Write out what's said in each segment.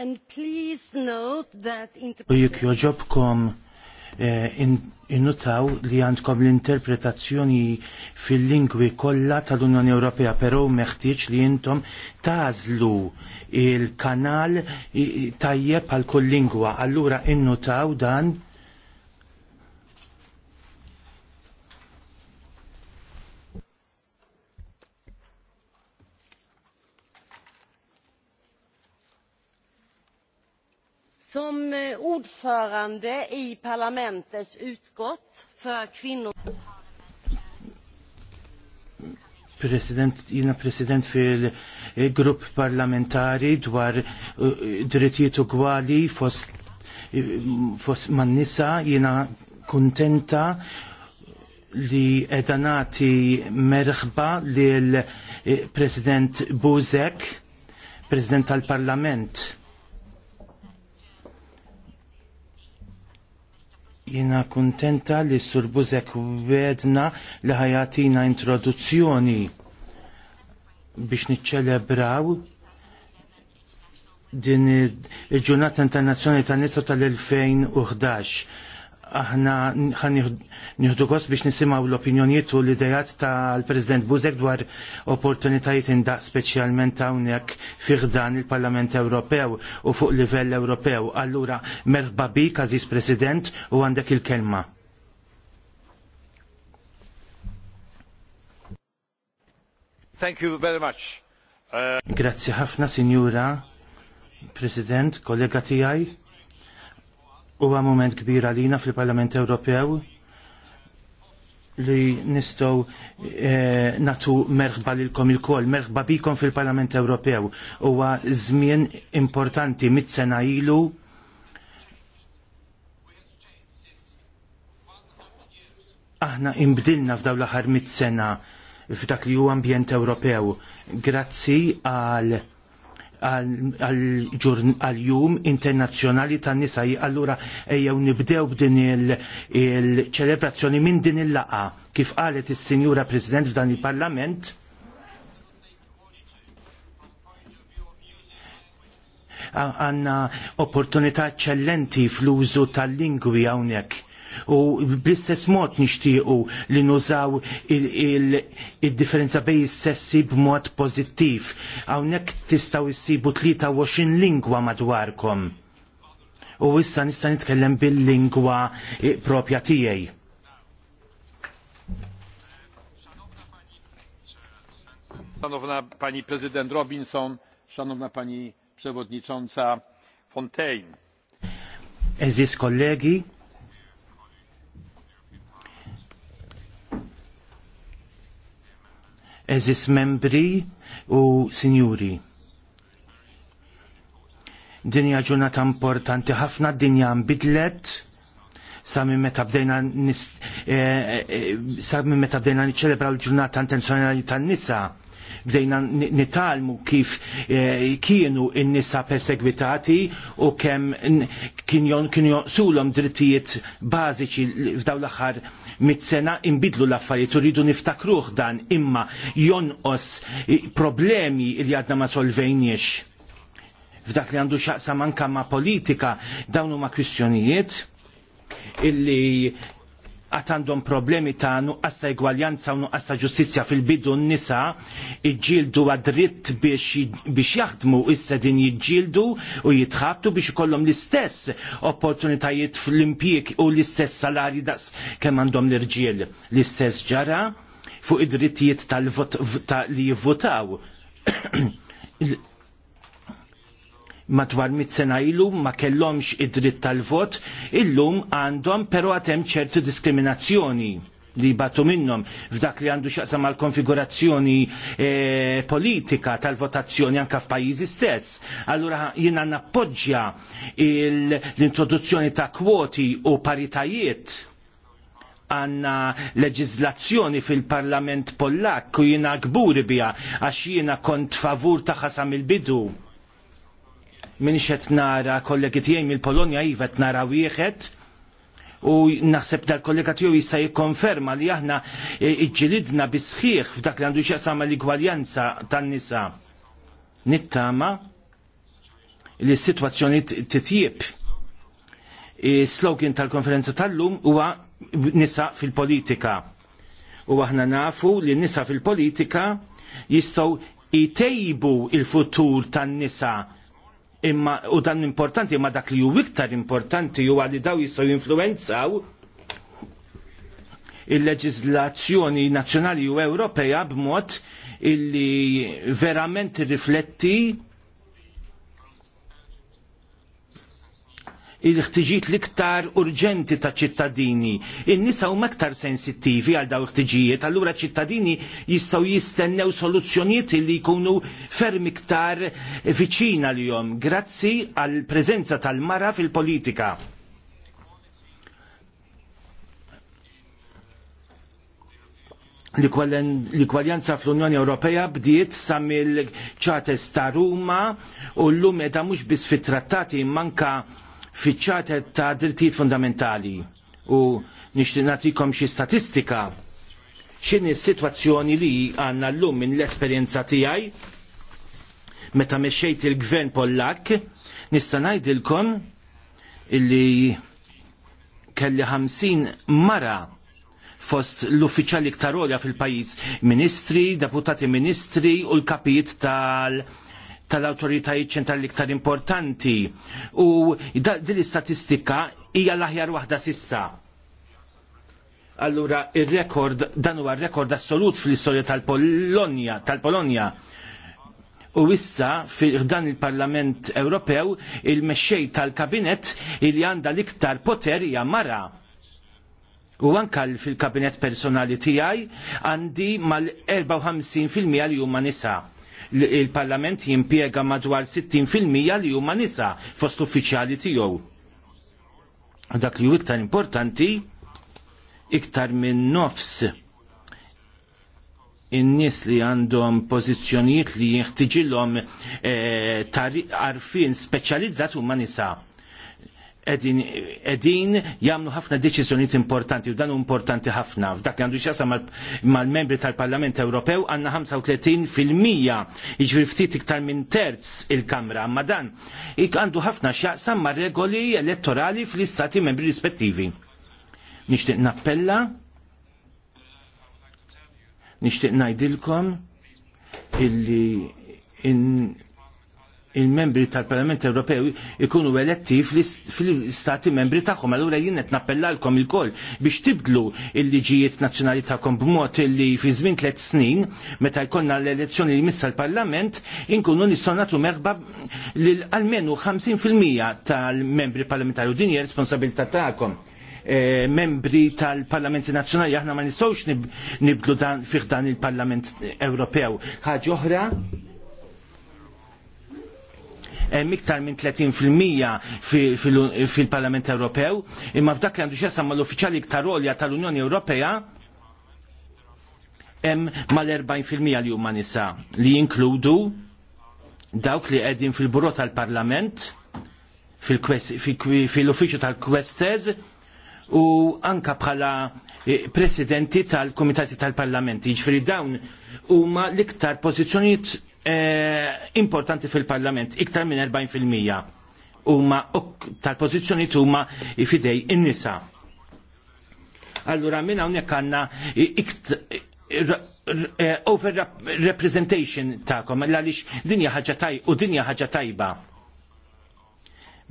And please note that Jek joġobkom eh, innutaw li għandkom l-interpretazzjoni fil-lingwi kollha tal-Unjoni Ewropea, però meħtieġ li intom tażlu il-kanal tajjeb għal kull lingwa. Allura innutaw dan ordförande i parlamentets utskott för kvinnor. President, jina president fil-grupp eh, parlamentari dwar eh, drittijiet u gwali fos, eh, fos man nisa jina kontenta li edanati merħba li l-president Buzek, president tal-parlament Jena kontenta li Sur Buzek wedna li ħajatina introduzzjoni biex niċċelebraw din il-ġurnata internazzjoni tan-nisa tal-2011 aħna ħan nieħdu gost biex nisimgħu l-opinjonijiet u l-idejat tal-President Buzek dwar opportunitajiet indaq speċjalment hawnhekk fih dan il-Parlament Ewropew u fuq livell Ewropew. Allura merħba bik Aziz President u għandek il-kelma. Thank you very much. Uh, Grazzi ħafna, Sinjura President, kollega tiegħi Huwa moment kbir għalina fil-Parlament Ewropew li nistow eh, natu merħba lilkom il-kol, merħba bikom fil-Parlament Ewropew. Huwa żmien importanti mit-sena ilu aħna imbdilna f'daw l-aħħar mit-sena f'dak li huwa ambjent Ewropew. Grazzi għal għal-jum internazjonali tan nisa allura ejjew nibdew b'din il-ċelebrazzjoni minn din il-laqa kif qalet is-Sinjura President f'dan il-Parlament għanna opportunità ċellenti fl-użu tal-lingwi hawnhekk u bl-istess mod nixtiequ li nużaw il-differenza bej is-sessi b'mod pożittiv. Hawnhekk tistgħu issibu 23 lingwa madwarkom. U issa nista' nitkellem bil-lingwa eh, propja tiegħi. Szanowna Pani Prezydent Robinson, Szanowna Pani Przewodnicząca Fontaine. Ezis kollegi, eżis membri u sinjuri. Dinja ġurnata importanti ħafna, dinja nbidlet, sa meta bdejna eh, eh, eh, meta bdejna niċċelebraw l-ġurnata intenzjonali tan-nisa bdejna nitalmu kif eh, kienu n-nisa persegwitati u kem kienjon kienjon sulom drittijiet bażiċi f'daw l-axar mit-sena imbidlu l-affarijiet u rridu niftakruh dan imma jonqos problemi li għadna ma solvejniex f'dak li għandu xaqsa manka ma politika dawn huma kwistjonijiet illi għat għandhom problemi ta' nuqqas ta' igwaljanza u nuqqas ta' ġustizzja fil-bidu n-nisa iġġieldu għadritt biex, biex jaħdmu issa din jiġġieldu u jitħabtu biex ikollhom l-istess opportunitajiet fl-impjieg u l-istess salari daqs kemm għandhom l-irġiel. L-istess ġara fuq id-drittijiet tal-vot li jivvotaw. matwar mit-sena ilu ma kellhomx id-dritt tal-vot, illum għandhom però għatem ċertu diskriminazzjoni li batu minnom f'dak li għandu xaqsam mal konfigurazzjoni e, eh, politika tal-votazzjoni anka f'pajjiżi stess. Allura jiena nappoġġja l-introduzzjoni ta' kwoti u paritajiet għanna leġizlazzjoni fil-parlament pollak u jiena gburi biha għax jiena kont favur ta' ħasam il bidu minix qed nara kollegi tiegħi mill-Polonja iva qed nara wieħed u naħseb dal-kollega tiegħu jista' jikkonferma li aħna iġġilidna bisħiħ f'dak li għandu x'jaqsam l-igwaljanza tan-nisa. Nittama li s-sitwazzjoni titjib. Slogan tal-konferenza tal-lum huwa nisa fil-politika. U aħna nafu li nisa fil-politika jistgħu jtejbu il-futur tan-nisa imma u dan importanti imma dak li ju iktar importanti huwa li daw jistgħu jinfluwenzaw il-leġizlazzjoni nazzjonali u Ewropea b'mod illi verament rifletti il-ħtiġijiet l-iktar urġenti ta' ċittadini. In-nisa huma aktar sensittivi għal daw il-ħtiġijiet, allura ċittadini jistgħu jistennew soluzzjonijiet li jkunu ferm iktar viċina li jom, grazzi għal preżenza tal-mara fil-politika. L-ikwaljanza fl-Unjoni Ewropea bdiet sa mill-ċates ta' Ruma u l-lum edha mhux biss fit-trattati manka fiċċata ta' drittijiet fundamentali u nixtieq nagħtikom xi statistika x'inhi s-sitwazzjoni li għandna llum minn l-esperjenza tiegħi meta mexxejt il-gvern Pollak nista' ngħidilkom illi kelli 50 mara fost l-uffiċjali iktar fil-pajjiż, ministri, deputati ministri u l-kapijiet tal- tal-autoritajiet ċentrali iktar importanti u din l-istatistika hija l-aħjar waħda sissa. Allura il rekord dan huwa rekord assolut fl-istorja tal-Polonja, tal-Polonja. U issa f'dan il-Parlament Ewropew il-mexxej tal-kabinet li għandha l-iktar poter hija mara. U anka fil-kabinet personali tiegħi għandi mal-54% li huma nisa' il-Parlament jimpiega madwar 60% li huma nisa fost uffiċjali tiegħu. Dak li hu iktar importanti iktar minn nofs in-nies li għandhom pożizzjonijiet li jeħtiġilhom e, eh, arfin speċjalizzat huma nisa' edin jamnu ħafna deċiżjonijiet importanti u dan importanti ħafna. F'dak li għandu xasa mal-membri tal-Parlament Ewropew għanna 35 fil-mija iġviri ftit iktar minn terz il-Kamra. Ma dan ik għandu ħafna xaqsam ma' regoli elettorali fl-istati membri rispettivi. Nixtieq nappella, nixtieq ngħidilkom illi il-membri tal-Parlament Ewropew ikunu eletti fl-istati membri tagħhom. Allura jien qed nappellalkom ilkoll biex tibdlu il-liġijiet nazzjonali tagħkom b'mod li fi żmien tliet snin meta jkollna l-elezzjoni li missa l-Parlament inkunu nistgħu nagħtu merba lil almenu 50% tal-membri parlamentari u din hija responsabilità tagħkom. E, membri tal-Parlamenti Nazzjonali aħna ma nistgħux nibdlu dan fih dan il-Parlament Ewropew. Ħaġa oħra hemm eh, iktar minn 30% fil-Parlament Ewropew, imma f'dak li għandu x'jasam mal uffiċali iktar olja tal-Unjoni Ewropea hemm mal-40% li huma nisa li jinkludu dawk li qegħdin fil-buro tal-Parlament fil-uffiċċju tal-Kwestez u anka bħala eh, presidenti tal kumitati tal-Parlamenti. Jiġifieri dawn huma l-iktar pożizzjonijiet Eh, importanti fil-Parlament, iktar minn 40% huma tal-pożizzjoni huma fidej in-nisa. Allura minn hawnhekk għandna eh, over representation ta'kom, għaliex dinja ħaġa tajba u dinja ħaġa tajba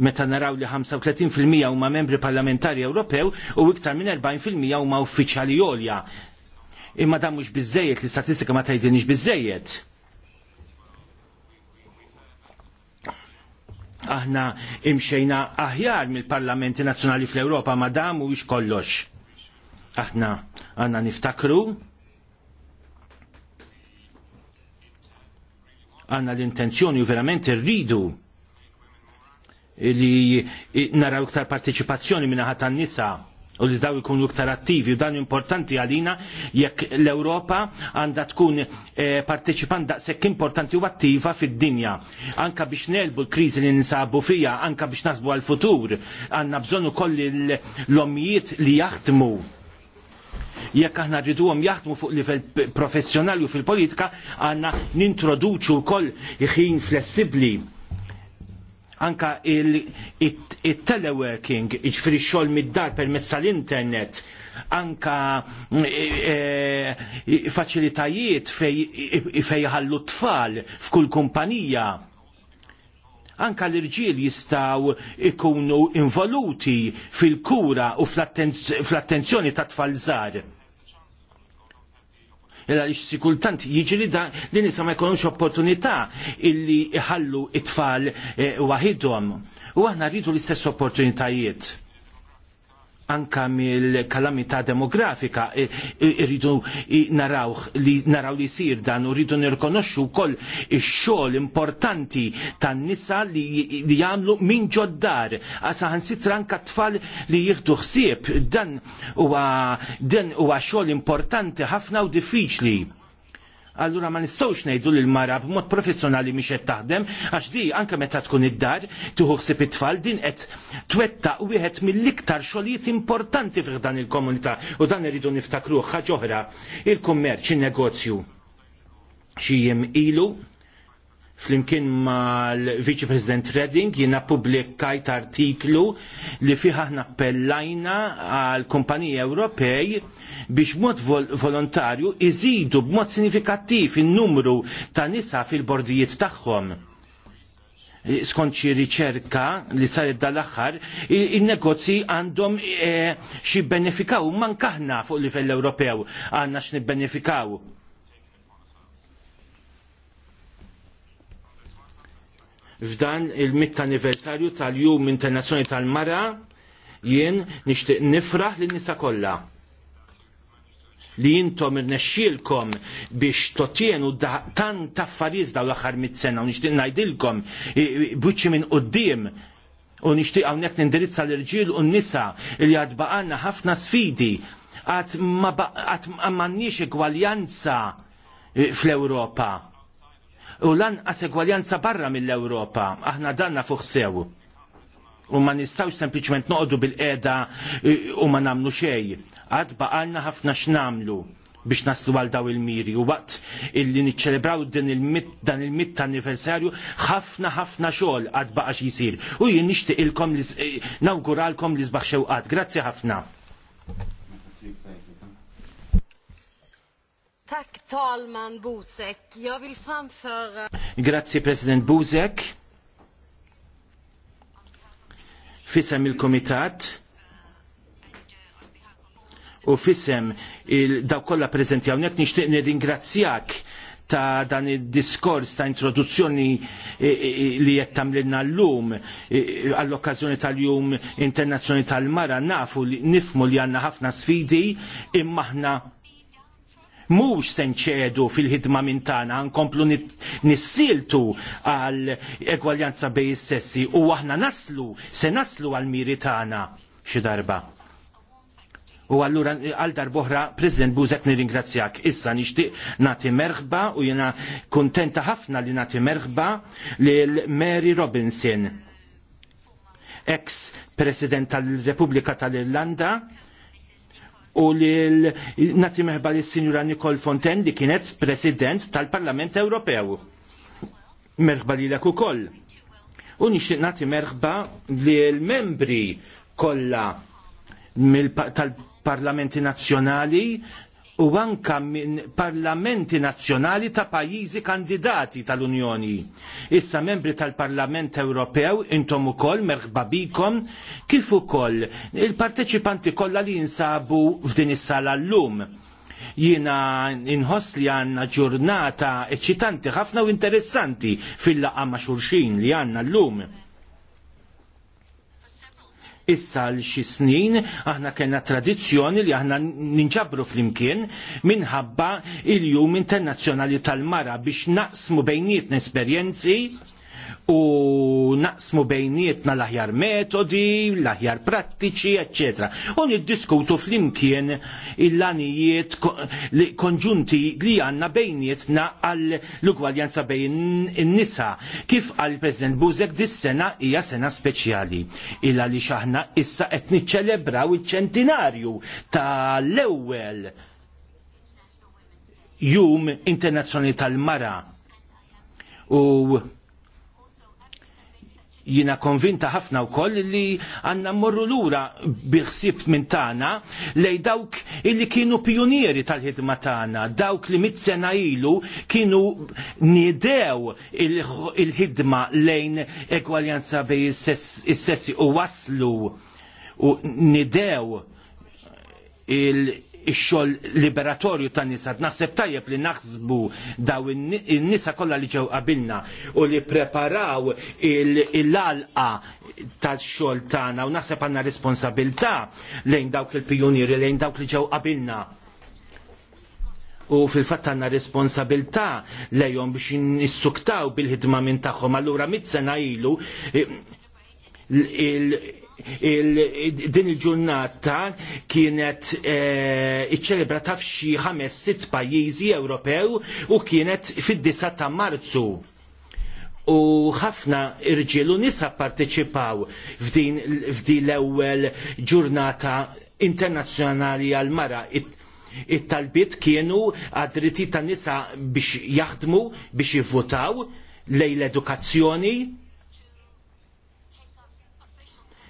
meta naraw li 35% huma membri parlamentari Ewropew u iktar minn 40% huma uffiċjali għolja. Imma dan mhux biżejjed, l-istatistika ma tgħidilniex biżejjed. aħna imxejna aħjar mill-parlamenti nazzjonali fl-Ewropa ma damu mhuwiex kollox. Aħna għandna niftakru għanna l-intenzjoni u verament irridu li naraw iktar partiċipazzjoni minna tan nisa' u li daw ikunu iktar attivi u dan importanti għalina jekk l-Ewropa għandha tkun eh, partecipant daqshekk importanti u attiva fid-dinja. Anka biex nelbu l-kriżi li ninsabu fija, anka biex nasbu għal-futur, għandna bżonn ukoll l-omijiet li jaħdmu jekk aħna rriduhom jaħdmu fuq livell professjonali u fil-politika għandna nintroduċu wkoll ħin flessibbli anka il-teleworking, il, il, ġifiri xol mid-dar permezz tal-internet, anka e, e, faċilitajiet fej, fej ħallu tfal f'kull kumpanija anka l-irġiel jistaw ikunu involuti fil-kura u fl-attenzjoni fl ta' tfal żgħar għaliex mela, sikultant jiġri da li nisa ma jkunux opportunità illi ħallu it-tfal eh, waħidhom. U aħna rridu l-istess opportunitajiet anka mill-kalamità demografika e, e, irridu narawh li naraw li jsir dan u rridu nirkonoxxu wkoll ix-xogħol importanti tan-nisa li, li jagħmlu minn ġoddar għasaħan sitra anka tfal li jieħdu ħsieb dan huwa dan huwa xogħol importanti ħafna u diffiċli allura ma nistgħux ngħidu lil mara b'mod professjonali mhix qed taħdem għax di anke meta tkun id-dar tieħu ħsieb it-tfal din qed twettaq wieħed mill-iktar xogħlijiet importanti fih dan il-komunità u dan irridu niftakruh ħaġa oħra il-kummerċ, in-negozju. Xi jiem ilu flimkien mal viċi President Redding jiena publikajt artiklu li fih ħna appellajna għal kumpaniji Ewropej biex mod vol volontarju iżidu b'mod sinifikattiv in-numru ta' nisa fil-bordijiet tagħhom. Skont xi riċerka li saret dal-aħħar, in-negozji għandhom eh, xi benefikaw mankaħna fuq livell Ewropew għandna x'nibbenefikaw. benefikaw f'dan il-mitt anniversarju tal-Jum Internazzjoni tal-Mara jien nixtieq nifraħ lin nisa kollha li jintom irnexxielkom biex totienu tant affarijiet daw l-aħħar mit-sena u nixtieq ngħidilkom buċċi minn quddiem u nixtieq hawnhekk nindirizza l-irġiel u n-nisa li għad baqanna ħafna sfidi għad ma m'għandniex igwaljanza e, fl-Ewropa u lanqas egwaljanza barra mill-Ewropa. Aħna danna fuq sew. U ma nistawx sempliċement noqdu bil-qeda e, u ma namlu xej. Għad baqalna ħafna x'namlu biex naslu għal daw il-miri. U waqt illi niċċelebraw dan il-mitt anniversarju, ħafna ħafna xogħol għad baqa jisir. U jien nixtieq ilkom e, nawguralkom li sbaħ xewqat. Grazzi ħafna. Tack talman Jag vill framföra... Grazie president Buzek. Fissem il-komitat u fissem il-daw kolla prezenti għawnek nishtiq nir-ingrazzjak ta' dan il-diskors ta' introduzzjoni e, e, e, li jettam l-inna l-lum għall-okkazjoni tal-jum internazjoni tal-mara nafu li nifmu li għanna ħafna sfidi imma ħna mhux se nċedu fil-ħidma minn tagħna nkomplu nissiltu għal egwaljanza bej is-sessi u aħna naslu se naslu għal miri tagħna xi darba. U allura għal darboħra, President Buzek nirringrazzjak. Issa nixtieq nagħti merħba u jiena kuntenta ħafna li nagħti merħba lil Mary Robinson, ex-President tal-Repubblika tal-Irlanda, u li nati meħba li s-Sinjura Nicole Fonten li kienet President tal-Parlament Ewropew. Merħba li l ukoll. U nixtieq nagħti merħba li l-membri kollha tal-Parlamenti Nazzjonali u anka minn parlamenti nazzjonali ta' pajjiżi kandidati tal-Unjoni. Issa membri tal-Parlament Ewropew intom ukoll merħba bikom kif ukoll il-parteċipanti kollha li jinsabu f'din is-sala llum. Jiena inħoss li għandna ġurnata eċitanti, ħafna u interessanti fil-laqgħa ma' xulxin li għandna llum. Issa l xi snin aħna kellna tradizzjoni li aħna ninġabru flimkien minħabba il-Jum Internazzjonali tal-Mara biex naqsmu bejniet esperjenzi u naqsmu bejnietna l-aħjar metodi, l-aħjar prattiċi, ecc. U niddiskutu flimkien il-lanijiet konġunti li għanna bejnietna għall-ugwaljanza bejn in-nisa. Kif għal President Buzek dis-sena hija sena speċjali. Illa li xaħna issa qed niċċelebraw iċ-ċentinarju tal-ewwel Jum Internazzjonali tal-Mara. U Jina konvinta ħafna wkoll li għandna mmorru lura biħsib minn tagħna lej dawk illi kienu pionieri tal-ħidma tagħna, dawk li mit-sena ilu kienu nidew il-ħidma lejn egwaljanza bej is-sessi u waslu u nidew il- ix-xogħol liberatorju ta' nisa Naħseb tajjeb li naħsbu daw in-nisa kollha li ġew qabilna u li preparaw il alqa tax-xogħol tagħna u naħseb għandna responsabilità lejn dawk il-pijunieri lejn dawk li ġew qabilna u fil-fatt għanna responsabilta lejhom biex nissuktaw bil-ħidma minn tagħhom. Allura mit-sena ilu il il, din il-ġurnata kienet eh, iċċelebrata taf f'xi ħames sitt pajjiżi Ewropew u kienet fid-9 ta' Marzu u ħafna irġiel u nisa parteċipaw f'din, f'din l-ewwel ġurnata internazzjonali għal-mara it-talbiet kienu għad-dritti ta' nisa biex jaħdmu, biex jivvotaw lejn l-edukazzjoni,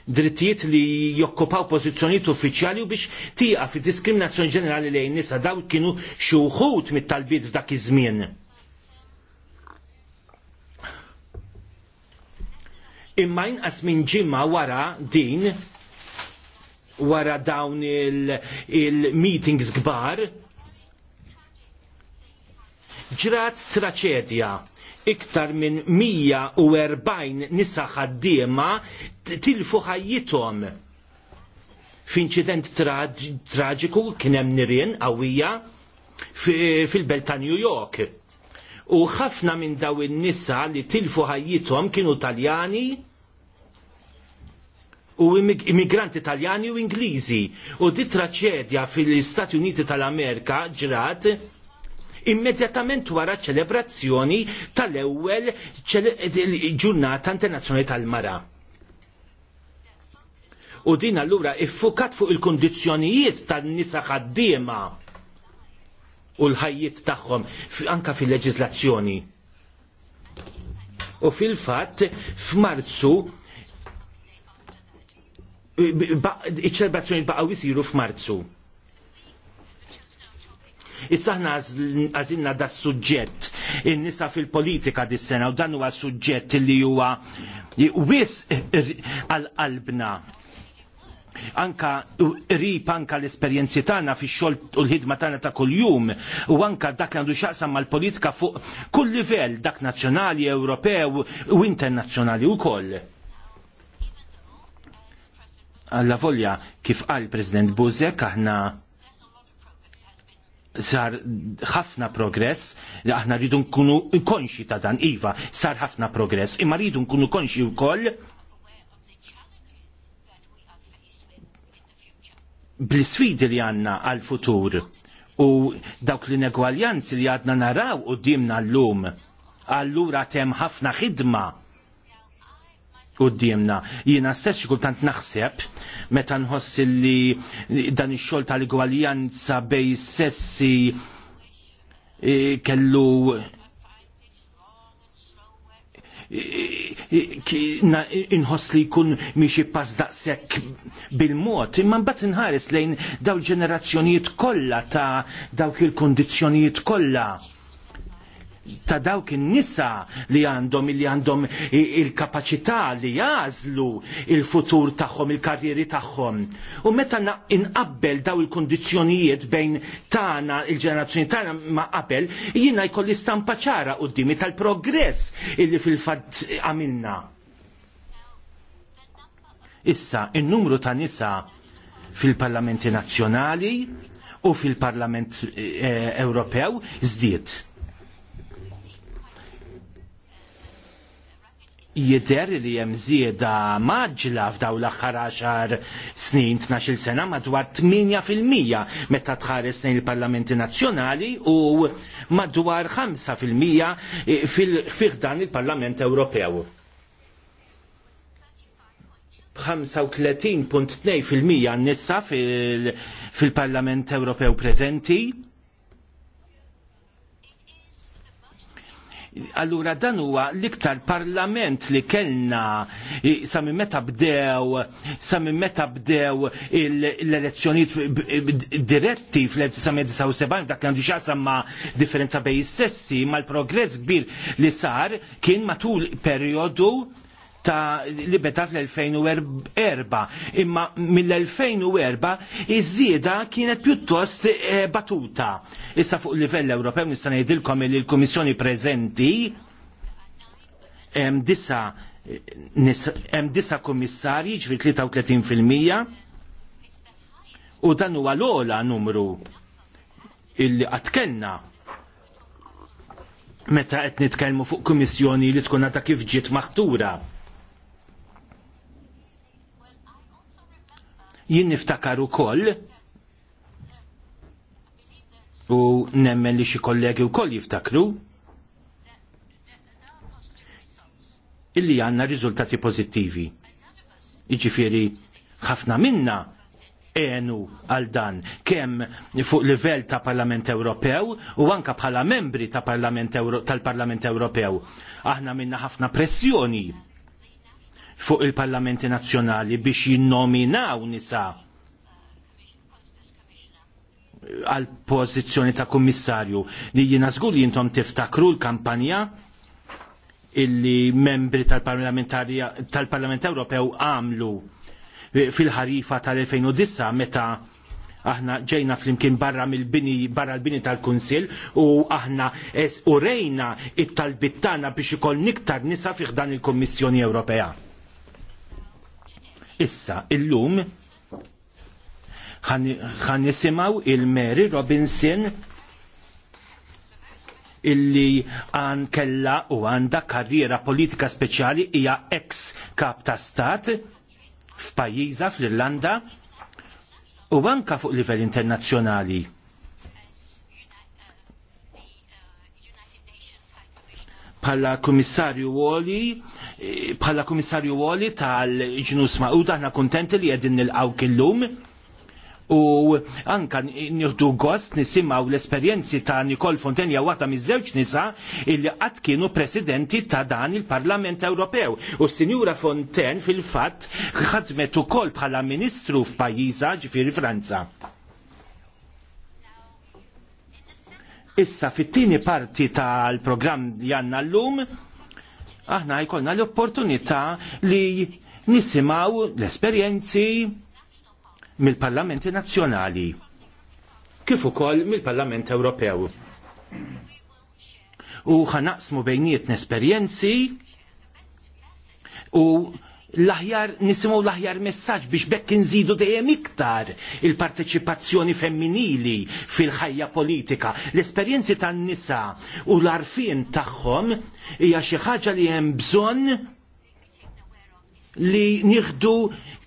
drittijiet li jokkupaw pożizzjonijiet uffiċjali u biex tieqa fi diskriminazzjoni ġenerali lejn nisa daw kienu xi wħud mit-talbiet f'dak iż-żmien. Imma inqas minn ġimma wara din wara dawn il-meetings il kbar ġrat traċedja iktar minn 140 nisa ħaddiema tilfu ħajjithom f'inċident traġiku kien hemm nirien qawwija fil-belt ta' New York. U ħafna minn daw in-nisa li tilfu ħajjithom kienu Taljani u immigranti Taljani u Ingliżi. U di traċedja fil istati Uniti tal-Amerika ġrat immedjatament wara ċelebrazzjoni tal-ewwel ġurnata internazzjonali tal-mara. U din allura iffukat fuq il kundizzjonijiet tan-nisa ħaddiema u l-ħajjiet tagħhom anka fil-leġiżlazzjoni. U fil-fatt f'Marzu iċ-ċelebrazzjoni baqgħu isiru f'Marzu. Issa ħna għażilna da suġġett in-nisa fil-politika dis-sena u dan huwa suġġett li huwa wis għal-qalbna. Anka rip anka l-esperjenzi tagħna fix-xogħol u l-ħidma tagħna ta' kuljum u anka dak li għandu x'aqsam mal-politika fuq kull livell dak nazzjonali, Ewropew u internazzjonali wkoll Alla volja kif qal President Buzek aħna sar ħafna progress, aħna rridu nkunu konxi ta' dan, Iva, sar ħafna progress, imma rridu nkunu konxi wkoll bl isfidi li għandna għall futur u dawk l-inegwaljanzi li għadna naraw l llum allura tem ħafna ħidma qoddimna. Jiena stess kultant naħseb meta nħoss li dan ix-xogħol tal-igwaljanza bej sessi e, kellu e, e, inħoss li jkun miexi pass daqshekk bil-mod, imma mbagħad inħares lejn daw ġenerazzjonijiet kollha ta' dawk il-kondizzjonijiet kollha ta' dawk in-nisa li għandhom li għandhom il-kapaċità li jażlu il-futur tagħhom, il-karrieri tagħhom. U meta inqabbel daw il-kondizzjonijiet bejn tagħna il-ġenerazzjoni tagħna ma' qabel, jiena jkolli stampa ċara qudiem tal-progress illi fil-fatt għamilna. Issa, in-numru ta' nisa fil-parlamenti nazzjonali u fil-parlament eh, Ewropew żdied jider li hemm żieda maġla f'daw l-aħħar 10 snin 12 sena madwar 8% meta tħares lejn il-Parlamenti Nazzjonali u madwar 5% e, fil dan il-Parlament Ewropew. 35.2% nissa fil-Parlament Ewropew preżenti Allura dan huwa l-iktar parlament li kellna sa minn meta bdew sa minn meta bdew l-elezzjonijiet diretti fl-1979 dak għandu diġà samma differenza bej is-sessi ma' l-progress kbir li sar kien matul perjodu ta' li beta fl-2004 imma mill-2004 iż-żieda kienet pjuttost eh, batuta. Issa fuq livell Ewropew nista' ngħidilkom li l-Kummissjoni preżenti hemm disa hemm disa kummissarji ġifir 33 u dan huwa l-ogħla numru illi kellna meta qed nitkellmu fuq kummissjoni li tkun ta' kif ġiet maħtura. Jien niftakar ukoll u nemmen li xi kollegi wkoll jiftakru illi għandna riżultati pożittivi. Jiġifieri ħafna minna għenu għal dan kemm fuq livell ta' Parlament Ewropew u anka bħala membri ta' Parlament tal-Parlament Ewropew. Aħna minna ħafna pressjoni fuq il-parlamenti nazzjonali biex jinnominaw nisa għal pożizzjoni ta' kummissarju li jina zgur li jintom tiftakru l-kampanja illi membri tal-Parlament tal Ewropew għamlu fil-ħarifa tal-2009 meta aħna ġejna flimkien barra mill-bini barra l-bini tal-Kunsil u aħna urejna it-talbittana biex ikoll niktar nisa fiħdan il-Kommissjoni Ewropea. Issa, illum ħan nisimaw il-Mary Robinson illi għan kella u għanda karriera politika speċjali hija ex kap ta' stat f'pajjiża fl-Irlanda u anka fuq livell internazzjonali. bħala komissarju Woli bħala eh, komissarju Woli tal-ġnus maquda aħna kuntenti li nil-għaw killum u anka nieħdu gost nisimgħu l-esperjenzi ta' Nikol Fontenja għata miż-żewġ nisa illi qatt kienu presidenti ta' dan il-Parlament Ewropew. U Sinjura Fonten fil-fatt ħadmet ukoll bħala ministru f'pajjiża ġifieri Franza. Issa fit-tieni parti tal-programm janna l-lum, aħna jkollna l-opportunità li nisimaw l-esperjenzi mill-Parlamenti Nazzjonali kif ukoll mill-Parlament Ewropew. U ħanaqsmu bejniet esperjenzi u l-aħjar nisimgħu l-aħjar messaġġ biex bekk inżidu dejjem iktar il-parteċipazzjoni femminili fil-ħajja politika. L-esperjenzi tan-nisa u l-arfin tagħhom hija xi ħaġa li hemm bżonn li nieħdu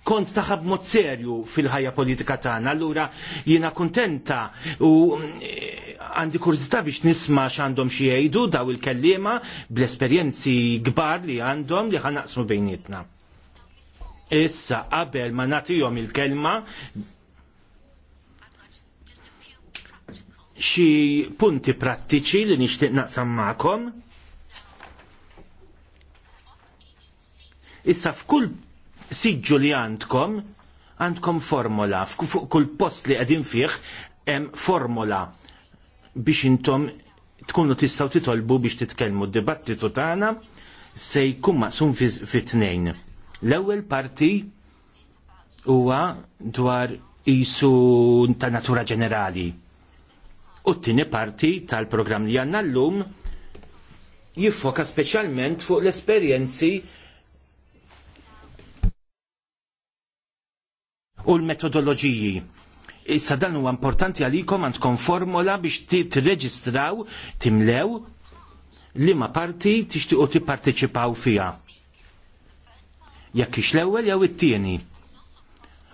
kont taħab b'mod serju fil-ħajja politika tagħna. Allura jiena kuntenta u eh, għandi kurzita biex nisma x'għandhom xi jgħidu daw il kelliema bl-esperjenzi kbar li għandhom li ħanaqsmu bejnietna. Issa qabel ma nagħtihom il-kelma xi punti prattiċi li nixtieq naqsam magħkom. Issa f'kull siġġu li għandkom għandkom formola, fuq kull post li qegħdin fih hemm formola biex intom tkunu tistgħu titolbu biex titkellmu d-dibattitu tagħna se jkun maqsum fi tnejn L-ewwel parti huwa dwar isu ta' natura ġenerali. U t-tieni parti tal-programm li l llum jiffoka speċjalment fuq l-esperjenzi u l-metodoloġiji. Issa dan huwa importanti għalikom għandkom formola biex t-reġistraw, timlew li ma parti t tipparteċipaw fija jekk ix l-ewwel jew it-tieni.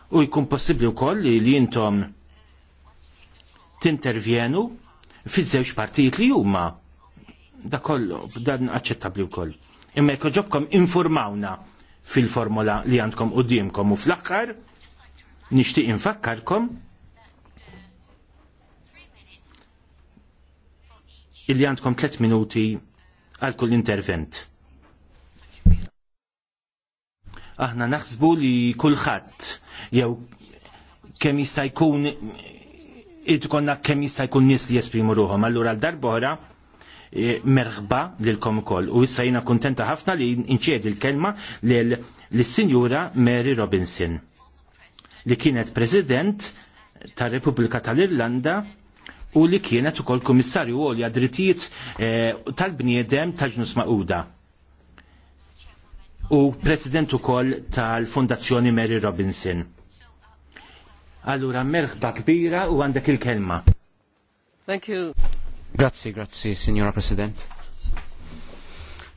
U jkun possibbli wkoll li intom tintervjenu fiż-żewġ partijiet li huma. Da kollu, dan aċċettabbli wkoll. Imma jekk ġobkom informawna fil formola li għandkom qudiemkom u fl-aħħar nixtieq infakkarkom illi għandkom 3 minuti għal kull intervent. Aħna naħsbu li kulħadd jew kemm jista' jkun irid ikonna kemm jista' jkun nies li jesprimu ruhom. Allura l-darbora e, merħba lilkom ukoll. U issa jiena kuntenta ħafna li inċedi l-kelma lis-Sinjura Mary Robinson li kienet President tar-Repubblika tal-Irlanda u li kienet ukoll Kummissarju għolja drittijiet e, tal-bniedem tal-ġnus Maquda u president ukoll tal-Fondazzjoni Mary Robinson. Allura merħba kbira u għandek il-kelma. Thank you. Grazzi, grazzi, Signora President.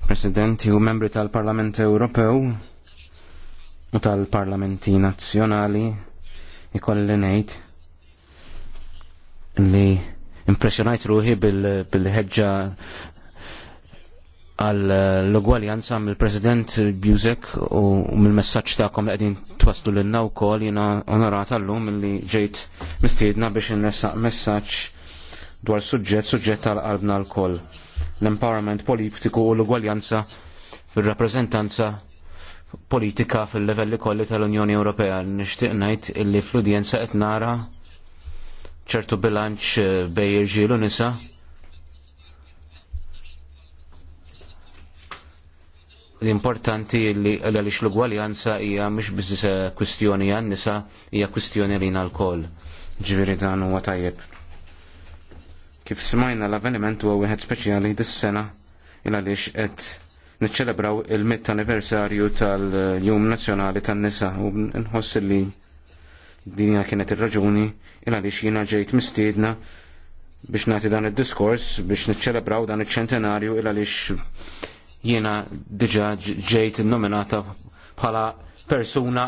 Presidenti u membri tal-Parlament Ewropew u tal-Parlamenti Nazzjonali ikolli ngħid li impressjonajt ruħi bil-ħeġġa bil ħedġa bil l eh, ugwaljanza mill-President Buzek u mill-messaċ ta'kom li għedin twaslu l-inna u kol jina onorata l-lum li ġejt mistiedna biex n messaġġ messaċ dwar suġġett, suġġet tal-qalbna l-kol. L-empowerment politiku u l-ugwaljanza fil-rappresentanza politika fil-levelli kolli tal-Unjoni Ewropea. Nishtiq najt illi fl-udjenza etnara ċertu bilanċ eh, bej irġilu nisa' l-importanti li għalix l-ugwaljanza hija mhux biss kwistjoni għan nisa hija kwistjoni li l-kol. Ġviri dan huwa tajjeb. Kif smajna l-avveniment huwa wieħed speċjali dis-sena il għaliex qed niċċelebraw il-mitt anniversarju tal-Jum Nazzjonali tan-Nisa u nħoss li dinja kienet ir-raġuni il għaliex jiena ġejt mistiedna biex nagħti dan id-diskors biex niċċelebraw dan iċ-ċentenarju il għaliex jiena diġa ġejt nominata bħala persuna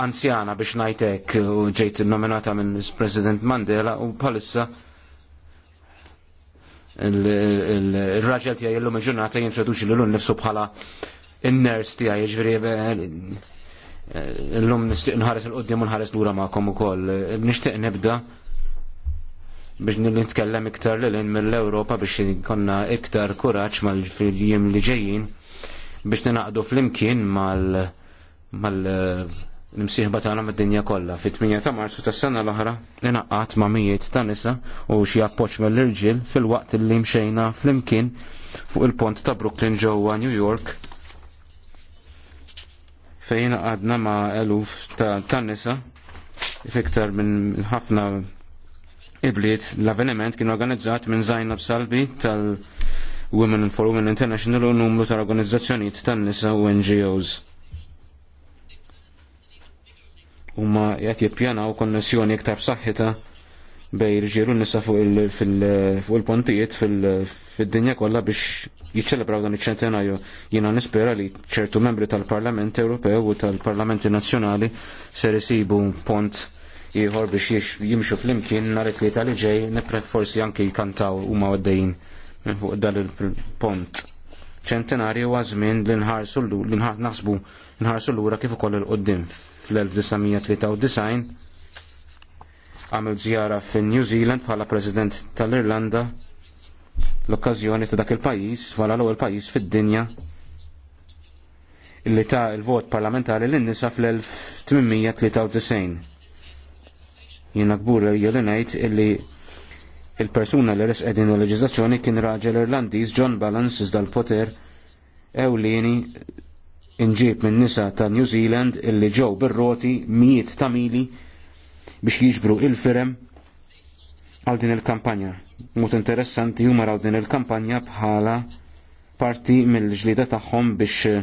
anzjana biex najtek u ġejt nominata minn President Mandela u bħalissa il-raġel tijaj l-lum il-ġurnata jintroduċi l-lum nifsu bħala il-ners tijaj ġveri eh, eh, l-lum nħares l-qoddim u nħares l-ura ma'kom u kol. Eh, Nishtiq nibda biex nitkellem iktar l lin mill-Ewropa biex konna iktar kuraċ mal-fil-jiem li ġejjin biex ninaqdu fl-imkien mal-imsieħba eh, tagħna mad-dinja kollha. Fit-8 ta' Marzu tas-sena l-oħra inaqqat ma' mijiet ta' nisa u xi appoġġ mill-irġiel fil-waqt li mxejna fl-imkien fuq il-pont ta' Brooklyn ġewwa New York fejn għadna ma' eluf ta' nisa fiktar minn ħafna ibliet l-avveniment kien organizzat minn Zajna Bsalbi tal- Women for Women International u numru tal organizzazzjonijiet tan-nisa u NGOs. Huma qed jippjanaw konnessjoni iktar b'saħħitha bej n nisa fuq il-pontijiet fil-dinja kollha biex jiċċelebraw dan iċ-ċentenarju. Jiena nispera li ċertu membri tal-Parlament Ewropew u tal-Parlamenti Nazzjonali ser isibu pont ieħor biex jimxu flimkien nhar it-tlieta li ġej nippref forsi anke jkantaw huma għaddejjin minn fuq dan il-pont. Ċentenarju huwa żmien li nħarsu li naħsbu nħarsu lura kif ukoll il-qoddim fl-1993 għamil żjara fin New Zealand bħala President tal-Irlanda l-okkażjoni ta' dak il-pajjiż wara l-ewwel pajjiż fid-dinja illi ta' il-vot parlamentari l-innisa fl-1893. Jina gbur jolli ngħid illi il-persuna li resqed din il-leġiżlazzjoni kien raġel Irlandiż John Balance iżda l-poter ewlieni inġib minn nisa ta' New Zealand illi ġew bir-roti mijiet ta' mili biex jiġbru il-firem għal din il-kampanja. Mut interessanti huma raw din il-kampanja bħala parti mill-ġlida tagħhom biex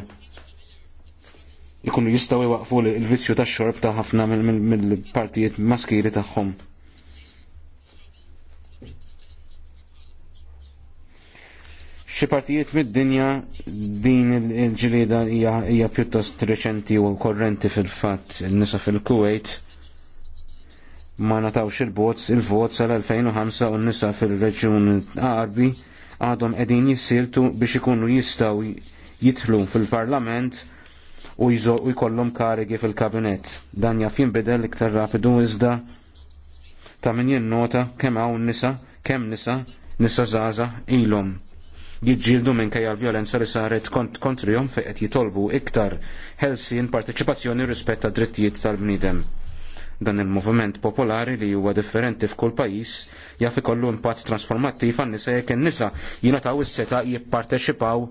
ikunu jistaw iwaqfu il-vizzju ta' xorb ta' ħafna mill-partijiet maskiri tagħhom. Xi partijiet mid-dinja din il-ġlieda hija pjuttost reċenti u korrenti fil-fatt in-nisa fil-Kuwait ma natawx il-vots il-vot sal-2005 u n-nisa fil-reġjun Arbi għadhom qegħdin jissiltu biex ikunu jistgħu jitlu fil-Parlament u jkollhom karigi fil-kabinet. Dan jafin bidel iktar rapidu iżda ta' min jinnota kemm hawn nisa, kemm nisa, nisa żaża ilhom jiġġieldu minn kajja l-violenza li saret kont kontrihom fejn qed jitolbu iktar ħelsien partecipazzjoni u rispett ta' drittijiet tal-bniedem dan il movement popolari li huwa differenti f'kull pajjiż jaf ikollu impatt transformattiv għan nisa jekk in-nisa jingħataw is-seta' jipparteċipaw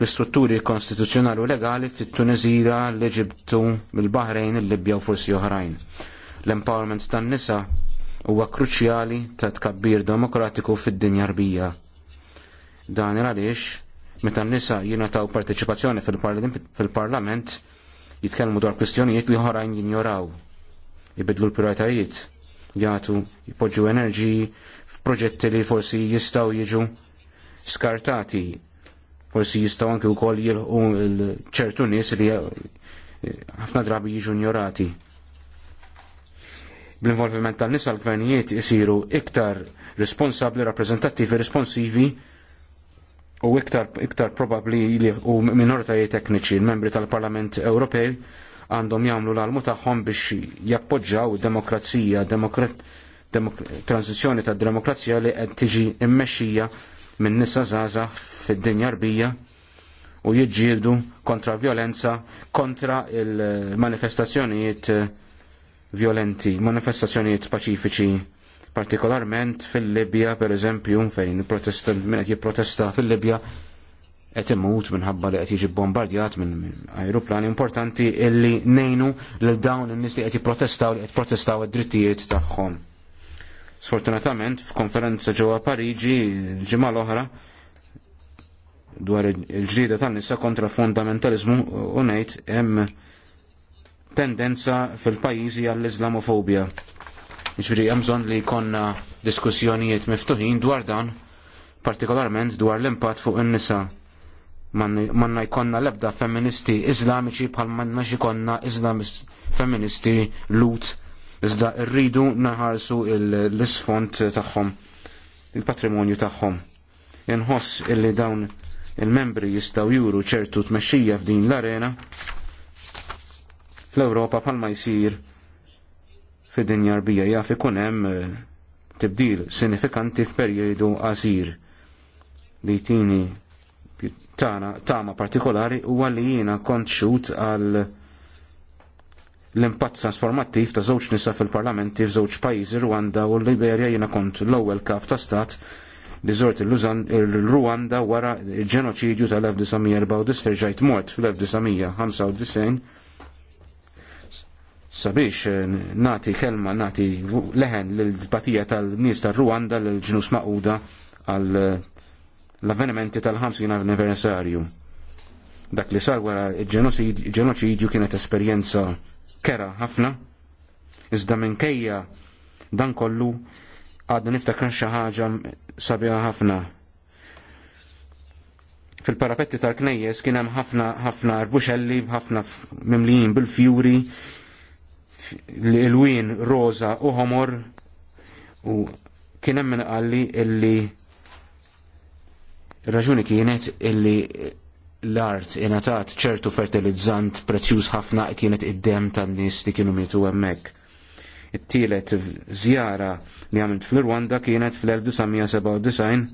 l-istrutturi konstituzzjonali u legali fit-Tunezija, l eġiptu il-Bahrejn, il-Libja u forsi oħrajn. L-empowerment tan-nisa huwa kruċjali ta' tkabbir demokratiku fid-dinja rbija. Dan għaliex meta n-nisa jingħataw parteċipazzjoni fil-Parlament jitkellmu dwar kwistjonijiet li oħrajn jinjoraw, jibidlu l-prioritajiet, jagħtu jpoġġu enerġiji f'proġetti li forsi jistgħu jiġu skartati forsi jistgħu u wkoll jilħu ċertu nies li ħafna drabi jiġu ignorati. Bl-involviment tan-nisa l-gvernijiet isiru iktar responsabbli, rappreżentattivi, responsivi u iktar, iktar probabbli li u minoritajiet tekniċi l-membri tal-Parlament Ewropej għandhom jagħmlu l-almu tagħhom biex jappoġġaw demokrazija, demokrat, demok, transizjoni tad demokrazija li qed tiġi mmexxija minn nisa zazax fid-dinja rbija u jiġġieldu kontra violenza, kontra il-manifestazzjonijiet eh, violenti, manifestazzjonijiet paċifiċi, partikolarment fil-Libja, per eżempju, fejn protestant minn qed jipprotesta fil-Libja qed imut minħabba li qed jiġi bombardjat minn aeroplani importanti illi nejnu lil dawn in-nies li qed jipprotestaw li qed protestaw id-drittijiet tagħhom. Sfortunatament f'konferenza ġewwa Pariġi ġimgħa l-oħra dwar il-ġrida tan-nisa kontra fundamentalizmu u ngħid hemm tendenza fil-pajjiżi għall iżlamofobja Ġifieri hemm bżonn li jkollna diskussjonijiet miftuħin dwar dan, partikolarment dwar l-impatt fuq in-nisa. Manna jkollna l-ebda feministi iżlamiċi bħal manna xikonna Iżlamis feministi lut iżda rridu naħarsu l-isfond tagħhom, il-patrimonju tagħhom. Inħoss illi dawn il-membri jistaw juru ċertu tmexxija f'din l-arena fl-Ewropa bħalma jisir fid-dinja rbija jaf ikun hemm eh, tibdil sinifikanti f'perjodu qasir li tini tana tama partikolari huwa li jiena kont xut għal l-impatt transformattiv ta' żewġ nisa fil-parlamenti f'żewġ pajjiżi Rwanda u l-Liberja jiena kont l-ewwel kap ta' stat il luzan il-Ruanda wara il-ġenoċidju tal-1994 ġajt mort fl-1995 sabiex eh, nati kelma nati leħen l-batija tal-nis tal-Ruanda l-ġnus maquda għal eh, l-avvenimenti tal-50 anniversarju. Dak li sar wara il-ġenoċidju kienet esperjenza kera ħafna, iżda kejja dan kollu għadna niftakar xi ħaġa sabiħa ħafna. Fil-parapetti tal-knejjes kien hemm ħafna ħafna arbuxelli, ħafna mimlijin bil-fjuri, l wien roza u homor u kien hemm minqalli illi raġuni kienet illi l-art ingħatat ċertu fertilizzant prezzjuż ħafna kienet id-dem tan-nies li kienu mietu hemmhekk. It-tielet żjara li għamilt fil rwanda kienet fl-1997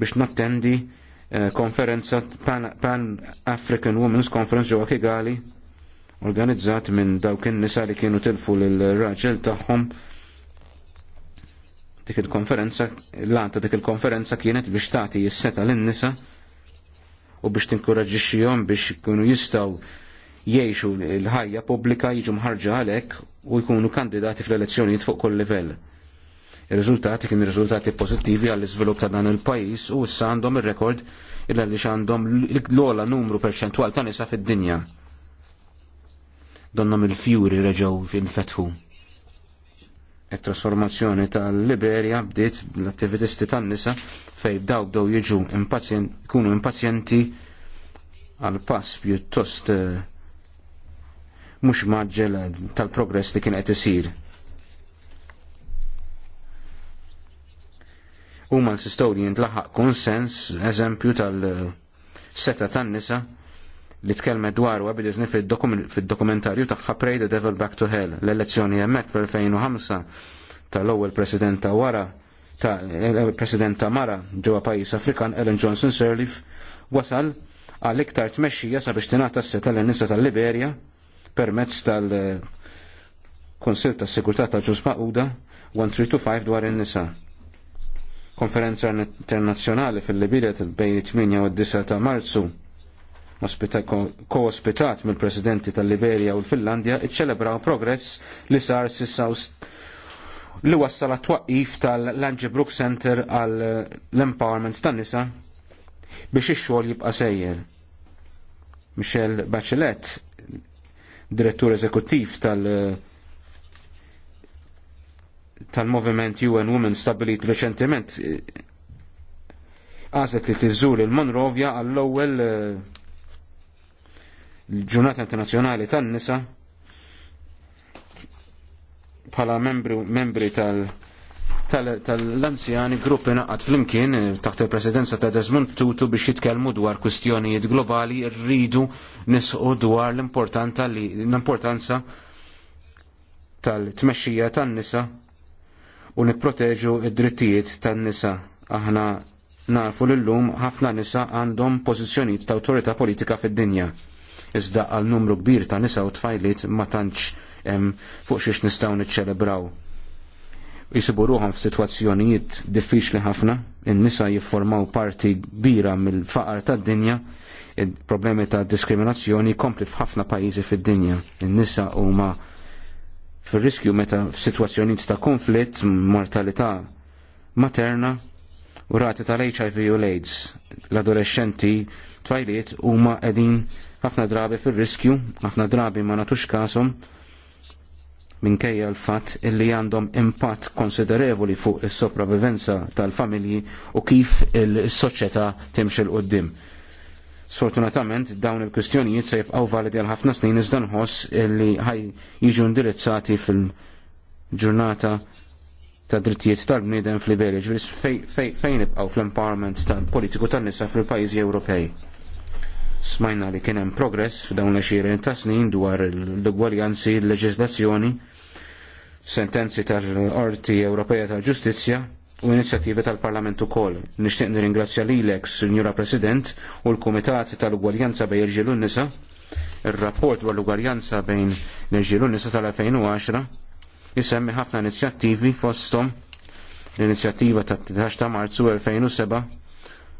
biex nattendi eh, konferenza Pan-African Women's Conference ġewwa Kigali organizzat minn dawk in-nisa li kienu tilfu l-raġel tagħhom dik il-konferenza, l-għanta dik il-konferenza kienet biex tagħti jisseta lin-nisa u biex tinkoraġixxihom biex ikunu jistgħu jgħixu l-ħajja pubblika jiġu mħarġa għalhekk u jkunu kandidati fl-elezzjonijiet fuq kull livell. Ir-riżultati kien riżultati pożittivi għall iżvilupp ta' dan il-pajjiż u issa għandhom ir-rekord il għaliex għandhom l-ola numru perċentwal ta' nisa fid-dinja. Donnom il-fjuri reġgħu fil-fetħu. Il-trasformazzjoni tal-Liberja bdiet l attivitisti tan-nisa fejn dawk daw jiġu kunu impazjenti għal pass pjuttost eh, mhux maġġel tal-progress li kien qed isir huma l-sistow li jintlaħaq konsens, eżempju tal-seta tan-nisa li tkellmet dwar u għabidizni fil-dokumentarju ta' Pray the Devil Back to Hell, l-elezzjoni hemmhekk fil 2005 tal-ewwel president ta' wara ta' eh, president Mara ġewwa pajjiż Afrikan Ellen Johnson Sirleaf wasal għal iktar tmexxija sabiex tingħata s-seta l nisa tal-Liberja permezz tal eh, kunsill tas-Sigurtà tal ġuż Maquda 1325 dwar in-nisa konferenza internazzjonali fil il bejn 8 u 9 ta' Marzu koospitat ospitat mill-presidenti tal-Liberja u l-Finlandja iċċelebraw progress li sar sissa li wassal għat-twaqif tal-Lange Brook Center għal l-Empowerment tan-nisa biex ix-xogħol jibqa' sejjer. Michel Bachelet, direttur eżekuttiv tal- tal-moviment UN Women stabilit reċentiment għazet li tiżżur il-Monrovja għall-ewwel eh, l-ġurnata internazzjonali tan-nisa bħala membri tal- tal-anzjani gruppi naqqat flimkien eh, taħt il-presidenza ta' Desmond Tutu biex jitkellmu dwar kwistjonijiet globali rridu nisqu dwar l-importanza tal-tmexxija tan-nisa u nipproteġu id-drittijiet tan-nisa. Aħna narfu l-lum ħafna nisa għandhom pożizzjonijiet ta' awtorità politika fid-dinja. Iżda għal numru kbir ta' nisa u tfajliet ma tantx fuq xiex nistgħu niċċelebraw. Jisibu ruħom f'sitwazzjonijiet diffiċli ħafna, in-nisa jifformaw parti kbira mill-faqar tad-dinja, il-problemi ta' diskriminazzjoni kompli f'ħafna pajjiżi fid-dinja. In-nisa huma fil-riskju meta f'sitwazzjonijiet ta' konflitt, mortalità materna u rati tal-HIV u l-AIDS. L-adolescenti twajliet huma qegħdin ħafna drabi fil-riskju, ħafna drabi ma nagħtux kasom minkejja l-fatt illi għandhom impatt konsiderevoli fuq is-sopravivenza tal-familji u kif il-soċjetà timxil l-qoddim. Sfortunatament dawn il-kwistjonijiet se jibqgħu validi għal ħafna snin iżda nħoss li ħaj jiġu indirizzati fil-ġurnata ta' drittijiet tal-bniedem fl-Iberja, ġifieri fejn fej, fl-empowerment tal-politiku tan-nisa fil-pajjiżi Ewropej. Smajna li kien hemm progress f'dawn l xirin ta' snin dwar l-ugwaljanzi, l-leġiżlazzjoni, sentenzi tal-Qorti Ewropea tal-Ġustizzja, u inizjattivi tal-Parlament ukoll. Nixtieq l lilek, Sinjura President, u l komitat tal-Ugwaljanza bejn irġiel u nisa ir-rapport dwar l-ugwaljanza bejn l-irġiel u nisa tal-2010 jisemmi ħafna inizjattivi fosthom l-inizjattiva ta' 13 ta' Marzu 2007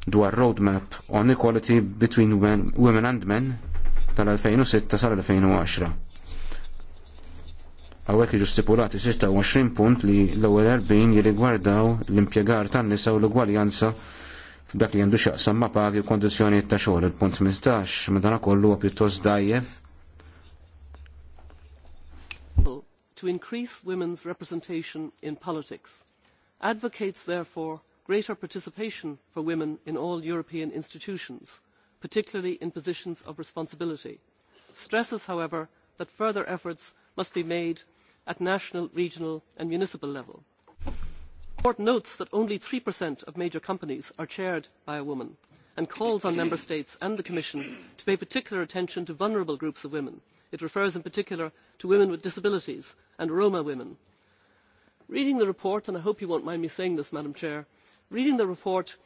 dwar roadmap on equality between women and men tal-2006 sal-2010. Għawek iġu stipulati 26 punt li l-ewwel 40 jirrigwardaw l impiegar tan-nisa u l-ugwaljanza f'dak li għandu xaqsam ma' pagi u kondizjoni ta' xogħol. Il-punt 15 madana kollu pjuttost dajjef to increase women's representation in politics, advocates therefore greater participation for women in all European institutions, particularly in positions of responsibility, stresses, however, that further efforts must be made at national, regional and municipal level. The report notes that only 3% of major companies are chaired by a woman and calls on member states and the commission to pay particular attention to vulnerable groups of women. It refers in particular to women with disabilities and Roma women. Reading the report, and I hope you won't mind me saying this, Madam Chair, reading the report,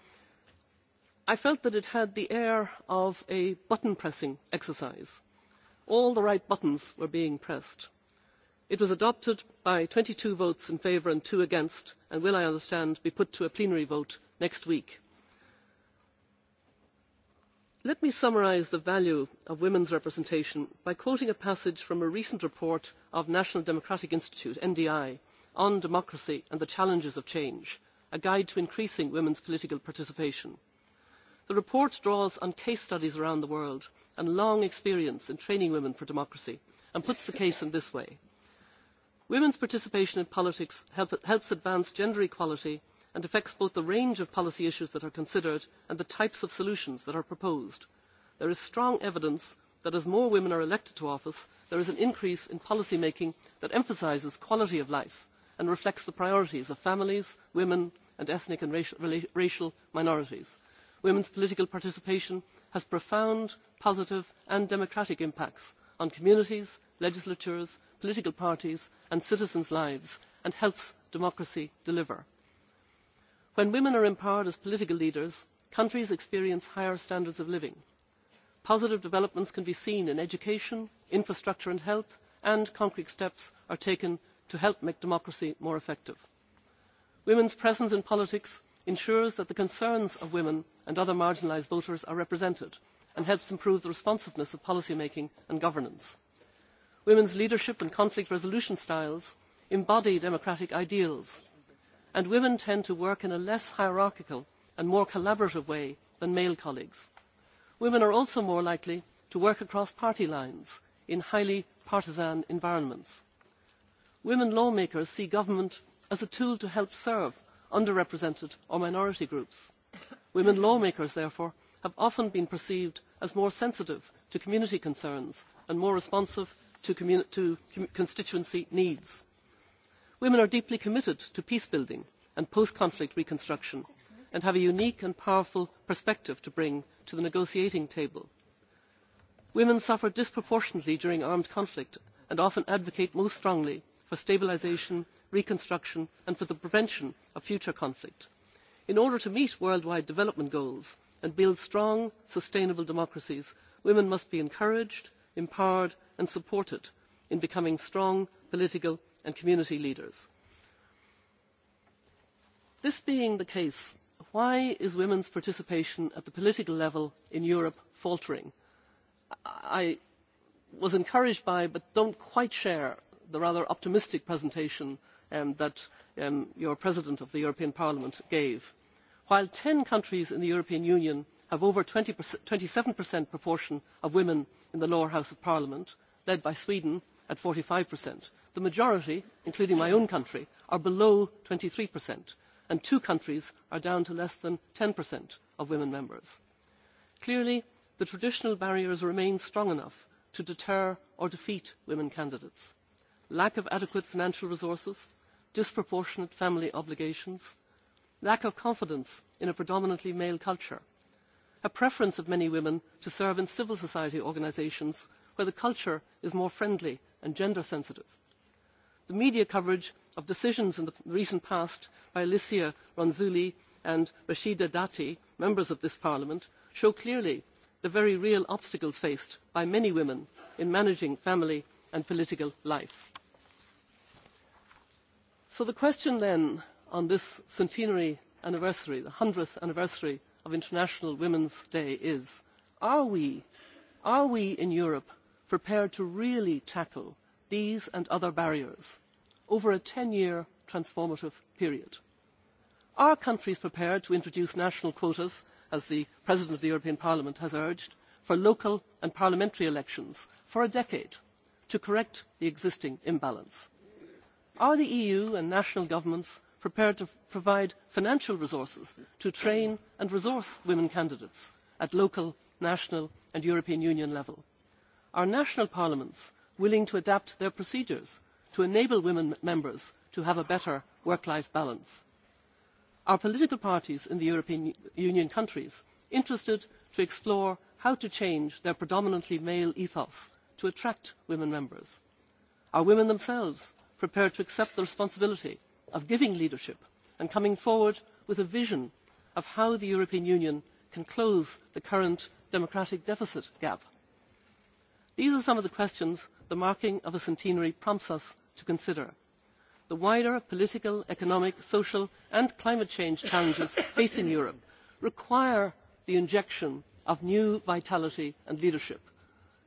I felt that it had the air of a button pressing exercise. All the right buttons were being pressed it was adopted by twenty two votes in favour and two against and will i understand be put to a plenary vote next week. let me summarise the value of women's representation by quoting a passage from a recent report of national democratic institute ndi on democracy and the challenges of change a guide to increasing women's political participation. the report draws on case studies around the world and long experience in training women for democracy and puts the case in this way Women's participation in politics help, helps advance gender equality and affects both the range of policy issues that are considered and the types of solutions that are proposed. There is strong evidence that as more women are elected to office, there is an increase in policy making that emphasises quality of life and reflects the priorities of families, women and ethnic and racial minorities. Women's political participation has profound, positive and democratic impacts on communities, legislatures political parties and citizens' lives and helps democracy deliver. When women are empowered as political leaders, countries experience higher standards of living. Positive developments can be seen in education, infrastructure and health, and concrete steps are taken to help make democracy more effective. Women's presence in politics ensures that the concerns of women and other marginalised voters are represented and helps improve the responsiveness of policy making and governance women's leadership and conflict resolution styles embody democratic ideals, and women tend to work in a less hierarchical and more collaborative way than male colleagues. Women are also more likely to work across party lines in highly partisan environments. Women lawmakers see government as a tool to help serve underrepresented or minority groups. Women lawmakers, therefore, have often been perceived as more sensitive to community concerns and more responsive to, to constituency needs. Women are deeply committed to peace building and post-conflict reconstruction and have a unique and powerful perspective to bring to the negotiating table. Women suffer disproportionately during armed conflict and often advocate most strongly for stabilisation, reconstruction and for the prevention of future conflict. In order to meet worldwide development goals and build strong, sustainable democracies, women must be encouraged, empowered and supported in becoming strong political and community leaders. This being the case, why is women's participation at the political level in Europe faltering? I was encouraged by, but don't quite share, the rather optimistic presentation um, that um, your President of the European Parliament gave. While ten countries in the European Union have over 20 27% proportion of women in the lower house of parliament, led by Sweden at 45%. The majority, including my own country, are below 23%, and two countries are down to less than 10% of women members. Clearly, the traditional barriers remain strong enough to deter or defeat women candidates. Lack of adequate financial resources, disproportionate family obligations, lack of confidence in a predominantly male culture, a preference of many women to serve in civil society organisations where the culture is more friendly and gender sensitive. The media coverage of decisions in the recent past by Alicia Ronzulli and Rashida Dati, members of this parliament, show clearly the very real obstacles faced by many women in managing family and political life. So the question then on this centenary anniversary, the 100th anniversary of International Women's Day is, are we, are we in Europe prepared to really tackle these and other barriers over a 10-year transformative period? Are countries prepared to introduce national quotas, as the President of the European Parliament has urged, for local and parliamentary elections for a decade to correct the existing imbalance? Are the EU and national governments prepared to provide financial resources to train and resource women candidates at local, national and European Union level. Are national parliaments willing to adapt their procedures to enable women members to have a better work-life balance? Are political parties in the European Union countries interested to explore how to change their predominantly male ethos to attract women members? Are women themselves prepared to accept the responsibility of giving leadership and coming forward with a vision of how the European Union can close the current democratic deficit gap. These are some of the questions the marking of a centenary prompts us to consider. The wider political, economic, social and climate change challenges facing Europe require the injection of new vitality and leadership.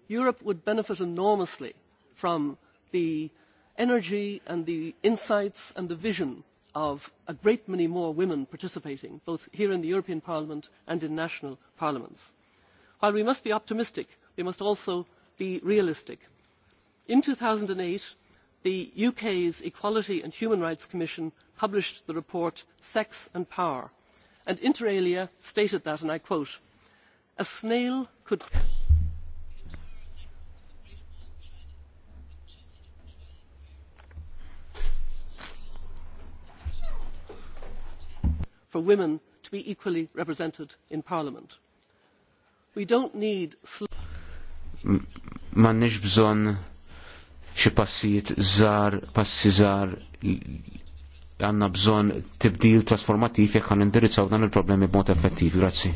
Europe would benefit enormously from the energy and the insights and the vision of a great many more women participating, both here in the European Parliament and in national parliaments. While we must be optimistic, we must also be realistic. In two thousand eight, the UK's Equality and Human Rights Commission published the report Sex and Power, and inter alia stated that, and I quote, a snail could... for women to be equally represented in Parliament. We don't need M'għandniex bżonn xi passijiet żgħar, passi żgħar għandna bżonn tibdil trasformattiv jekk għan indirizzaw dan il-problemi b'mod effettiv. Grazzi.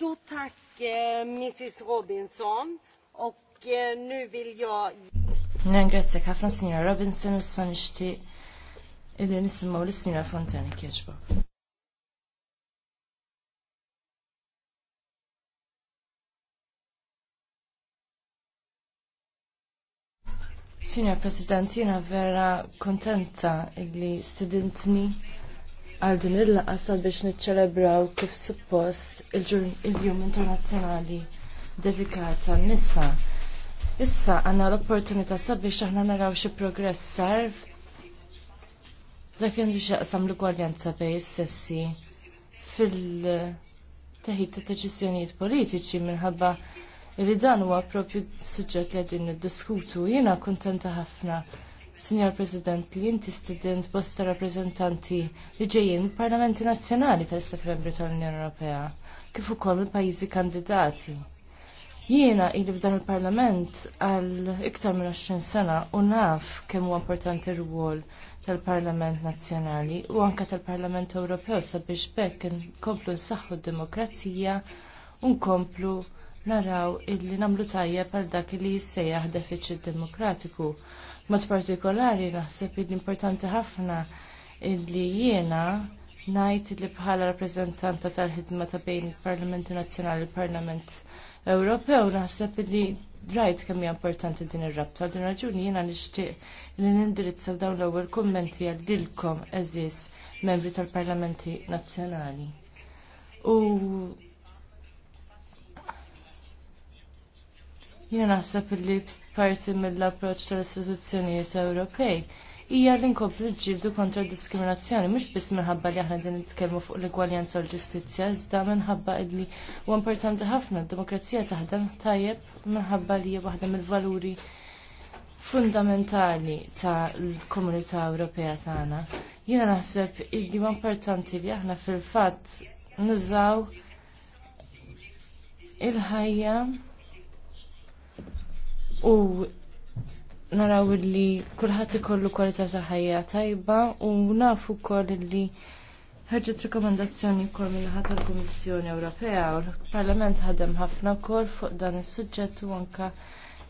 Stort tack Mrs Robinson och eh, nu vill jag... Nej, Grazie ħafna signora Robinson, och issa nixtieq illi nisimgħu lis-signora Fontani kieġbok. Signor President, jiena vera kontenta illi e studentni għal din il-laqgħa sabiex niċċelebraw kif suppost il-Jum Internazzjonali dedikat għan-nisa. Issa għandna l-opportunità sabiex aħna naraw xi progress sar dak jendu xaqsam l-gwardjanza bej s-sessi fil-teħid ta' deċiżjonijiet politiċi minħabba li dan huwa propju suġġett li qegħdin diskutu. Jiena kuntenta ħafna Signor President, li inti student bosta rappresentanti li ġejjin mill-Parlamenti Nazzjonali tal-Istati Membri tal-Unjoni Ewropea, kif ukoll mill-pajjiżi kandidati. Jiena ili f'dan il-Parlament għal iktar minn 20 sena u naf kemm huwa importanti r-rwol tal-Parlament Nazzjonali u anke tal-Parlament Ewropew sabiex bekk nkomplu nsaħħu d-demokrazija u nkomplu naraw illi nagħmlu tajjeb għal dak li jissejjaħ deficit demokratiku Mod partikolari naħseb li importanti ħafna illi jiena ngħid li bħala rappreżentanta tal-ħidma ta' bejn il-Parlamenti Nazzjonali il-Parlament Ewropew naħseb li rajt kemm hija importanti din ir-rabta din raġuni jiena nixtieq li nindirizza dawn l-ewwel kummenti għal lilkom eżis membri tal-Parlamenti Nazzjonali. U jiena naħseb li parti mill-approċċ tal-istituzzjonijiet Ewropej hija li nkomplu ġildu kontra d diskriminazzjoni, mhux biss minħabba li aħna din nitkellmu fuq l egwaljanza u l-ġustizzja, iżda minħabba li huwa importanti ħafna d-demokrazija taħdem tajjeb minħabba li hija waħda mill-valuri fundamentali tal komunità Ewropea tagħna. Jiena naħseb li huwa importanti li aħna fil-fatt nużaw il-ħajja u naraw li kulħadd ikollu kwalità ta' ħajja tajba u nafu wkoll li ħarġet rekomendazzjoni wkoll minnaħat tal-Kummissjoni Ewropea u l-Parlament ħadem ħafna wkoll fuq dan is-suġġett u anke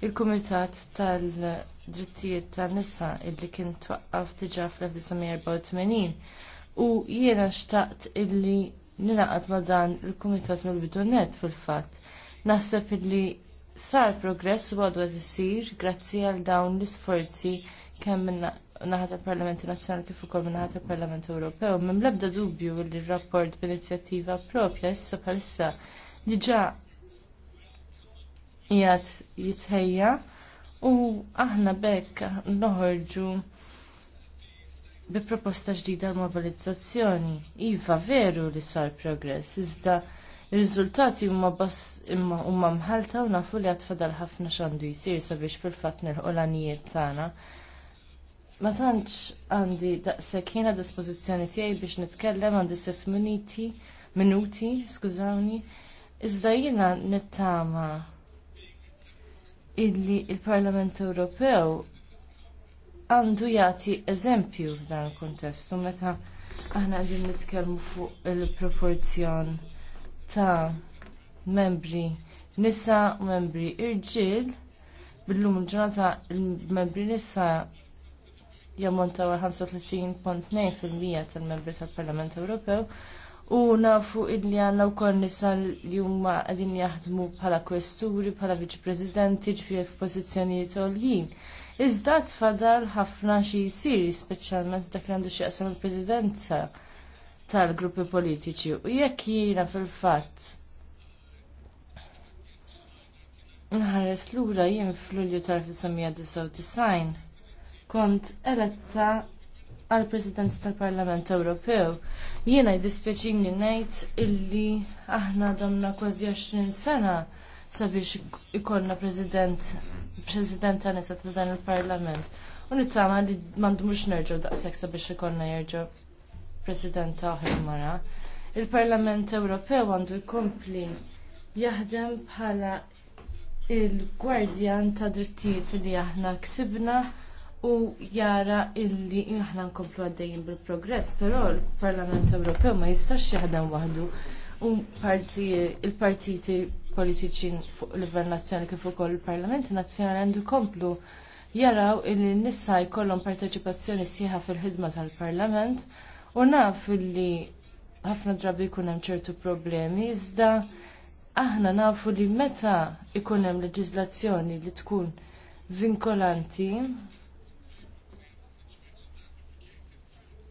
il-Kumitat tal-Drittijiet tan-Nisa illi kien twaqqaf diġà fl-1984 u jiena xtaqt illi ninaqat ma' dan il-Kumitat mill-Bidunet fil-fatt. Naħseb illi sar progress u għadu għad isir grazzi għal dawn l-isforzi kemm minna naħat il-Parlamenti Nazzjonali kif ukoll minn naħat il-Parlament Ewropew, minn l-ebda dubju li r-rapport b'inizjattiva propja issa bħalissa diġà jgħat jitħejja u aħna bekk noħorġu bi proposta ġdida l-mobilizzazzjoni. Iva veru li sar progress, iżda Ir-riżultati huma bass huma mħalta u nafu li għad fadal ħafna x'għandu jsir sabiex fil-fatt nil l tagħna. Ma tantx għandi daqshekk ħin dispożizzjoni tiegħi biex nitkellem għandi sitt minuti, minuti, skużawni, iżda jiena nittama illi l parlament Ewropew għandu jagħti eżempju f'dan il-kontestu meta aħna qegħdin nitkellmu fuq il-proporzjon ta' membri nisa u membri irġiel billum il-ġurnata il-membri nisa jammonta 35.2% tal-membri tal-Parlament Ewropew u nafu illi għanna u koll nisa li huma għadin jaħdmu bħala kwesturi, bħala viċ-prezidenti, ġifiri f'pożizzjonijiet għoljin. Iżda tfadal ħafna xi jsir, speċjalment dak li għandu xie għasam il-Presidenza tal-gruppi politiċi u jekk jiena fil-fatt Nħares lura jien fl-Ulju tal-1999 kont eletta għal president tal-Parlament Ewropew. Jiena jdispjaċini ngħid illi aħna domna kważi 20 sena sabiex ikollna president presidenta nisa ta' dan il-Parlament. U nittama li mux nerġgħu daqshekk sabiex ikollna jerġgħu President taħir mara, il-Parlament Ewropew għandu jkompli jaħdem bħala il-gwardjan ta' drittijiet li aħna ksibna u jara illi aħna nkomplu għaddejjin bil-progress, però l-Parlament Ewropew ma jistax jaħdem waħdu u il-partiti politiċi fuq livell nazzjonali kif ukoll il-Parlament nazzjonali għandu komplu jaraw illi n-nisa jkollhom parteċipazzjoni sieħa fil-ħidma tal-Parlament U naf li ħafna drabi jkun hemm ċertu problemi, iżda aħna nafu li meta ikun hemm leġiżlazzjoni li tkun vinkolanti,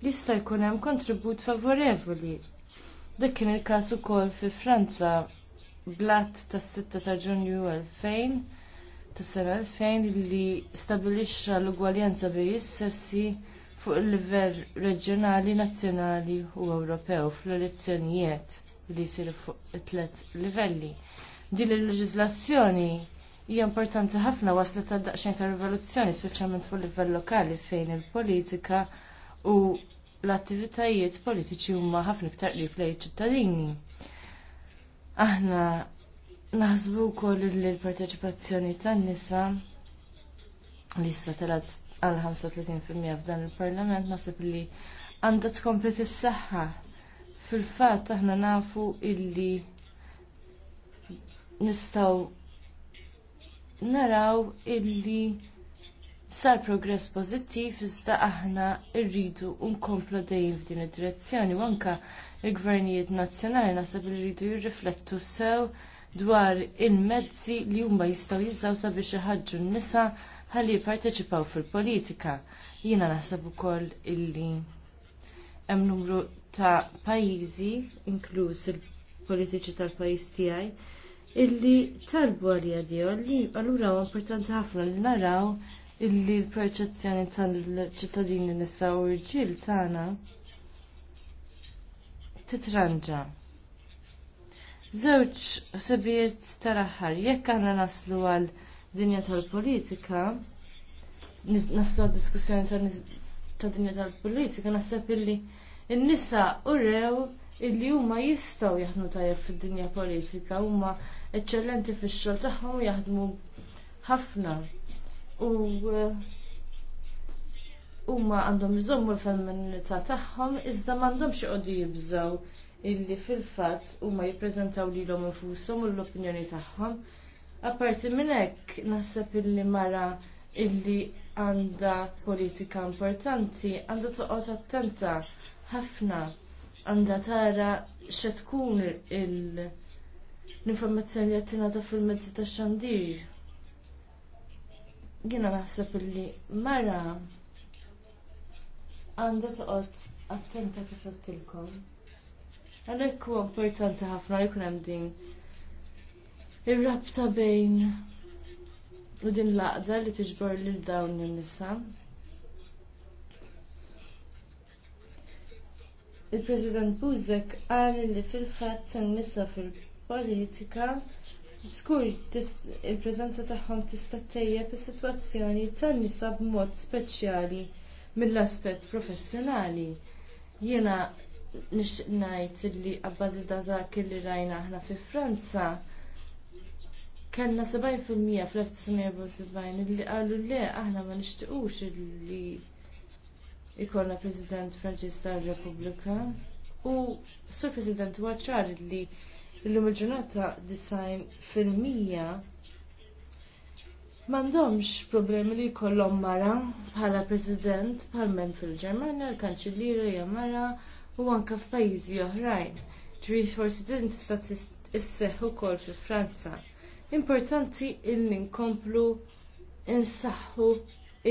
jista' jkun hemm kontribut favorevoli. Dak kien il-każ ukoll fi Franza blatt tas-6 ta' Ġunju 2000 tas-sena 2000 li stabilixxa l-ugwaljanza bejn is-sessi fuq il-livell reġjonali, nazzjonali u Ewropew fl-elezzjonijiet li jsiru fuq it-tlet livelli. Din il-leġiżlazzjoni hija importanti ħafna waslet għal daqsxejn ta' rivoluzzjoni, speċjalment fuq livell lokali fejn il-politika u l-attivitajiet politiċi huma ħafna iktar qrib lejn ċittadini. Aħna naħsbu wkoll li l-parteċipazzjoni tan-nisa li issa telat għal 35% f'dan il-parlament nasib li għandha tkompli tis-saħħa. Fil-fatt aħna nafu illi nistgħu naraw illi sar progress pożittiv iżda aħna rridu nkomplu dejjem f'din id-direzzjoni u anke l gvernijiet nazzjonali naħseb li rridu jirriflettu sew dwar il-mezzi li huma jistgħu jiżgħu sabiex iħaġġu n-nisa ħalli jipparteċipaw fil-politika. Jiena naħseb ukoll illi hemm numru ta' pajjiżi, inkluż il-politiċi tal-pajjiż tiegħi, illi talbu għalija diju, li allura huwa importanti ħafna li naraw illi l-perċezzjoni tal-ċittadini nisa u rġil tagħna titranġa. Żewġ sebijiet tal-aħħar, jekk għandna naslu għal dinja tal-politika, naslu diskussjoni ta' dinja tal-politika, naħseb illi n-nisa rew illi huma jistgħu jaħdmu tajjeb fid-dinja politika, huma eċċellenti fix-xogħol tagħhom jaħdmu ħafna. U eh, huma għandhom bżommu l-femminità tagħhom iżda m'għandhomx iqogħdu jibżgħu illi fil-fatt huma jippreżentaw lilhom infushom u l-opinjoni tagħhom. Apparti minn hekk naħseb illi mara illi għandha politika importanti, għandha toqgħod attenta ħafna, għandha tara xa tkun l-informazzjoni li qed tingħata fil-mezzi tax-xandir. Jiena naħseb illi mara għandha toqgħod attenta kif għattilkom. Għalhekk huwa importanti ħafna li jkun hemm din ir-rabta bejn u din l-għaqda li tiġbor lil dawn in-nisa. Il-President Buzek qal li fil-fatt tan-nisa fil-politika Skur, il-prezenza tagħhom tista' tejjeb is-sitwazzjoni tan-nisa b'mod speċjali mill-aspett professjonali. Jiena nixtieq ngħid li abbażi ta' dak li rajna aħna fi Franza kellna 70% fl-1974 li qalu le aħna ma nixtiequx li jkollna President Franċis tal repubblika U Sur President huwa ċar li l-lum il-ġurnata design fil-mija Mandomx problemi li jkollhom mara bħala president bħal mem fil-Ġermanja, l-kanċillieri hija mara u anke f'pajjiżi oħrajn. Trid forsi din tista' isseħħ ukoll fi Franza importanti illi nkomplu insaħħu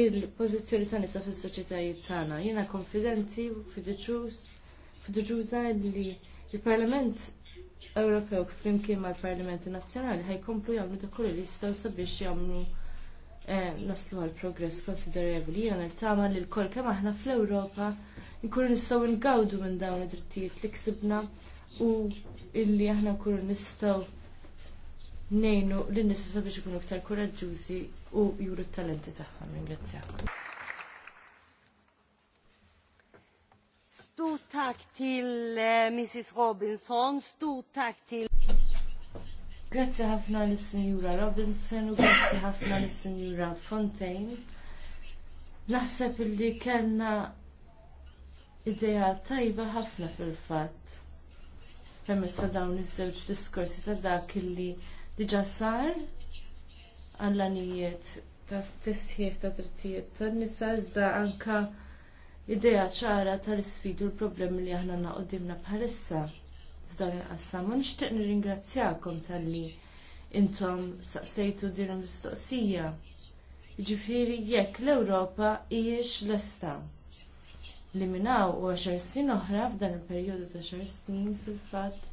il-pożizzjoni ta' nisa fis-soċjetajiet tagħna. Jiena konfidenti u fiduċuża li l parlament Ewropew flimkien mal-Parlamenti Nazzjonali ħajkomplu jagħmlu dak kollu li jistgħu sabiex jagħmlu eh, naslu għal progress konsiderevoli. Jiena nittama li l-kol kemm aħna fl-Ewropa nkunu nistgħu ngawdu minn dawn id-drittijiet li ksibna u illi aħna nkunu nistgħu nejnu l-nisa sabiex ikunu iktar koraġġużi u juru t-talenti tagħhom. Ringrazzjak. Stu tack till eh, Mrs Robinson, Stu tack till... Grazzi ħafna l-Sinjura Robinson u grazzi ħafna l-Sinjura Fontaine. Naħseb li kellna ideja tajba ħafna fil-fatt permessa dawn iż-żewġ diskorsi ta' dak illi li diġa sar għall-għanijiet ta' tisħiħ ta' drittijiet tan-nisa iżda anke idea ċara tal-isfidu l-problemi li aħna naqdimna bħalissa f'dan il-qassam. Ma nixtieq nirringrazzjakom talli intom saqsejtu din il-mistoqsija. Jiġifieri jekk l-Ewropa hijiex lesta li minnaw u għaxar snin oħra f'dan il-perjodu ta' xar snin fil-fatt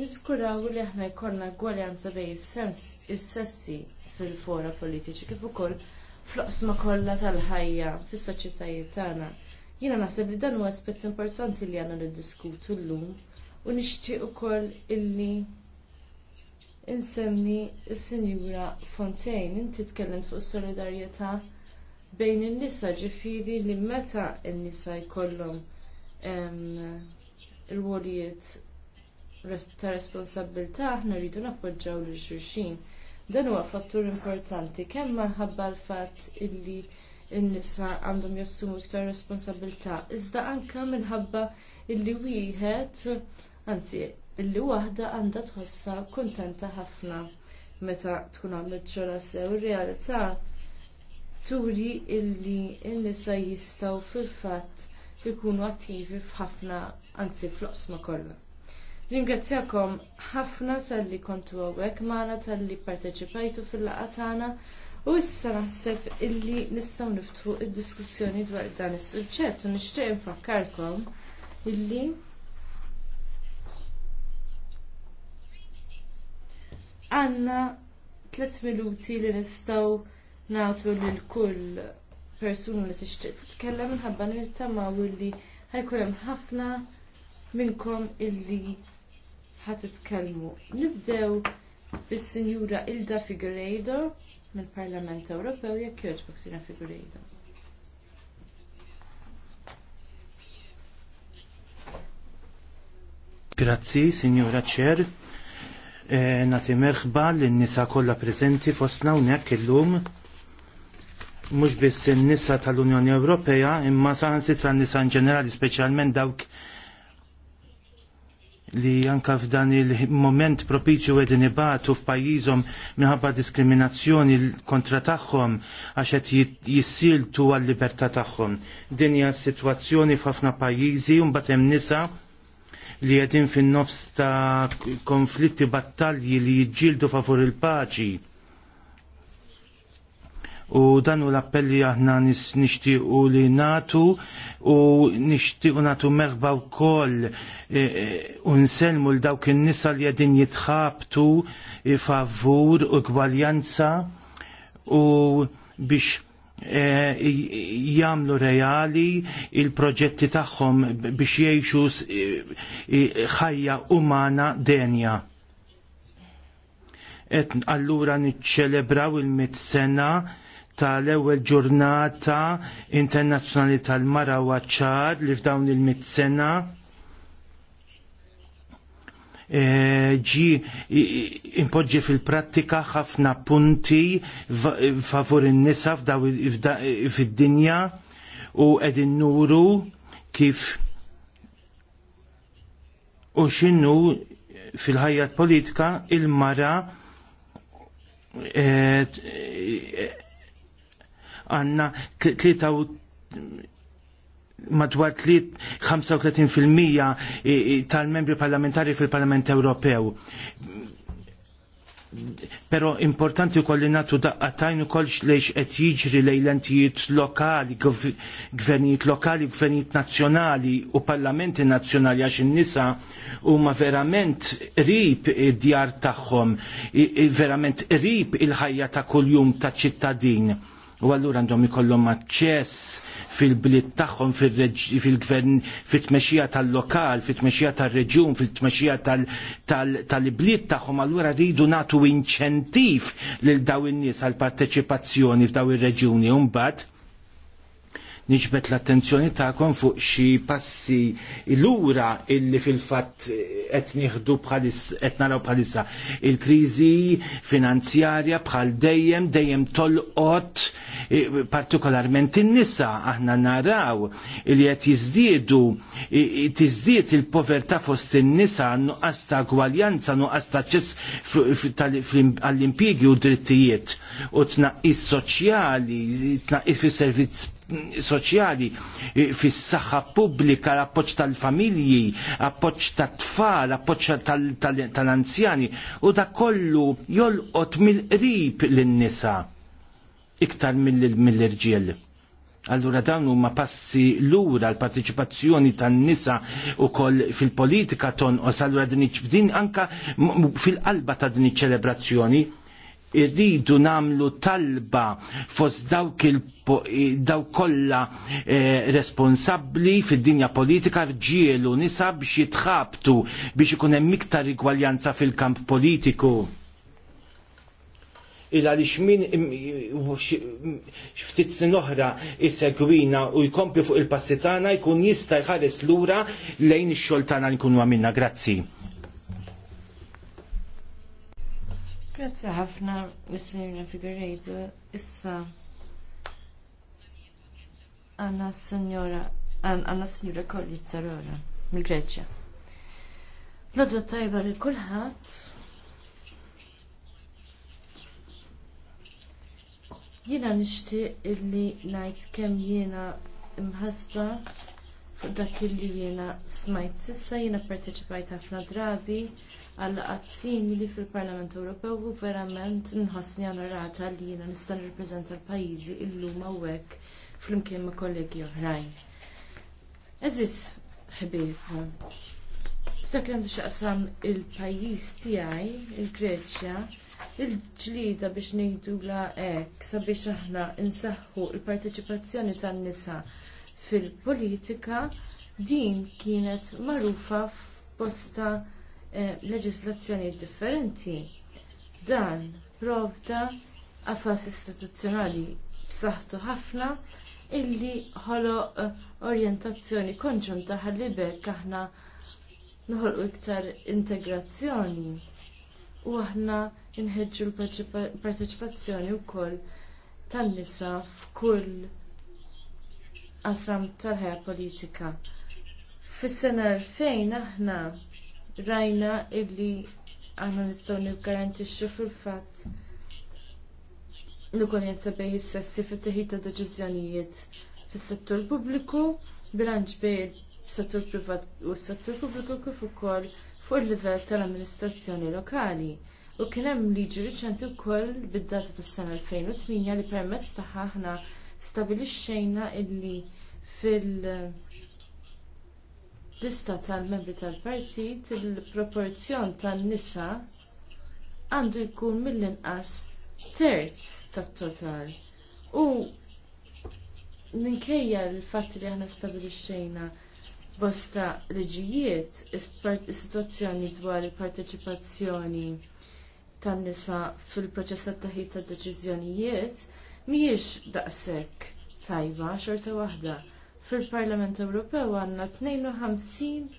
niskuraw li aħna jkollna gwaljanza bej is-sessi fil-fora politiċi kif ukoll fl-oqsma kollha tal-ħajja fis-soċjetajiet tagħna. Jiena naħseb li dan huwa aspett importanti li għandna niddiskutu llum u nixtieq ukoll illi insemmi s-Sinjura Fontaine inti tkellimt fuq is-solidarjetà bejn in-nisa ġifieri li meta n-nisa jkollhom il-wolijiet ta' responsabilità aħna rridu nappoġġaw lil xulxin. Dan huwa fattur importanti kemm ħabba l-fatt illi n-nisa għandhom jassumu iktar responsabilità, iżda anke minħabba illi wieħed anzi illi waħda għandha tħossha kuntenta ħafna meta tkun għamlet xogħla sew ir-realtà turi illi n-nisa jistgħu fil-fatt ikunu attivi f'ħafna anzi fl-oqsma kollha. Ringrazzjakom ħafna tal-li kontu għawek maħna tal-li parteċipajtu fil-laqa tagħna u issa naħseb illi nistgħu niftħu id-diskussjoni dwar dan is-suġġett u nixtieq infakkarkom illi għanna tlet minuti li nistaw nagħtu lil kull persuna li tixtieq titkellem minħabba u li ħajkun hemm ħafna minnkom illi ħat itkellmu. Nibdew bis-Sinjura Ilda Figueiredo mill-Parlament Ewropew jekk jogħġbok Sina Figueiredo. Grazzi, Sinjura Ċer. Eh, nati merħba l-nisa kollha preżenti fostna hawnhekk illum mhux biss in-nisa tal-Unjoni Ewropea imma saħansitra n-nisa in ġenerali speċjalment dawk li anka f'dan il-moment propiċu għedin ibatu f'pajjiżhom minħabba diskriminazzjoni kontra tagħhom għax qed jissiltu għal-libertà tagħhom. Din hija sitwazzjoni f'ħafna pajjiżi u mbagħad hemm nisa li qegħdin fin-nofs ta' konflitti battalji li jiġġieldu favur il-paċi u dan u l-appelli aħna nixtiequ li natu u nixtiequ natu merba wkoll e, e, u nselmu l dawk in-nisa li qegħdin jitħabtu e, favur u gwaljanza u biex jamlu reali il-proġetti tagħhom biex jgħixu ħajja umana denja. Et allura niċċelebraw il-mit sena tal-ewwel ġurnata internazzjonali tal-mara u li f'dawn il-mit sena e, ġi impoġġi fil-prattika ħafna punti favur in-nisa fid-dinja u qegħdin nuru kif u x'innu fil-ħajja politika il-mara e, e, għanna madwar 35% tal-membri parlamentari fil-Parlament Ewropew. Pero importanti u kolli natu daqqatajn u kollx lejx qed jiġri l-entijiet lokali, gvernijiet lokali, gvernijiet nazzjonali u parlamenti nazzjonali għax in-nisa huma verament rib id-djar tagħhom, verament rib il-ħajja ta' kuljum ta' ċittadin u għallur għandhom ikollhom aċċess fil-bliet tagħhom fil-gvern fit-tmexxija tal-lokal, fit-tmexxija tal-reġjun, fit-tmexxija tal-bliet tagħhom allura rridu nagħtu inċentiv lil daw in-nies għall-parteċipazzjoni f'daw ir-reġjuni u mbagħad niġbet l-attenzjoni ta'kom fuq xi passi l-ura illi fil-fatt qed nieħdu bħalis qed naraw bħalissa. Il-kriżi finanzjarja bħal dejjem dejjem tolqot e, partikolarment in-nisa aħna naraw li qed jiżdiedu e, e, tiżdied il-povertà fost in-nisa nuqqas ta' gwaljanza, nuqqas ta' ċess għall-impjiegi u drittijiet u tnaqqis soċjali, tnaqqis fis-servizz soċjali eh, fis-saħħa pubblika, l-appoġġ tal-familji, appoġġ tat-tfal, appoġġ tal-anzjani u dak kollu jolqot mill-qrib lin-nisa iktar mill-irġiel. Allura dawn huma passi lura l-partiċipazzjoni tan-nisa wkoll fil-politika tonqos, allura din f'din anka fil-qalba ta' din iċ-ċelebrazzjoni irridu namlu talba fost dawk il daw kolla eh, responsabli fid-dinja politika rġiel u nisa biex jitħabtu biex ikun hemm iktar igwaljanza fil-kamp politiku illa li xmin ftit sin oħra isegwina u jkompli fuq il-passitana jkun jista' jħares lura lejn ix-xoltana li nkunu għamilna. Grazzi. Grazzi ħafna, Mr. Figueredo. Issa għanna s-senjora, għanna s-senjora Kollizza Rora, mil-Greċja. Lodwa tajba li kullħat. Jiena nixtieq illi ngħid kemm jiena imħasba fuq dak illi jiena smajt sissa jiena pparteċipajt ħafna drabi għal simili fil-Parlament Ewropew u verament nħossni għal rata li jiena nista' nirrappreżenta l-pajjiżi illum hawnhekk flimkien ma' kollegi oħrajn. Eżis, ħbieb, dak li għandu xaqsam il-pajjiż tiegħi, il-Greċja, il-ġlida biex ngħidula hekk sabiex aħna nsaħħu l parteċipazzjoni tan-nisa fil-politika din kienet magħrufa f'bosta Eh, leġislazzjoni differenti. Dan provda għafas istituzzjonali b'saħħtu ħafna illi ħoloq eh, orjentazzjoni konġunta ħalli bekk aħna noħolqu iktar integrazzjoni u aħna nħeġġu l-parteċipazzjoni wkoll tan-nisa f'kull qasam tal-ħajja politika. Fis-sena 2000 aħna rajna illi aħna nistgħu niggarantixxu fil-fatt l jenza bejn s sessi fit-teħid ta' deċiżjonijiet fis-settur pubbliku, bilanċ bejn settur privat u s-settur pubbliku kif ukoll fuq il-livell tal-amministrazzjoni lokali. U kien hemm liġi riċenti wkoll bid-data tas-sena 2008 li permezz tagħha aħna stabilixxejna illi fil- lista tal-membri tal-partit il-proporzjon tan-nisa għandu jkun mill-inqas terz tat-total. U minkejja l-fatt li aħna stabilixxejna bosta liġijiet is-sitwazzjoni dwar il-parteċipazzjoni tan-nisa fil-proċess tat-taħid tad-deċiżjonijiet mhijiex daqshekk tajba xorta waħda fil-Parlament Ewropew għandna 52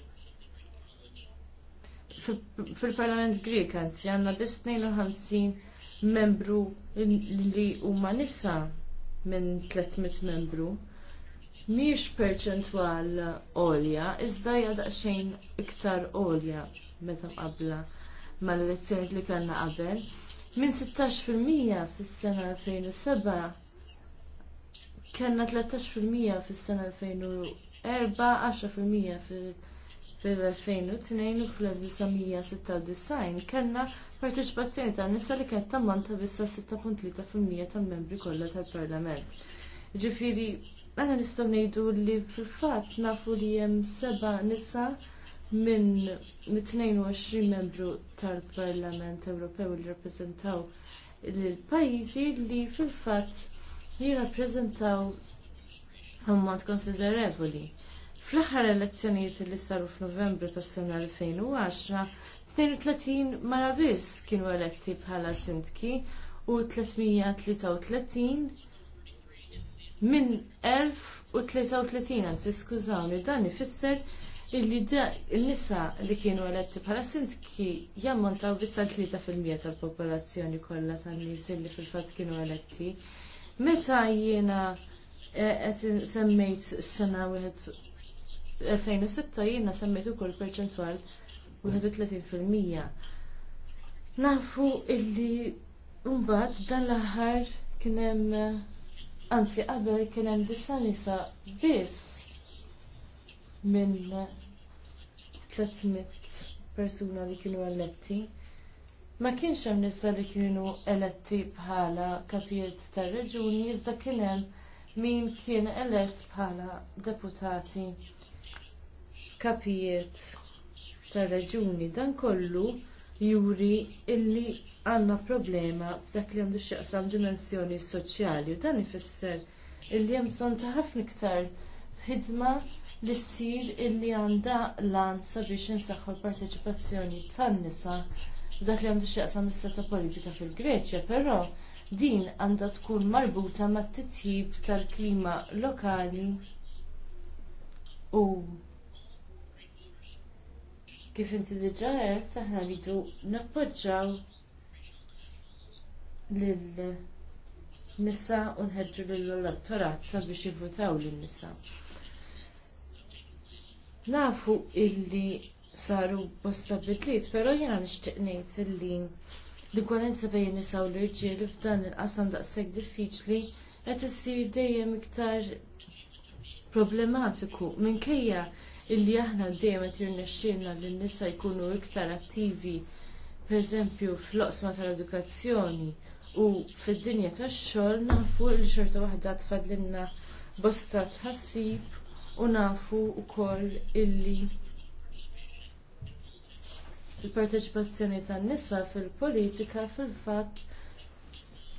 fil-Parlament Grieg anzi għandna biss 52 membru li huma nisa minn 300 membru. Mhix perċentwal għolja, iżda hija daqsxejn iktar għolja meta mqabbla mal-elezzjoni li kellna qabel. Minn 16% fis-sena 2007 kellna 13% fis-sena 2004, 10% fil-2002 u fl-1996 kellna parteċipazzjoni tan nisa li kienet tammonta bissa 6.3% tal-membri kollha tal-Parlament. Ġifieri, għana nistgħu ngħidu li fil-fatt nafu li hemm seba' nisa minn 22 membru tal-Parlament Ewropew li rappreżentaw l-pajjiżi li fil-fatt jirrappreżentaw ammont konsiderevoli. Fl-aħħar elezzjonijiet li saru f'Novembru tas-sena 2010, 32 mara biss kienu eletti bħala sindki u 333 minn 1033 anzi skużawni dan ifisser illi il-nisa li kienu eletti bħala sindki jammontaw biss għal 3% tal-popolazzjoni kollha tan-nies illi fil-fatt kienu eletti. Meta jiena eh, qed semmejt sena sena 2006 jiena semmejt ukoll perċentwal 31%. Nafu illi mbagħad dan l-aħħar kien hemm anzi qabel kien hemm disa nisa biss minn 300 persuna li kienu eletti ma kienx hemm nisa li kienu eletti bħala kapijiet tar-reġuni iżda kien hemm min kien elett bħala deputati kapijiet tar-reġuni. Dan kollu juri illi għandna problema dak li għandu x'jaqsam dimensjoni soċjali u dan ifisser illi hemm bżonn ta' ħafna iktar ħidma li ssir illi għandha lan sabiex insaħħu l-parteċipazzjoni tan-nisa dak li għandu xieqsam is setta politika fil-Greċja, però din għandha tkun marbuta mat titjib tal-klima lokali u kif inti diġà għedt aħna rridu nappoġġjaw lill nisa u nħeġġu lill-elettorat sabiex jivvutaw lin nisa Nafu illi saru bosta bidliet, pero jena nixtieq ngħid illi l-igwalenza bejn nisa u l-irġiel f'dan il-qasam daqshekk diffiċli qed issir dejjem iktar problematiku minkejja illi aħna dejjem qed jirnexxielna li n-nisa jkunu iktar attivi pereżempju fl-oqsma tal-edukazzjoni u fid-dinja tax-xogħol nafu li xorta waħda tfadlilna bosta tħassib u nafu wkoll illi il-parteċipazzjoni tan-nisa fil-politika fil-fatt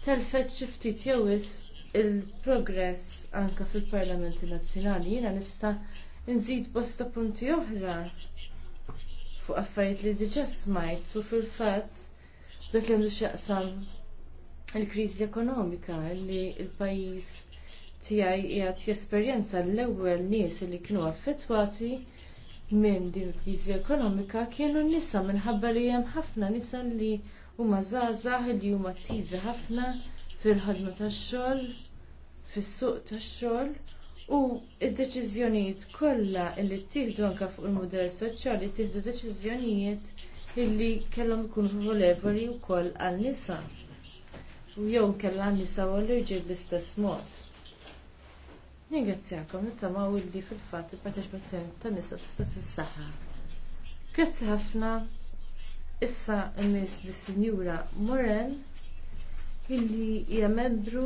telfet xi ftit jew il-progress anke fil-parlamenti nazzjonali. Jiena nista' nżid bosta punti oħra fuq affarijiet li diġà smajt u fil-fatt dak li għandu x'jaqsam il-kriżi ekonomika li l pajjiż tiegħi qiegħed jesperjenza l-ewwel nies li kienu affettwati minn din il-kriżi ekonomika kienu nisa minħabba li hemm ħafna nisa li huma żgħażagħ li huma attivi ħafna fil-ħadma tax-xogħol, fis-suq tax-xogħol. U id-deċiżjonijiet kollha li ttieħdu anke fuq il-mudell soċjali ttieħdu deċiżjonijiet illi kellhom ikunu favorevoli wkoll għan-nisa. U jew kellha nisa u l-irġiel bl-istess mod. Ningrazzjakom, nittama u li fil-fat il-parteċipazzjoni ta' nisa tista' tissaħħa. Grazzi ħafna issa imis li sinjura Moren illi hija membru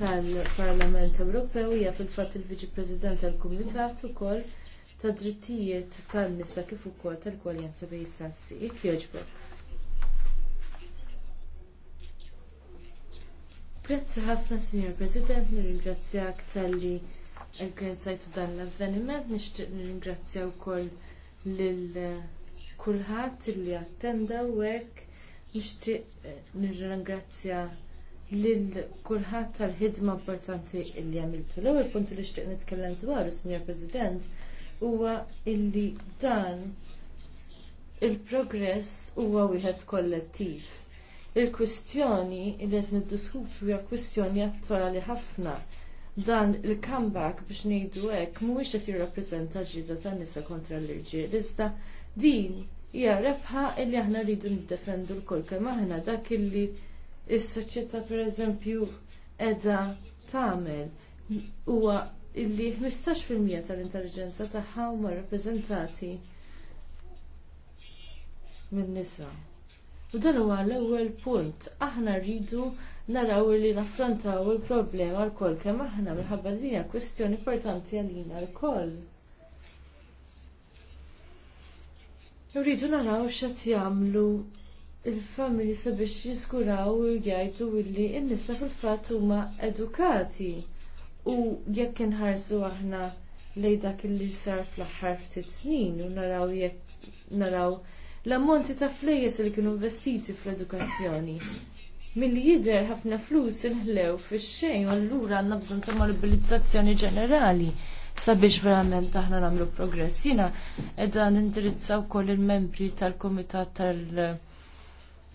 tal-Parlament Ewropew hija fil-fatt il-Viċi President tal-Kumitat ukoll tad drittijiet tan-nisa kif ukoll tal-kwaljanza bejn is-sassi. Jekk jogħġbok. Grazzi ħafna, Signor President, nirringrazzjak tal-li organizzajtu dan l-avveniment, nixtieq nirringrazzja wkoll lil eh, kulħadd li attenda u hekk nixtieq eh, nirringrazzja lil kulħadd tal-ħidma importanti li għamiltu. L-ewwel punt li xtieq nitkellem dwaru, Signor President, huwa illi dan il-progress huwa wieħed kollettiv Il-kwistjoni li qed niddiskutu hija kwistjoni attwali ħafna. Dan il-comeback biex ngħidu hekk mhuwiex qed jirrappreżenta l-ġieda tan-nisa kontra l-irġiel, iżda din hija rebħa li aħna rridu niddefendu l-kol kemm aħna dak illi s-soċjetà pereżempju qiegħda tagħmel huwa illi 15% tal-intelligenza tagħha huma rappreżentati minn nisa U dan huwa l-ewwel punt. Aħna rridu naraw li naffrontaw il-problema l-koll kemm aħna minħabba li hija kwistjoni importanti għalina l-koll. Rridu naraw x'qed jagħmlu il-familji sabiex jiskuraw u jgħidu li n-nisa fil-fatt huma edukati u jekk inħarsu aħna lejn dak li sar fl-aħħar ftit snin u naraw jekk naraw l-ammonti ta' flejjes li kienu investiti fl-edukazzjoni. Milli jidher ħafna flus inħlew fix-xejn u allura għandna bżonn ta' mobilizzazzjoni ġenerali sabiex verament aħna nagħmlu progress. Jiena qiegħda nindirizzaw wkoll il-membri tal-Kumitat tal-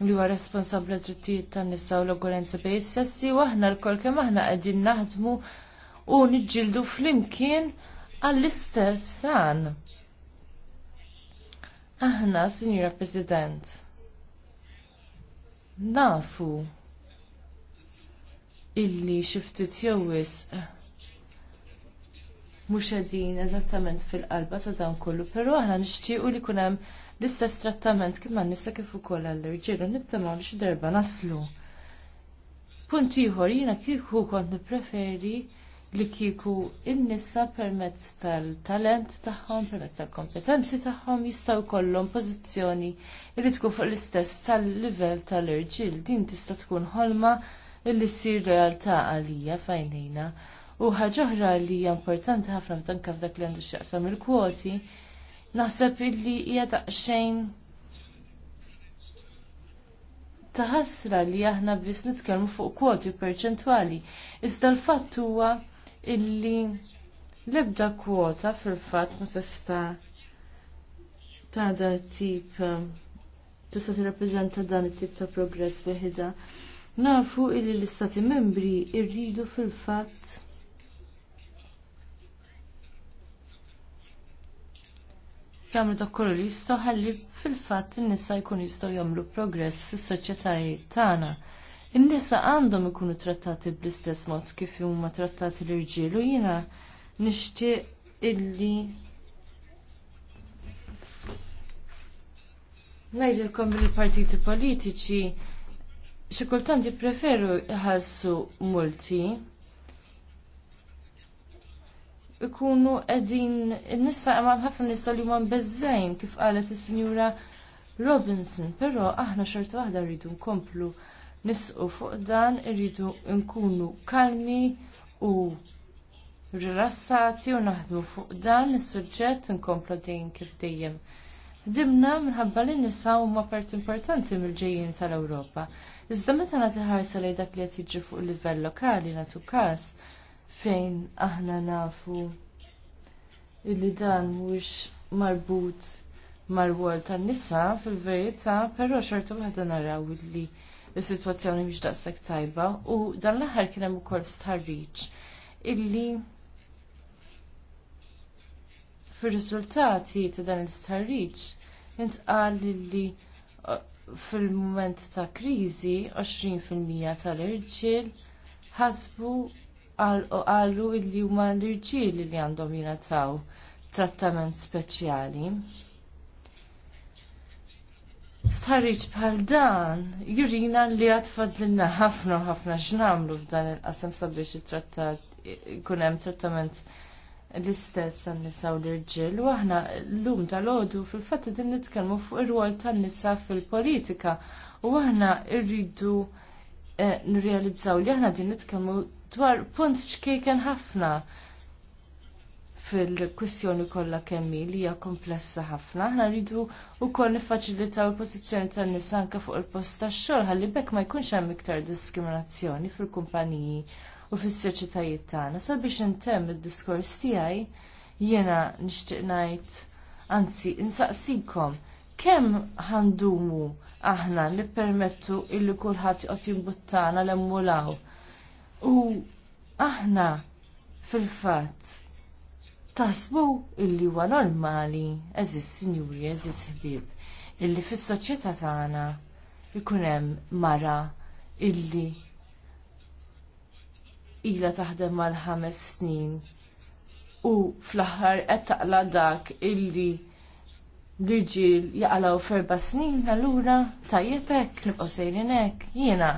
li huwa responsabbli trittijiet tan-nisa u l-ogolenza bejn sessi u aħna lkoll kemm aħna qegħdin naħdmu u niġġieldu flimkien għall-istess dan. Aħna, Signora President, nafu illi xiftit jowis eh, mhux qegħdin eżattament fil-qalba ta' dan kollu, pero aħna nixtiequ li jkun hemm l-istess trattament kif għan nisa kif ukoll għall-irġiel nittama biex xi darba naslu. Punti ieħor jina kieku kont nippreferi li kiku in-nisa permezz tal-talent tagħhom, permezz tal-kompetenzi tagħhom jistgħu jkollhom pożizzjoni li tkun fuq l-istess tal-livell tal-irġiel. Din tista' tkun ħolma li sir realtà għalija fajnina. U ħaġa oħra li hija importanti ħafna kif dak li għandu x'jaqsam il-kwoti, naħseb illi hija daqsxejn taħasra li aħna biss nitkellmu fuq kwoti perċentwali. Iżda l-fatt huwa illi l-ebda kwota fil-fatt ma tista' ta' da tip um, tista' tirrappreżenta dan it-tip ta' progress weħida. Nafu illi l-istati membri irridu fil-fatt jagħmlu dak kollu li jistgħu ħalli fil-fatt in-nisa jkun jistgħu jagħmlu progress fis-soċjetajiet tagħna in għandhom ikunu trattati bl-istess mod kif huma trattati l-irġiel u jiena nixtieq illi ngħidilkom li partiti politiċi xi kultant jippreferu jħallsu multi ikunu qegħdin in-nisa ma ħafna nisa li huma beżżejn kif qalet is-Sinjura Robinson, però aħna xorta waħda rridu nkomplu nisqu fuq dan irridu nkunu kalmi u rilassati u naħdmu fuq dan is-suġġett inkomplu din kif dejjem. Dimna minħabba li nisa huma parti importanti mill-ġejjin tal-Ewropa. Iżda meta nagħti ħarsa lejn dak li qed jiġri fuq livell lokali nagħtu każ fejn aħna nafu li dan mhuwiex marbut mar-wol tan-nisa fil-verità, però xorta waħda naraw li is-sitwazzjoni biex daqshekk tajba u dan l-aħħar kien hemm ukoll starriċ illi fir-riżultati ta' dan l-istarriċ intqal li uh, fil-mument ta' kriżi 20% tal-irġiel ħasbu għalu illi huma l-irġiel li għandhom jingħataw trattament speċjali. Starriċ bħal dan, jurina li għad fadlinna ħafna ħafna x'namlu f'dan il-qasam sabiex it-trattat kun hemm trattament l-istess tan nisa u l-irġiel u aħna l-lum tal-għodu fil-fatt din nitkellmu fuq ir rol tan-nisa fil-politika u aħna rridu eh, nirrealizzaw li aħna din nitkellmu dwar punt xkejken ħafna fil-kwistjoni kollha kemm li hija komplessa ħafna. Aħna rridu wkoll niffaċilitaw il-pożizzjoni tan-nisa anke fuq il-post tax-xogħol ħalli bekk ma jkunx hemm iktar diskriminazzjoni fil-kumpaniji u fis-soċjetajiet tagħna. Sabiex intemm id-diskors tiegħi jiena nixtieq ngħid anzi insaqsikom kemm ħandumu aħna permettu illi kulħadd joqgħod jimbuttana l-emmulaw. U aħna fil-fatt Tasbu illi huwa normali, eżis sinjuri, eżis ħbib, illi fis-soċjetà tagħna ikun hemm mara illi ilha taħdem mal ħames snin u fl-aħħar qed taqla dak illi l-irġiel jaqalgħu ferba snin allura tajjeb hekk nibqgħu sejrin hekk jiena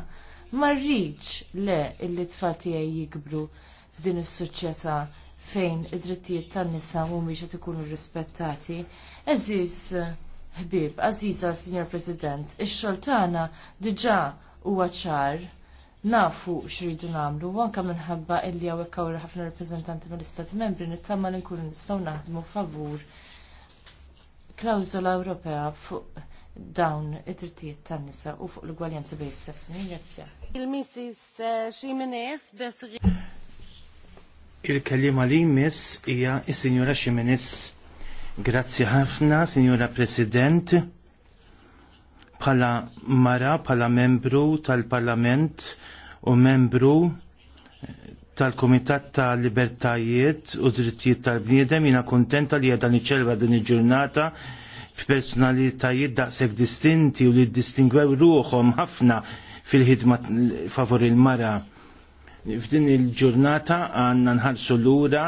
ma rridx le illi tfal tiegħi jikbru f'din is-soċjetà fejn id-drittijiet tan-nisa mhumiex qed ikunu rrispettati, Eżiż ħbieb, għażiża Sinjor President, ix-xogħol tagħna diġà huwa ċar nafu xridu U anke minħabba illi hawnhekk għawri ħafna rappreżentanti mill-Istati Membri nittama li nkunu nistgħu naħdmu favur klawżola Ewropea fuq dawn id-drittijiet tan-nisa u fuq l-ugwaljanza bejn is-sessi. il eh, Ximenez il kelima li jmiss hija s-Sinjura Ximinis. Grazzi ħafna, Sinjura President. Bħala mara, bħala membru tal-Parlament u membru tal-Komitat ta' Libertajiet u Drittijiet tal-Bniedem jiena kontenta li għadan iċelba din il-ġurnata b'personalitajiet daqshekk distinti u li distingwew ruħom ħafna fil-ħidma favur il-mara f'din il-ġurnata għanna nħarsu l-ura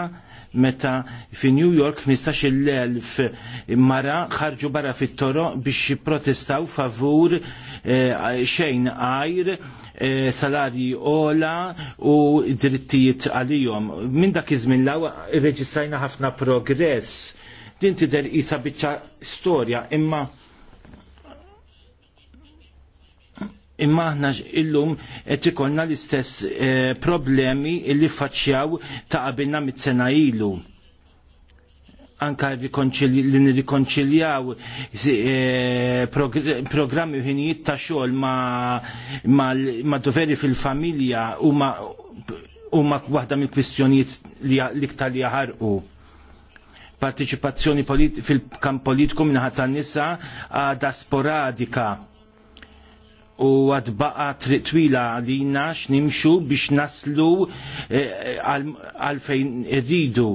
meta fi New York 15.000 mara ħarġu barra fit-toro biex protestaw favur eh, xejn għajr eh, salari ola u drittijiet għalijom. Minn dak iż-żmien law reġistrajna ħafna progress. Din tidher isa biċċa storja imma imma aħna illum qed ikollna l-istess eh, problemi li faċċjaw ta' qabilna mit-sena ilu anka li nirrikonċiljaw eh, programmi u ħinijiet ta' xogħol ma' doveri fil-familja u ma' waħda mill-kwistjonijiet li ktar li jaħarqu partiċipazzjoni fil-kamp politiku minnaħat tan-nisa għadha sporadika u għad baqa triq twila nax nimxu biex naslu eh, eh, għalfejn e, irridu.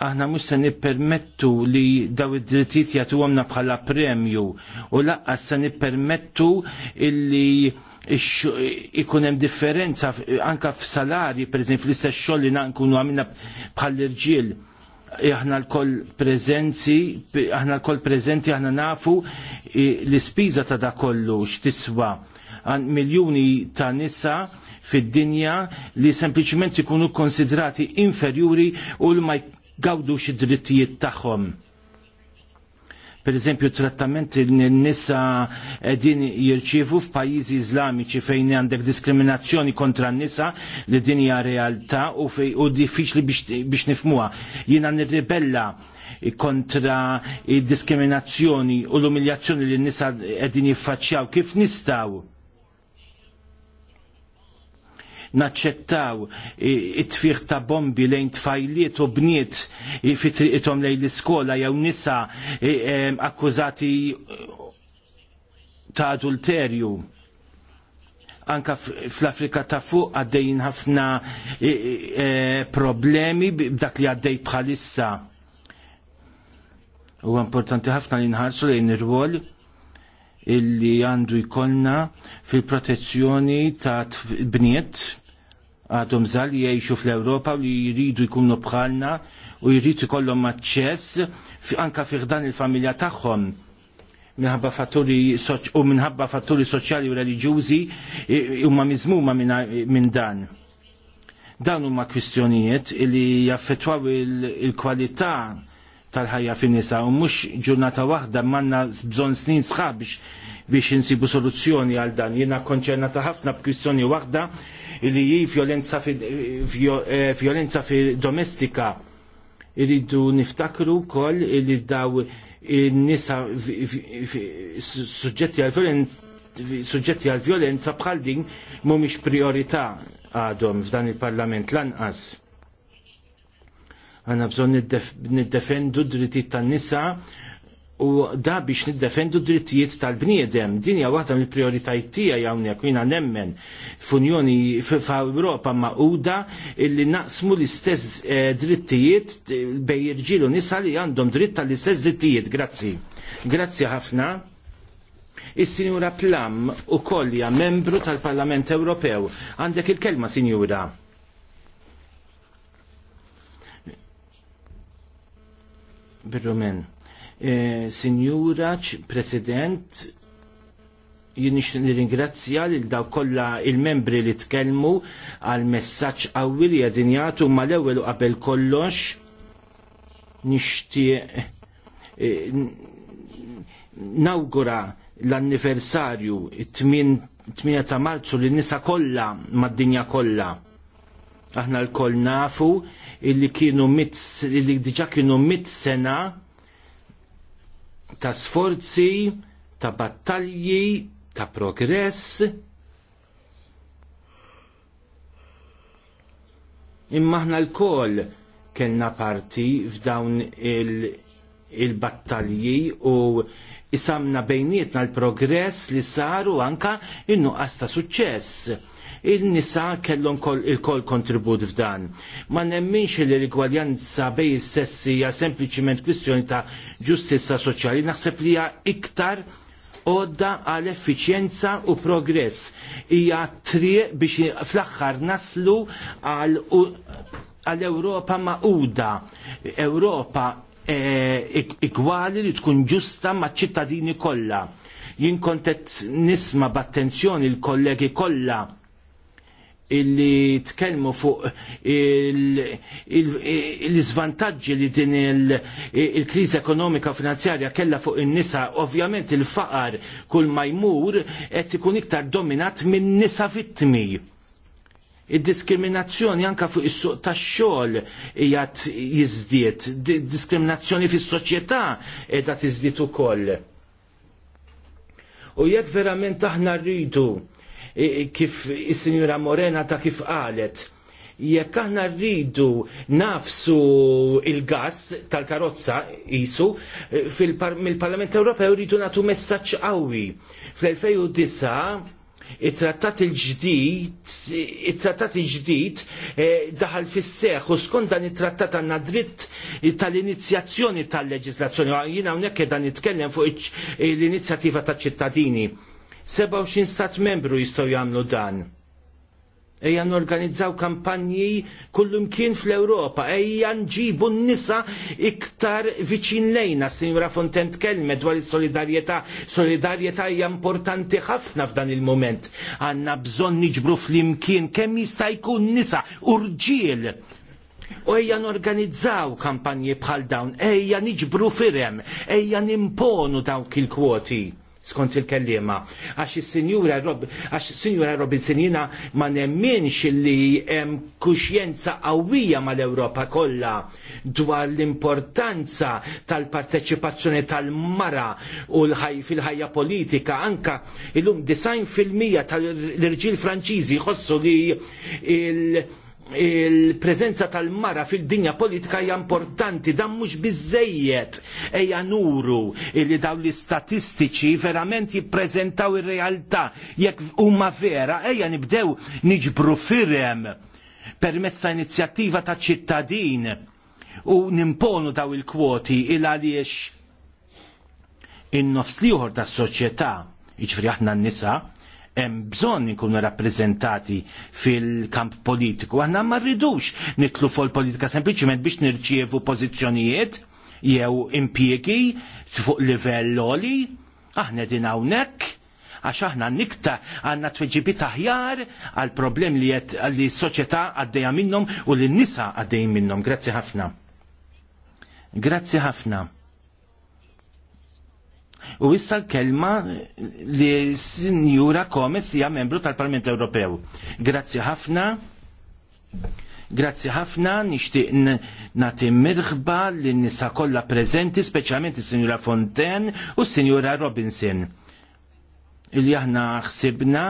aħna mhux se nippermettu li daw id-drittijiet jagħtuhomna bħala premju u laqqas se nippermettu illi ikun hemm differenza anke f'salarji pereżempju fl-istess xogħol li nkunu għamilna bħall-irġiel aħna l-koll prezenzi, aħna l-koll prezenti aħna nafu l-ispiża ta' da kollu x'tiswa għan miljoni ta' nisa fid-dinja li sempliċement ikunu konsidrati inferjuri u l-ma jgawdux id-drittijiet tagħhom per eżempju trattament n-nisa din jirċivu f'pajjiżi iżlamiċi fejn għandek diskriminazzjoni kontra n-nisa li din hija realtà u u diffiċli biex nifmuha. Jiena nirribella kontra id diskriminazzjoni u l-umiljazzjoni li n-nisa qegħdin jiffaċċjaw kif nistgħu naċċettaw it-tfir ta' bombi lejn tfajliet u bniet fitriqithom lejn l-iskola jew nisa akkużati eh, ta' adulterju anka fl-Afrika ta' fuq għaddejjin ħafna e, problemi b'dak li għaddej bħalissa. U importanti ħafna li nħarsu lejn ir-rwol illi għandu jkollna fil-protezzjoni ta' bniet għadhom żal li jgħixu fl-Ewropa li jridu jkunu bħalna u jridu jkollhom aċċess anka fih dan il-familja tagħhom minħabba fatturi u minħabba fatturi soċjali u reliġjużi huma miżmuma minn dan. Dan huma kwistjonijiet li jaffettwaw il-kwalità tal-ħajja fin-nisa u mhux ġurnata waħda manna bżonn snin sħab biex biex insibu soluzzjoni għal dan. Jiena konċernata ħafna b'kwistjoni waħda li hi violenza fi, eh, fi domestika. Iridu niftakru wkoll li daw in-nisa suġġetti għal violenza suġġetti għal violenza bħal din mhumiex priorità għadhom f'dan il-Parlament lanqas Għanna bżon niddefendu d-drittijiet tan-nisa u da biex niddefendu drittijiet tal-bniedem. Din hija waħda mill-prioritajiet tiegħi hawnhekk jiena nemmen f'Unjoni f'Ewropa uda illi naqsmu l-istess eh, drittijiet bej irġilu nisa li għandhom dritt tal-istess drittijiet. Grazzi. Grazzi ħafna. Is-Sinjura Plam u kollja membru tal-Parlament Ewropew. Għandek il-kelma, Sinjura. bil-Rumen. E, President, jien nixtieq nirringrazzja lil daw kollha il-membri li tkellmu għal messaġġ qawwi li qegħdin jagħtu mal-ewwel u qabel kollox nixtieq e, nawgura l-anniversarju 8 ta' Marzu li nisa kollha mad-dinja kollha Aħna l-koll nafu illi kienu mit, illi diġa kienu mit sena ta' sforzi, ta' battalji, ta' progress. Imma aħna l-koll kellna parti f'dawn il-battalji il u isamna bejnietna l-progress li saru anka innu nuqqas ta' suċċess il-nisa kellhom il-kol kontribut f'dan. Ma nemminx li l-igwaljanza bej is-sessi ja sempliciment kwistjoni ta' ġustizza soċjali, naħseb li hija iktar għodda għal effiċjenza u progress. Hija triq biex fl-aħħar naslu għal għal Ewropa maquda, Ewropa e, eh, igwali li tkun ġusta maċ ċittadini kollha. Jien nisma b'attenzjoni l-kollegi kollha illi tkellmu fuq il-svantaġġi li din il-kriżi ekonomika finanzjarja kella fuq in-nisa, ovvjament il-faqar kull ma jmur qed ikun iktar dominat minn nisa vittmi. Id-diskriminazzjoni anka fuq is-suq tax-xogħol hija jiżdied, diskriminazzjoni fis-soċjetà qiegħda tiżdied ukoll. U jekk verament aħna rridu kif is-Sinjura Morena ta' kif qalet jekk aħna rridu nafsu il-gas tal-karozza isu mill-Parlament Ewropew rridu nagħtu messaġġ qawwi. Fl-2009 it-trattat il-ġdid, it-trattat il-ġdid eh, daħal fis-seħ u skont dan it-trattat għandna dritt tal-inizjazzjoni tal-leġislazzjoni. Jiena hawnhekk dan nitkellem fuq l-inizjattiva taċ-ċittadini. 27 stat membru jistgħu jagħmlu dan. Ejja norganizzaw kampanji kullimkien fl-Ewropa, ejja nġibu n-nisa iktar viċin lejna, Sinjura Fontent Kelme, dwar is-solidarjetà. Solidarjetà hija importanti ħafna f'dan il mument Għandna bżonn niġbru flimkien kemm jista' jkun nisa urġiel u ejja norganizzaw kampanji bħal dawn, ejja niġbru firem, ejja nimponu dawk il-kwoti skont il-kellima. Għax il-Sinjura Rob, għax il-Sinjura il-Sinjina ma nemminx li hemm kuxjenza qawwija mal-Ewropa kollha dwar l-importanza tal-parteċipazzjoni tal-mara u l-ħaj fil-ħajja politika anka illum design fil-mija tal-irġiel Franċiżi jħossu li il- il-prezenza tal-mara fil-dinja politika hija importanti, dan mhux biżejjed ejja nuru li dawn l-istatistiċi verament jippreżentaw ir-realtà jekk huma vera ejja nibdew niġbru firem permezz ta' inizjattiva ta' ċittadin u nimponu daw il-kwoti il għaliex in-nofs liħor tas soċjetà jiġifieri aħna n-nisa hemm bżonn inkunu rappreżentati fil-kamp politiku. Aħna ma rridux nitlu fuq politika sempliċiment biex nirċievu pożizzjonijiet jew impjiegi fuq livell oli, aħna din hawnhekk għax aħna nikta għanna tweġibi taħjar għal problem li jett li soċieta għaddeja minnom u li nisa għaddej minnom. Grazzi ħafna. Grazzi ħafna. U issa l-kelma li Sinjura Komes li hija membru tal-Parlament Ewropew. Grazzi ħafna. Grazzi ħafna, nixtieq nagħti mirħba lin nisa kollha preżenti, speċjalment is-Sinjura Fonten u s-Sinjura Robinson. Illi aħna ħsibna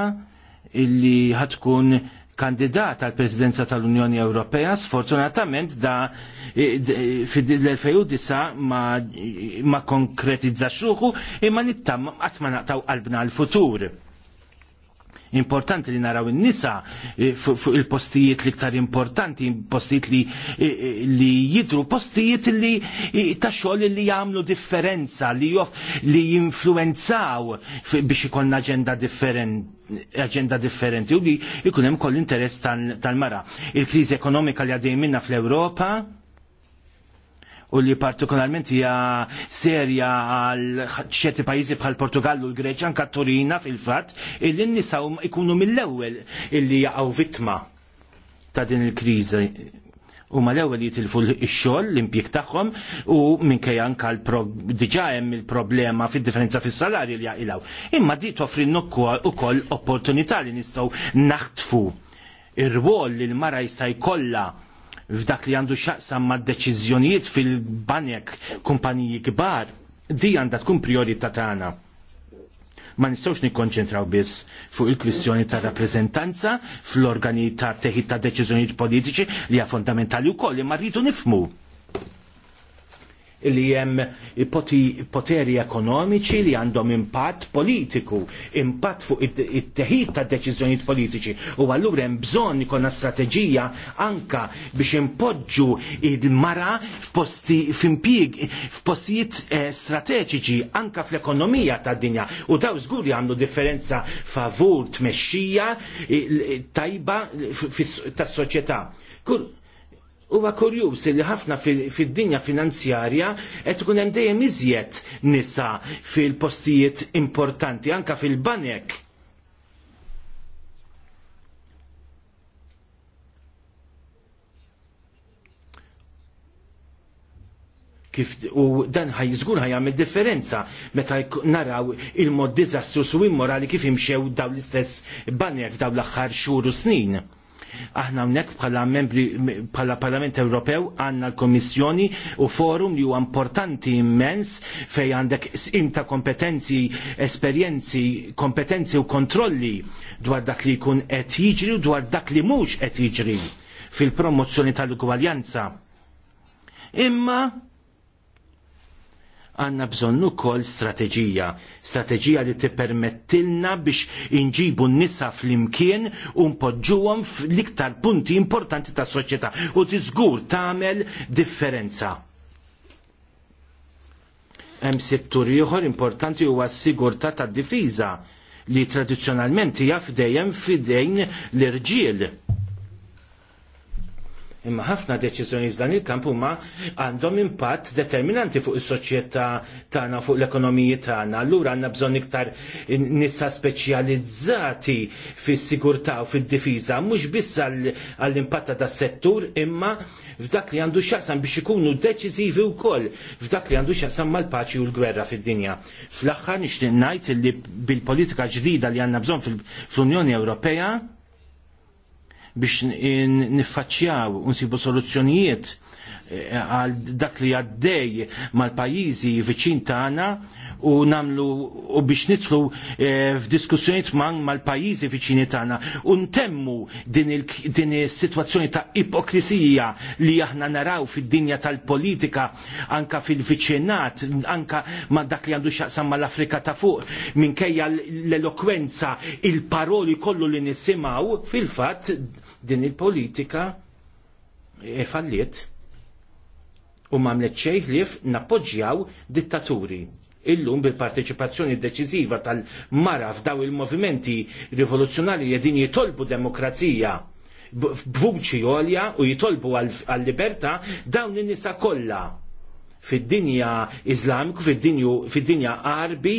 illi ħatkun kandidat għal prezidenza tal-Unjoni Ewropea, sfortunatament da e, fil-2009 ma, ma konkretizza imma nittam għatmanaqtaw qalbna għal-futur. Importanti li naraw in-nisa eh, fuq il-postijiet l-iktar importanti, postijiet li, eh, eh, li jidru, postijiet li ta' xogħol li jagħmlu differenza, li jof li jinfluenzaw biex ikollna aġenda differenti agenda differenti u li jkun hemm koll interess tal-mara. Il-kriżi ekonomika li għaddej minna fl-Ewropa u li partikolarment hija serja għal ċerti pajjiżi bħal Portugallu l greċja anka Torina fil-fatt illi n-nisa ikunu mill-ewwel illi jaqgħu vittma ta' din il-kriżi u ma l-ewwel jitilfu l xogħol l-impjeg tagħhom u minkejja anke diġà hemm il-problema fid-differenza fis-salarju li jaqilgħu. Imma di toffrin ukoll opportunità li nistgħu naħtfu ir wol li l-mara jista' jkollha f'dak li għandu xaqsam ma' deċiżjonijiet fil-banek kumpaniji kbar, di għandha tkun priorità tagħna. Ma nistgħux nikkonċentraw biss fuq il-kwistjoni ta' rappreżentanza fl-organi ta' teħid ta' deċiżjonijiet politiċi li hija fondamentali wkoll imma rridu nifmu li hemm poteri ekonomiċi li għandhom impatt politiku, impatt fuq it-teħid ta' deċiżjonijiet politiċi. U allura hemm bżonn ikolna strateġija anka biex impoġġu il-mara f'postijiet eh, strateġiċi anka fl-ekonomija tad-dinja. U daw żgur li differenza favur tmexxija tajba eh, tas-soċjetà huwa kurjuż li ħafna fid-dinja finanzjarja qed ikun hemm dejjem iżjed nisa fil-postijiet importanti anka fil-banek. kif u dan ħaj żgur ħaj jagħmel differenza meta naraw il-mod diżastru su immorali kif imxew dawn l-istess banek dawn l-aħħar xhur u snin. Aħna hawnhekk bħala membri bħala Parlament Ewropew għandna l-Kommissjoni u forum li huwa importanti immens fej għandek inta kompetenzi, esperjenzi, kompetenzi u kontrolli dwar dak li jkun qed jiġri u dwar dak li mhux qed jiġri fil-promozzjoni tal-ugwaljanza. Imma għanna bżonn ukoll strateġija, strateġija li tipermettilna biex inġibu n-nisa fl-imkien u npoġġuhom fl-iktar punti importanti tas soċjetà u tiżgur tagħmel differenza. Hemm settur ieħor importanti huwa s-sigurtà tad-difiża li tradizzjonalment hija f'dejjem f'idejn l-irġiel Imma ħafna deċiżjoni f'dan il-kamp huma għandhom impatt determinanti fuq is-soċjetà tagħna fuq l-ekonomiji tagħna. Allura għandna bżonn iktar nisa speċjalizzati fis-sigurtà u fid-difiża mhux biss għall-impatt ta' das-settur imma f'dak li għandu x'jaqsam biex ikunu deċiżivi wkoll f'dak li għandu x'jaqsam mal-paċi u l-gwerra fid-dinja. Fl-aħħar nixtieq ngħid li bil-politika ġdida li għandna bżonn fl-Unjoni Ewropea biex niffaċċjaw u nsibu soluzzjonijiet għal dak li għaddej mal-pajizi viċin tagħna u namlu u biex nitlu eh, f'diskussjoniet mal-pajizi viċini tagħna u ntemmu din is-sitwazzjoni ta' ipokrisija li aħna naraw fid-dinja tal-politika anka fil-viċinat, anka ma' dak li għandu xaqsam mal-Afrika ta' fuq minkejja l-elokwenza, il-paroli kollu li nisimaw fil-fatt din il-politika e falliet u mamlet xejħlif nappoġġjaw dittaturi. Illum bil-parteċipazzjoni deċiżiva tal-mara f'daw il-movimenti rivoluzzjonali jedin jitolbu demokrazija b'vuċi għolja u jitolbu għal-liberta dawn in-nisa kollha fid-dinja iżlamiku, fid-dinja Arbi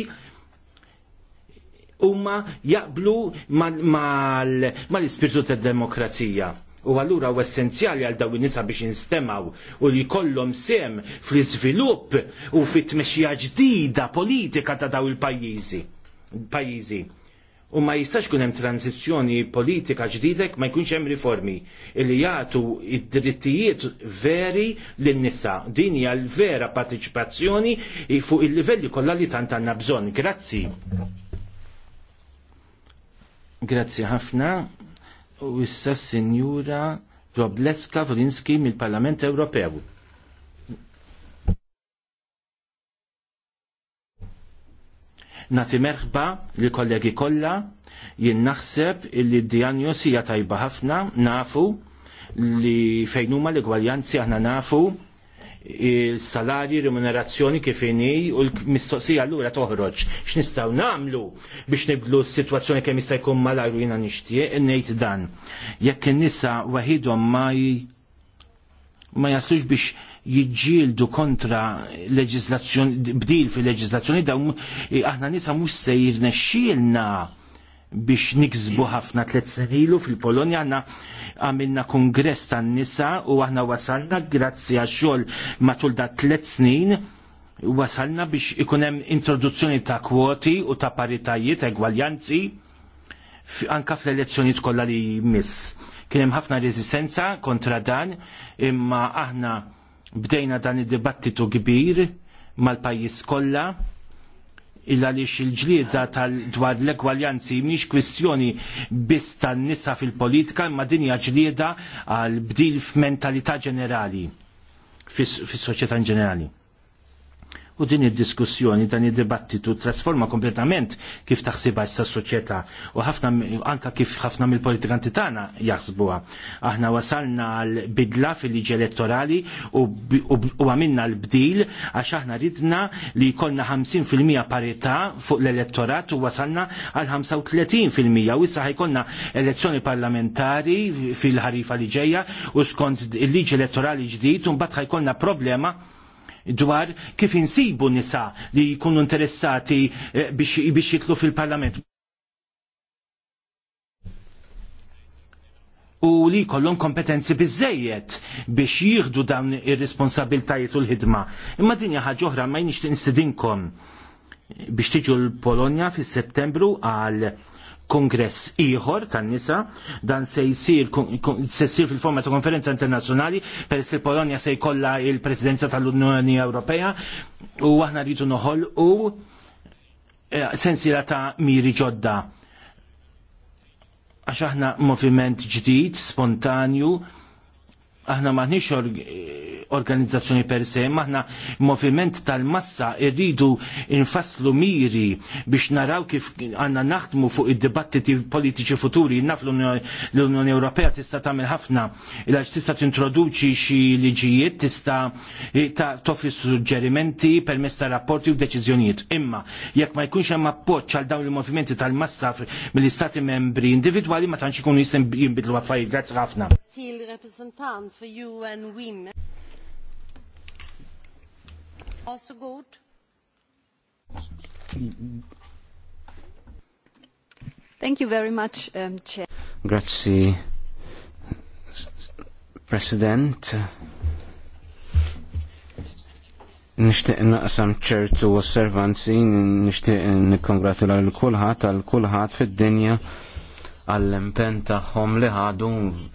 huma jaqblu mal-ispirtu mal, mal tad-demokrazija. U allura u essenzjali għal dawn nisa biex instemaw u li kollom sem fl-iżvilupp u fit-tmexxija ġdida politika ta' daw il-pajjiżi. Pajjiżi. U ma jistax kun hemm tranzizzjoni politika ġdidek ma jkunx hemm riformi li jagħtu id-drittijiet veri lin-nisa. Din hija l-vera partiċipazzjoni fuq il-livelli kollha li tant għandna bżonn. Grazzi. Grazzi ħafna u issa s Robleska Vrinski mill-Parlament Ewropew. Nati merħba li kollegi kolla jien naħseb illi d-dijanjosi tajba ħafna nafu li fejnuma l-gwaljanzi aħna nafu il-salari, remunerazzjoni kif inhi u l-mistoqsija allura toħroġ. X'nistgħu nagħmlu biex nibdlu s-sitwazzjoni kemm jista' jkun malajr jiena nixtieq ngħid dan. Jekk in-nisa waħidhom ma ma jaslux biex jiġġieldu kontra leġislazzjoni bdil fil-leġislazzjoni dawn aħna nisa mhux se jirnexxielna biex nikzbu ħafna tliet snin ilu fil-Polonja għanna għamilna kongress tan-nisa u aħna wasalna grazzi għax xogħol matul da tliet snin wasalna biex ikun hemm introduzzjoni ta' kwoti u ta' paritajiet, egwaljanzi anka fl-elezzjonijiet kollha li jmiss. Kien hemm ħafna reżistenza kontra dan, imma aħna bdejna dan id-dibattitu kbir mal-pajjiż kollha il għaliex il-ġlieda tal-dwar l-ekwaljanzi mhix kwistjoni biss tan-nisa fil-politika imma dinja ġlieda għal bdil f'mentalità ġenerali fis-soċjetà ġenerali. U din id-diskussjoni, dan id-dibattitu trasforma kompletament kif taħsibha issa soċjetà u ħafna anka kif ħafna mill-politikanti tagħna jaħsbuha. Aħna wasalna għal bidla fil-liġi elettorali u għamilna l-bdil għax aħna ridna li jkollna 50% parità fuq l-elettorat u wasalna għal 35% u issa ħajkollna elezzjoni parlamentari fil-ħarifa li ġejja u skont il-liġi elettorali ġdid u mbagħad ħajkollna problema dwar kif insibu nisa li jkunu interessati eh, biex jitlu fil-parlament. u li kollon kompetenzi bizzejiet biex jieħdu dawn ir-responsabiltajiet u l-ħidma. Imma dinja ħaġa oħra ma jniex tinstidinkom biex tiġu l-Polonja fis settembru għal kongress ieħor tan-nisa dan se jsir se jisir fil-forma ta' konferenza internazzjonali peress il Polonja se jkollha il-Presidenza tal-Unjoni Ewropea u aħna rridu noħolqu e, sensila ta' miri ġodda għax aħna moviment ġdid, spontanju, aħna maħniex organizzazzjoni per se, maħna moviment tal-massa irridu infaslu miri biex naraw kif għanna naħdmu fuq id-dibattiti politiċi futuri, naf l-Unjoni Ewropea tista' tagħmel ħafna ilax tista' tintroduċi xi liġijiet, tista' toffi suġġerimenti permezz ta' rapporti u deċiżjonijiet. Imma jekk ma jkunx hemm appoġġ għal dawn il-movimenti tal-massa mill-istati membri individwali ma tantx ikunu jisem jinbidlu affarijiet. Grazzi ħafna for UN Women. Also good. Thank you very much, um, Chair. Grazie, President. Nishtiq naqsam ċertu osservanzi, nishtiq nikongratula l-kulħat għal-kulħat fid-dinja għall-impen tagħhom li ħadu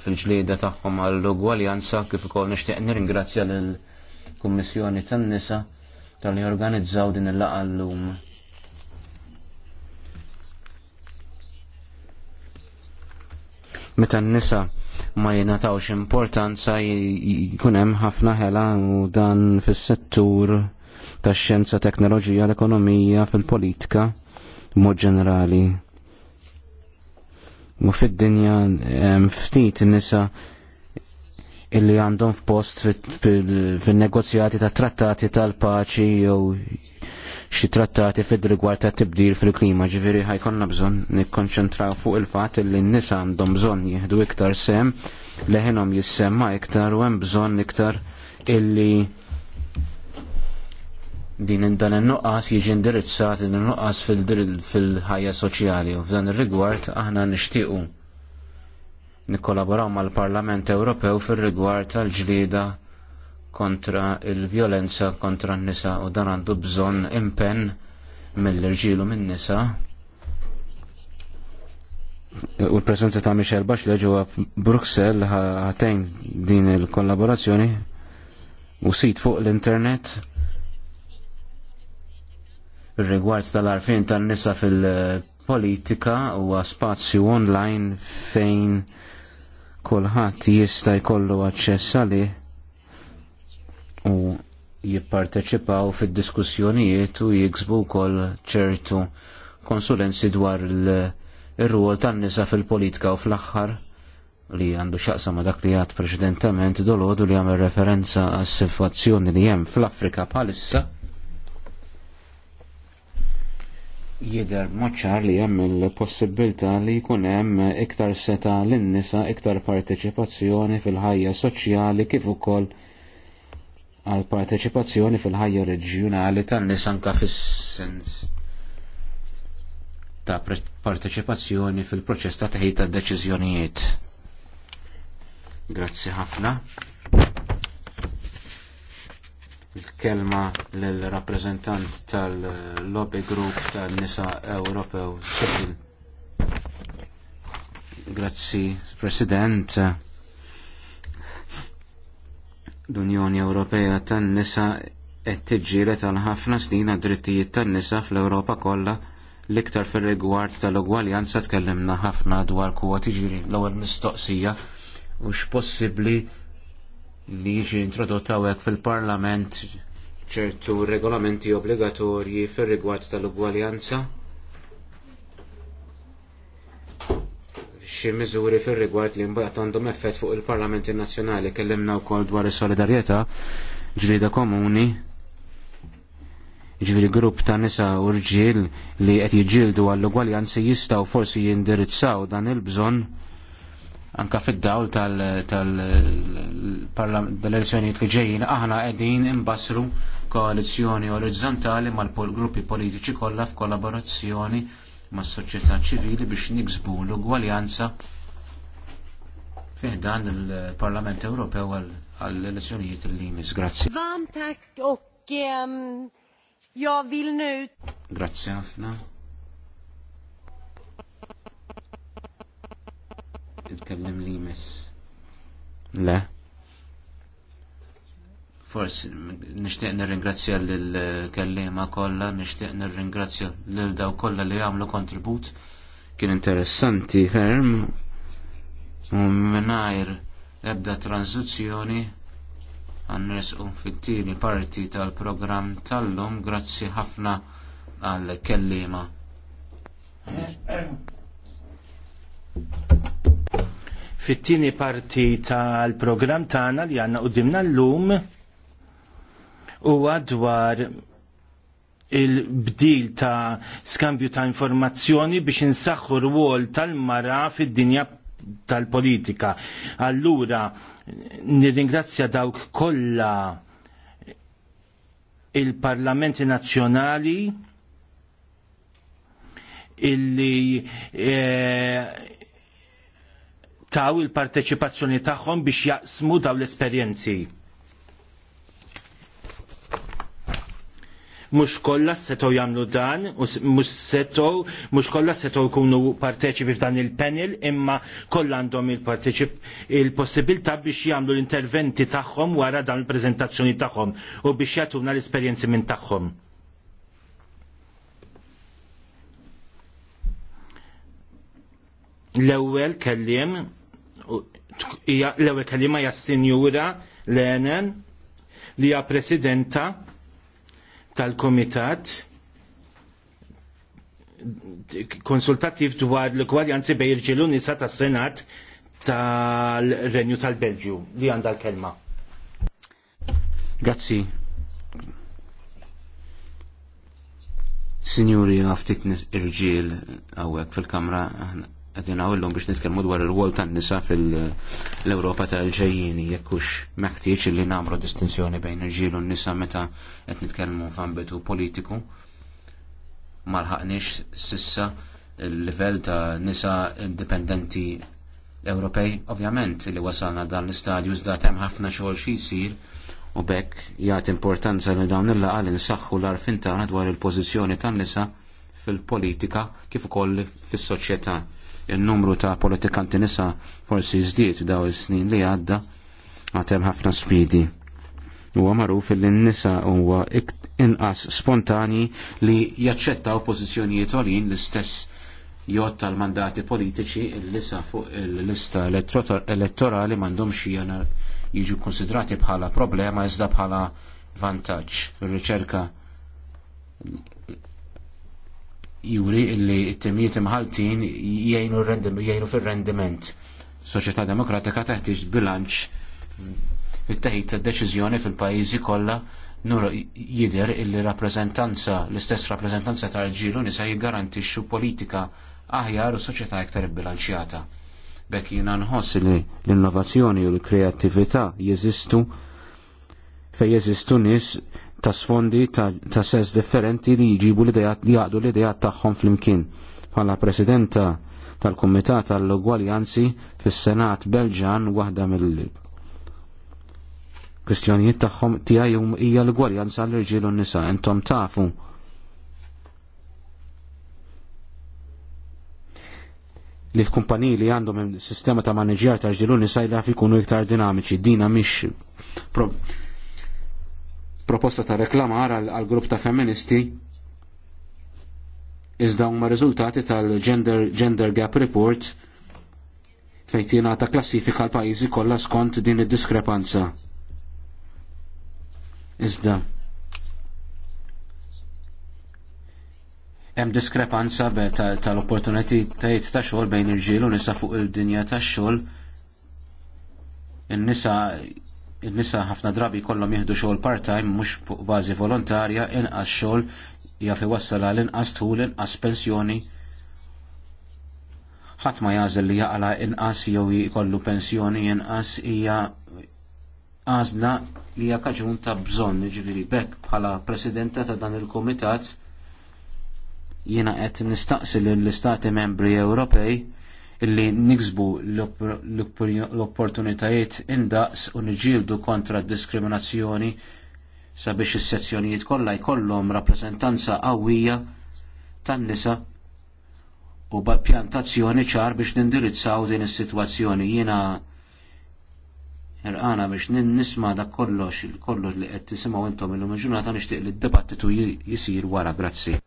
fil-ġlieda tagħhom għall-ugwaljanza kif ukoll nixtieq nirringrazzja lill kummissjoni tan-nisa tal-li organizzaw din il-laqgħa llum. Meta n-nisa ma jingħatawx importanza jkun hemm ħafna ħela u dan fis-settur tax-xjenza, teknoloġija, l-ekonomija, fil-politika b'mod ġenerali mu fid-dinja ftit nisa illi għandhom f'post fin-negozjati ta' trattati tal-paċi jew xi trattati fid-rigward ta' tibdil fil-klima, ġifieri ħajkonna bżonn nikkonċentraw fuq il-fatt li n-nisa għandhom bżonn jieħdu iktar sem, leħinhom jissemma iktar u hemm bżonn iktar illi din dan in-nuqqas jiġi indirizzat din il nuqqas fil-ħajja soċjali u f'dan ir-rigward aħna nixtiequ nikkolaboraw mal-Parlament Ewropew fir-rigward tal-ġlieda kontra il-vjolenza kontra n-nisa u dan għandu bżonn impenn mill-irġilu min-nisa u l-presenza ta' Michel Bachelet ġewwa Bruxelles ħatejn din il-kollaborazzjoni u sit fuq l-internet rigward tal-arfin tan-nisa fil-politika huwa spazju online fejn kulħadd jista' jkollu aċċess għalih u jipparteċipaw fid-diskussjonijiet u jiksbu wkoll ċertu konsulenzi dwar il ruol tan-nisa fil-politika u fl-aħħar li għandu xaqsa ma dak li għad preċedentament dolodu li għamil referenza għas sifazzjoni li jem fl-Afrika bħalissa Jider moċar li hemm il possibilta li jkun hemm iktar seta lin-nisa iktar parteċipazzjoni fil-ħajja soċjali kif ukoll għal parteċipazzjoni fil-ħajja reġjunali tan-nisa anka fis-sens ta' parteċipazzjoni fil-proċess ta' teħid ta' deċiżjonijiet. Grazzi ħafna il-kelma l-rappresentant tal-lobby group tal-nisa Ewropew Sipil. Grazzi, President. L-Unjoni Ewropea tan-nisa qed tiġġieled għal ħafna snin għad-drittijiet tan-nisa fl-Ewropa kollha l-iktar fir rigward tal-ugwaljanza tkellimna ħafna dwar kwoti ġiri l-ewwel mistoqsija u x'possibbli possibbli li jiġi introdotta għek fil-parlament ċertu regolamenti obbligatorji fir rigward tal-ugwaljanza? Xi miżuri fir rigward li mbagħad għandhom effett fuq il-Parlamenti Nazzjonali kellimna wkoll dwar is-solidarjetà ġrida komuni ġviri grupp ta' nisa u li qed jiġġieldu għall-ugwaljanzi jistgħu forsi jindirizzaw dan il-bżonn anka fid-dawl tal-elezzjonijiet li ġejjin aħna qegħdin imbassru koalizzjoni orizzontali mal-gruppi politiċi kollha f'kollaborazzjoni mas-soċjetà ċivili biex niksbu l-ugwaljanza fih dan il-Parlament Ewropew għall-elezzjonijiet li jmiss. Grazzi. Ehm, nu. Grazzi ħafna. titkellem li miss Le. Forsi, nishtiq nir-ringrazzja l-kellima kolla, nishtiq nir-ringrazzja l-daw kolla li għamlu kontribut. Kien interessanti, ferm, u minnajr ebda tranzizzjoni għannis u fit-tini parti tal-program tal-lum, grazzi ħafna għal-kellima. fit-tieni parti tal-programm tagħna li għandna qudiemna llum huwa dwar il-bdil ta' skambju ta' informazzjoni biex insaħħu rwol tal-mara fid-dinja tal-politika. Allura, nirringrazzja dawk kollha il-parlamenti nazzjonali illi eh, taw il-parteċipazzjoni tagħhom biex jaqsmu dawn l-esperjenzi. mux kolla setgħu jamlu dan, mux setgħu mux kolla setgħu kunu parteċipi f'dan il-panel, imma kolla għandhom il-parteċip il-possibilta biex jamlu l-interventi tagħhom wara dan il-prezentazzjoni tagħhom u biex jatuna l-esperienzi minn tagħhom. L-ewwel kellim l-ewwel kelima hija sinjura Lenen li hija Presidenta tal-Komitat konsultattiv dwar l kwaljanzi bej irġilu nisa tas-Senat tal-Renju tal-Belġju li għandha l-kelma. Grazzi. Signori, għaftitni irġiel għawek fil-kamra, għedin għawillum biex nitkelmu dwar il-wol tan nisa fil-Europa tal-ġejjini, jekkux meħtieċ li namru distinzjoni bejn il-ġil u nisa meta għed nitkelmu f'ambitu politiku. Malħaqniex sissa il-level ta' nisa indipendenti Ewropej, ovvjament li wasalna dan l-istadju iżda hemm ħafna xogħol xi jsir u bekk jagħti importanza li dawn il-laqgħa insaħħu l-arfin tagħna dwar il-pożizzjoni tan-nisa fil-politika kif ukoll fis-soċjetà il-numru ta' politikanti nisa forsi żdied daw is-snin li għadda għatem ħafna spidi. Huwa magħruf illi n-nisa huwa inqas spontani li jaċċettaw pożizzjonijiet għolin l-istess jgħod tal-mandati politiċi l-lisa fuq il-lista elettorali m'għandhomx jiġu konsidrati bħala problema iżda bħala vantaġġ. Ir-riċerka juri illi t-temijiet imħaltin jgħinu fil-rendiment. Soċjetà Demokratika teħtieġ bilanċ fit-teħid ta' deċiżjoni fil-pajjiżi kollha nur jider illi rappreżentanza l-istess rappreżentanza tal-ġilu nisa jiggarantixxu politika aħjar u soċjetà iktar bilanċjata. Bekk jiena nħoss li l-innovazzjoni u l-kreattività jeżistu fejn jeżistu nies ta' sfondi ta', sess differenti li jġibu l-idejat li jaqdu l-idejat tagħhom flimkien. Bħala presidenta tal-Kumitat tal-Ugwaljanzi fis-Senat Belġan waħda mill kwistjonijiet tagħhom tiegħi hija l-ugwaljanza l-irġiel u n-nisa intom tafu. li f'kumpaniji li għandhom sistema ta' maniġjar ta' ġdilu nisa jlaf ikunu iktar dinamiċi, dina mhix proposta ta' reklamar għal grupp ta' feministi iżda huma riżultati tal-Gender Gender Gap Report fejtina ta' klassifika l-pajjiżi kollha skont din id-diskrepanza. Iżda. Hemm diskrepanza tal-opportunitajiet ta' xogħol bejn irġiel u nisa fuq id dinja tax-xogħol in-nisa il-nisa ħafna drabi kollom jihdu xogħol part-time mhux fuq bażi volontarja inqas xogħol jaf iwassal għal inqas tul inqas pensjoni. Ħadd ma jażel li jaqla inqas jew jkollu pensjoni inqas hija għażla li hija kaġun ta' bżonn, ġifieri bekk bħala presidenta ta' dan il-kumitat jiena qed nistaqsi lill istati membri Ewropej illi niksbu l-opportunitajiet indaqs u nġildu kontra d diskriminazzjoni sabiex is-sezzjonijiet kollha jkollhom rappreżentanza qawwija tan-nisa u pjantazzjoni ċar biex nindirizzaw din is-sitwazzjoni. Jiena irqana biex nisma' dak kollox il-kollox li qed tisimgħu intom illum il-ġurnata nixtieq li d-dibattitu jisir wara. Grazzi.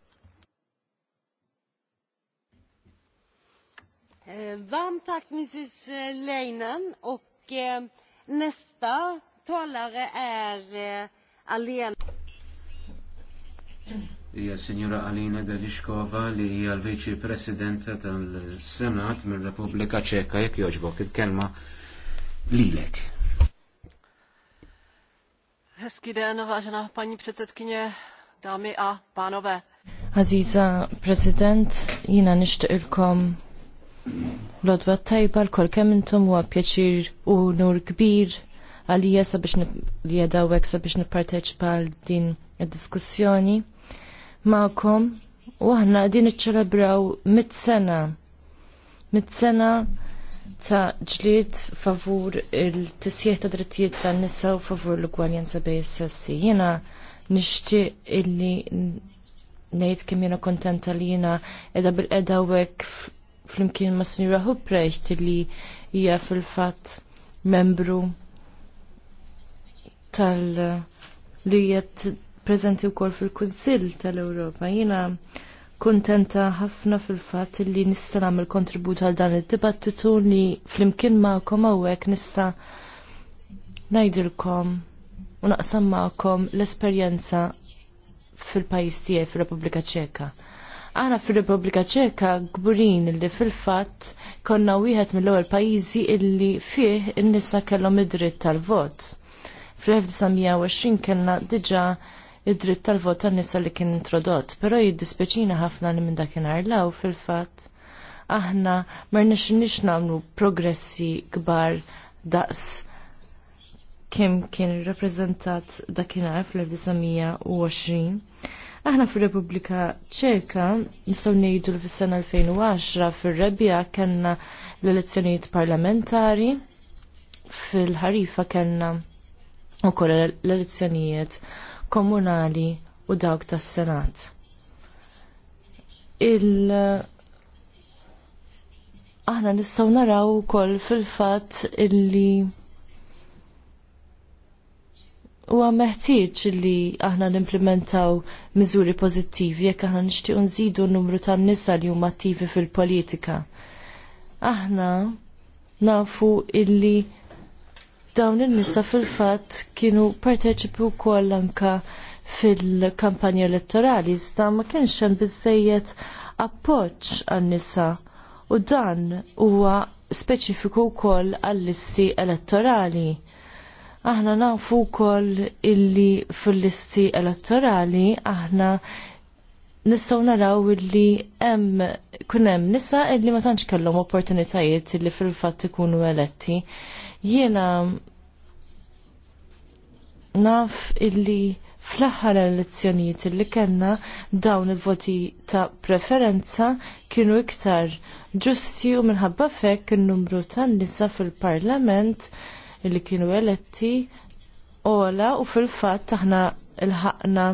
Varmt tack Mrs eh, Leinen och eh, nästa talare är eh, Alena. Ija Sinjura Alina Galishkova li hija l-Viċi Presidenta tal-Senat mir-Repubblika Ċeka jekk jogħġbok il-kelma lilek. Hezki den, vážená paní předsedkyně, dámy a pánové. Aziza, prezident, jina ilkom Lodwa tajba l-kol kemm intom huwa pjaċir u nur kbir għalija sabiex li jadawek sabiex nipparteċipa għal din id-diskussjoni ma'kom u aħna qegħdin iċċelebraw mit-sena mit-sena ta' ġlied favur il-tisjeħ ta' drittijiet tan-nisa u favur l-ugwaljanza bej is-sessi. Jiena nixtieq illi ngħid kemm jiena kontenta li jiena edha bil edha hekk flimkien ma' Sinjura Huprejt li hija fil-fatt membru tal- li jett prezenti u fil-Kunsil tal-Europa. Jina kontenta ħafna fil-fat li nista namel kontribut għal dan il-dibattitu li flimkien imkien ma'kom għawek nista najdilkom u naqsam ma'kom l-esperienza fil-pajis tijaj fil-Republika Ċeka. Aħna fir-Repubblika Ċeka gburin li fil fat konna wieħed mill-ewwel pajjiżi illi fih in-nisa kellhom id-dritt tal-vot. Fl-1920 kellna diġà id-dritt tal-vot tan-nisa li kien introdott, però jiddispeċina ħafna li minn dakinhar law fil-fatt aħna marnex nix nagħmlu progressi kbar daqs kemm kien rappreżentat dakinhar fl-1920. Aħna fir-Repubblika Ċeka nistgħu ngħidu li fis-sena 2010 fir-rebja kellna l-elezzjonijiet parlamentari fil-ħarifa kellna wkoll l-elezzjonijiet komunali u dawk tas-Senat. Il aħna nistgħu naraw ukoll fil-fatt illi huwa meħtieġ li aħna nimplementaw miżuri pożittivi jekk aħna nixtiequ nżidu n-numru tan-nisa li huma attivi fil-politika. Aħna nafu illi dawn in-nisa fil-fatt kienu parteċipu wkoll anke fil-kampanja elettorali, iżda ma kienx hemm biżejjed appoġġ għan-nisa u dan huwa speċifiku wkoll għall-listi elettorali. Aħna nafu wkoll illi fil-listi elettorali aħna nistgħu naraw illi hemm kunem hemm nisa illi ma tantx kellhom opportunitajiet illi fil-fatt ikunu eletti. Jiena naf illi fl-aħħar elezzjonijiet li kellna dawn il-voti ta' preferenza kienu iktar ġusti u minħabba fekk in numru tan nisa fil-parlament li kienu eletti ola u fil-fatt aħna il-ħakna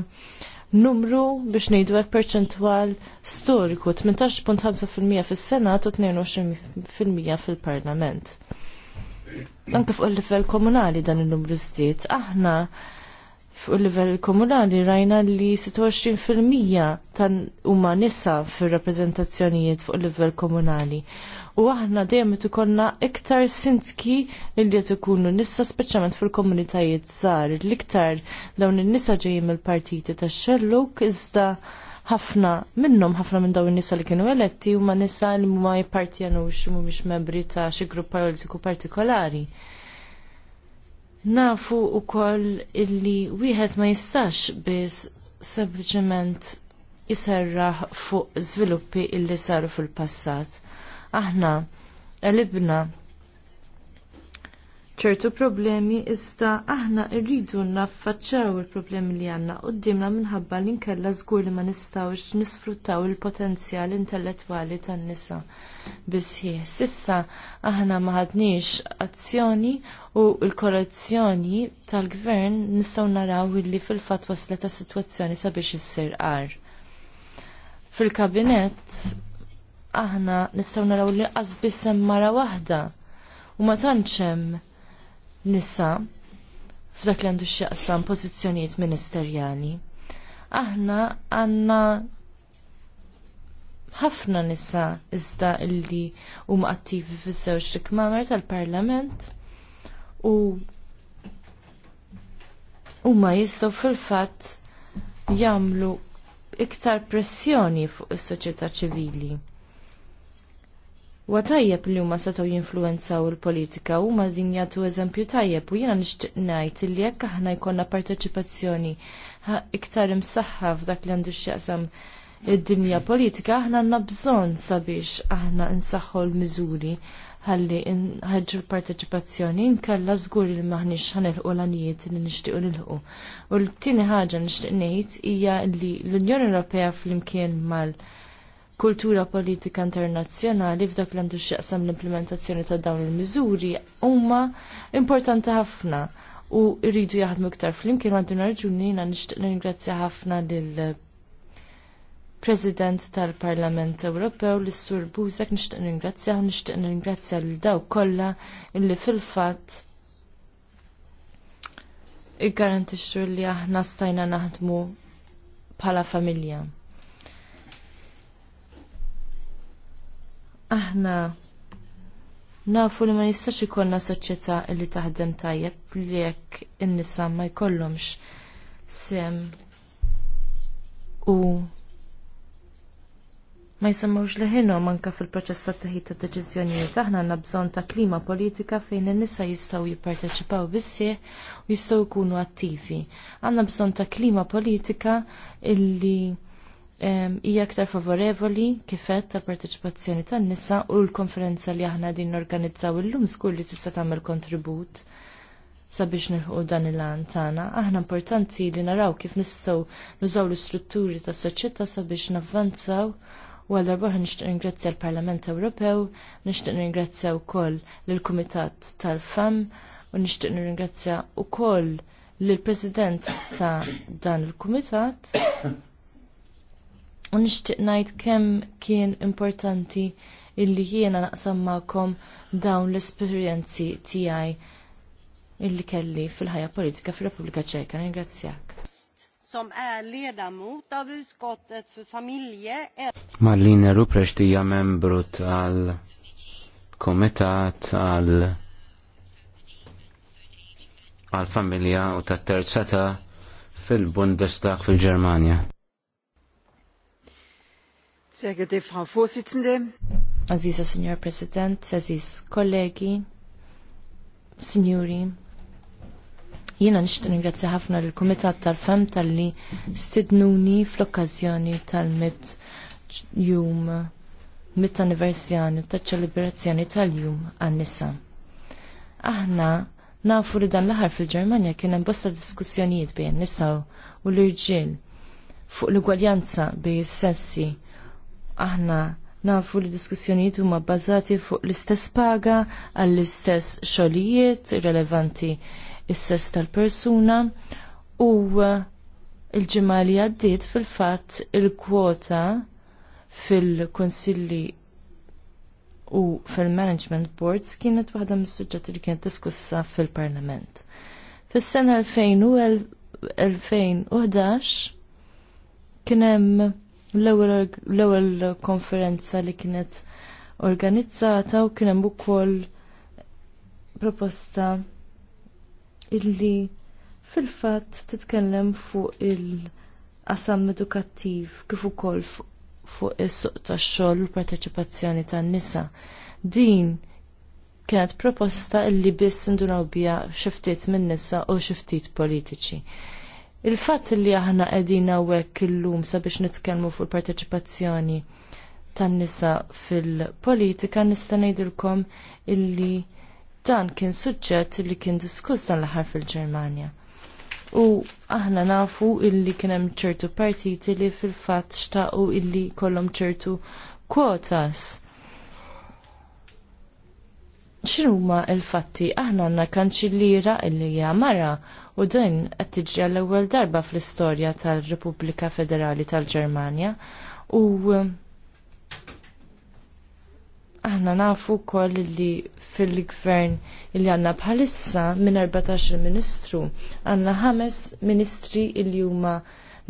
numru biex nejdu għek perċentwal storiku 18.5% fil-Senat u 22% fil-Parlament. Anke fuq il-livell komunali dan il-numru zdiet. Aħna fuq il-livell komunali rajna li 26% tan huma nisa fil-rappresentazzjonijiet fuq il-livell komunali u aħna dejjem qed ikollna iktar sintki li qed ikunu nissa speċjalment fil-komunitajiet żgħar l-iktar dawn in-nisa ġejjin mill-partiti tax xellug iżda ħafna minnhom ħafna minn dawn in-nisa li kienu eletti huma nisa li ma jippartjanux mhumiex membri ta' xi grupp politiku partikolari nafu wkoll illi wieħed ma jistax biss sempliċement jiserraħ fuq żviluppi illi saru fil-passat. Aħna qalibna ċertu problemi iżda aħna rridu naffaċċaw il-problemi li għandna qudiemna minħabba li nkella żgur li ma nistgħux nisfruttaw il-potenzjal intellettwali tan-nisa bisħieħ. Sissa aħna ma ħadniex azzjoni u l-korrezzjoni tal-gvern nistgħu naraw li fil-fatt waslet ta' sitwazzjoni sabiex issir qar. Fil-kabinet aħna nistgħu naraw li qasbis hemm mara waħda u ma tantx hemm nisa f'dak li għandu x'jaqsam pożizzjonijiet ministerjali. Aħna għandna ħafna nisa iżda illi huma attivi fiż-żewġ rikmamer tal-Parlament u huma jistgħu fil-fatt jagħmlu iktar pressjoni fuq is-soċjetà ċivili. Wa tajjeb li huma setgħu jinfluwenzaw il-politika huma din jagħtu eżempju tajjeb u jiena nixtieq ngħid li jekk aħna jkollna parteċipazzjoni iktar imsaħħa f'dak li għandu x'jaqsam id-dinja politika aħna għandna bżonn sabiex aħna nsaħħu l-miżuri ħalli nħeġġu l-parteċipazzjoni nkella żgur li maħniex ħanilħu l-għanijiet li nixtiequ nilħu. U l-tieni ħaġa nixtieq ngħid hija li l-Unjoni Ewropea flimkien mal- kultura politika internazzjonali f'dak li għandu x'jaqsam l-implementazzjoni ta' dawn il-miżuri huma importanti ħafna u rridu jaħdmu iktar flimkien għandu raġuni jiena nixtieq ningrazzja ħafna lil President tal-Parlament Ewropew lis sur Buzek nixtieq ningrazzja u nixtieq ningrazzja lil dawk kollha illi fil-fatt iggarantixxu li aħna stajna naħdmu bħala familja. aħna nafu li ma nistax ikollna soċjetà li taħdem tajjeb li jekk in-nisa ma jkollhomx sem u ma jisemmawx leħinhom anke fil-proċess ta' teħid ta' deċiżjonijiet aħna għandna bżonn ta' klima politika fejn in-nisa jistgħu jipparteċipaw bissieħ u jistgħu jkunu attivi. Għandna bżonn ta' klima politika illi hija aktar favorevoli kifet ta' parteċipazzjoni tan nisa u l-konferenza li aħna din organizzaw illum skur li tista' tagħmel kontribut sabiex nilħu dan il-għan tagħna. Aħna importanti li naraw kif nistgħu nużaw l-istrutturi tas soċjetà sabiex navvanzaw u għal darbaħ nishtiq ringrazzja l-Parlament Ewropew, nishtiq ringrazzja u koll l-Kumitat tal-FAM u nishtiq ringrazzja u koll l-President ta' dan il-Kumitat U nixtieq ngħid kemm kien importanti illi jiena naqsam magħkom dawn l-esperjenzi tiegħi illi kelli fil-ħajja politika fir-Repubblika Ċeka. Ringrazzjak. Som är ledamot utskottet för familje... Ruprecht hija membru tal komitat għal għal familja u tat-terzata fil-Bundestag fil-Ġermanja. Sehr Frau Aziza Signor President, Aziz kollegi, Signori, jiena nixtieq ningrazzja ħafna lill kumitat tal-Fem talli stidnuni fl-okkażjoni tal-mit jum mit anniversjani ta' ċelebrazzjoni tal-jum għan-nisa. Aħna nafu li dan l-aħħar fil-Ġermanja kien hemm bosta diskussjonijiet bejn nisa u l-irġiel fuq l-ugwaljanza bejn is-sessi aħna nafu li diskussjonijiet huma bbażati fuq l-istess paga għall-istess xogħlijiet relevanti is-sess tal-persuna u il-ġimgħa li għaddiet fil-fatt il-kwota fil-konsilli u fil-management boards kienet waħda mis-suġġetti li kienet diskussa fil-Parlament. Fis-sena 2011 kien hemm l-ewwel konferenza li kienet organizzata u kien hemm ukoll proposta illi fil-fatt titkellem fuq il-qasam edukattiv kif ukoll fuq is-suq tax-xogħol u l-parteċipazzjoni tan-nisa. Din kienet proposta illi biss ndunaw biha xi ftit minn nisa u xi ftit politiċi. Il-fatt li aħna qegħdin hawnhekk illum sabiex nitkellmu fuq il-parteċipazzjoni tan-nisa fil-politika nista' ngħidilkom illi dan kien suġġett li kien diskuss dan l-aħħar fil-Ġermanja. U aħna nafu illi kien hemm ċertu partiti li fil-fatt xtaqu illi kollhom ċertu kwotas. X'inhuma l-fatti aħna għandna kanċilliera illi hija mara U din qed tiġri għall-ewwel darba fl-istorja tal-Repubblika Federali tal-Ġermanja u eh, aħna nafu wkoll li fil-gvern li għandna bħalissa minn 14 ministru għandna ħames ministri li huma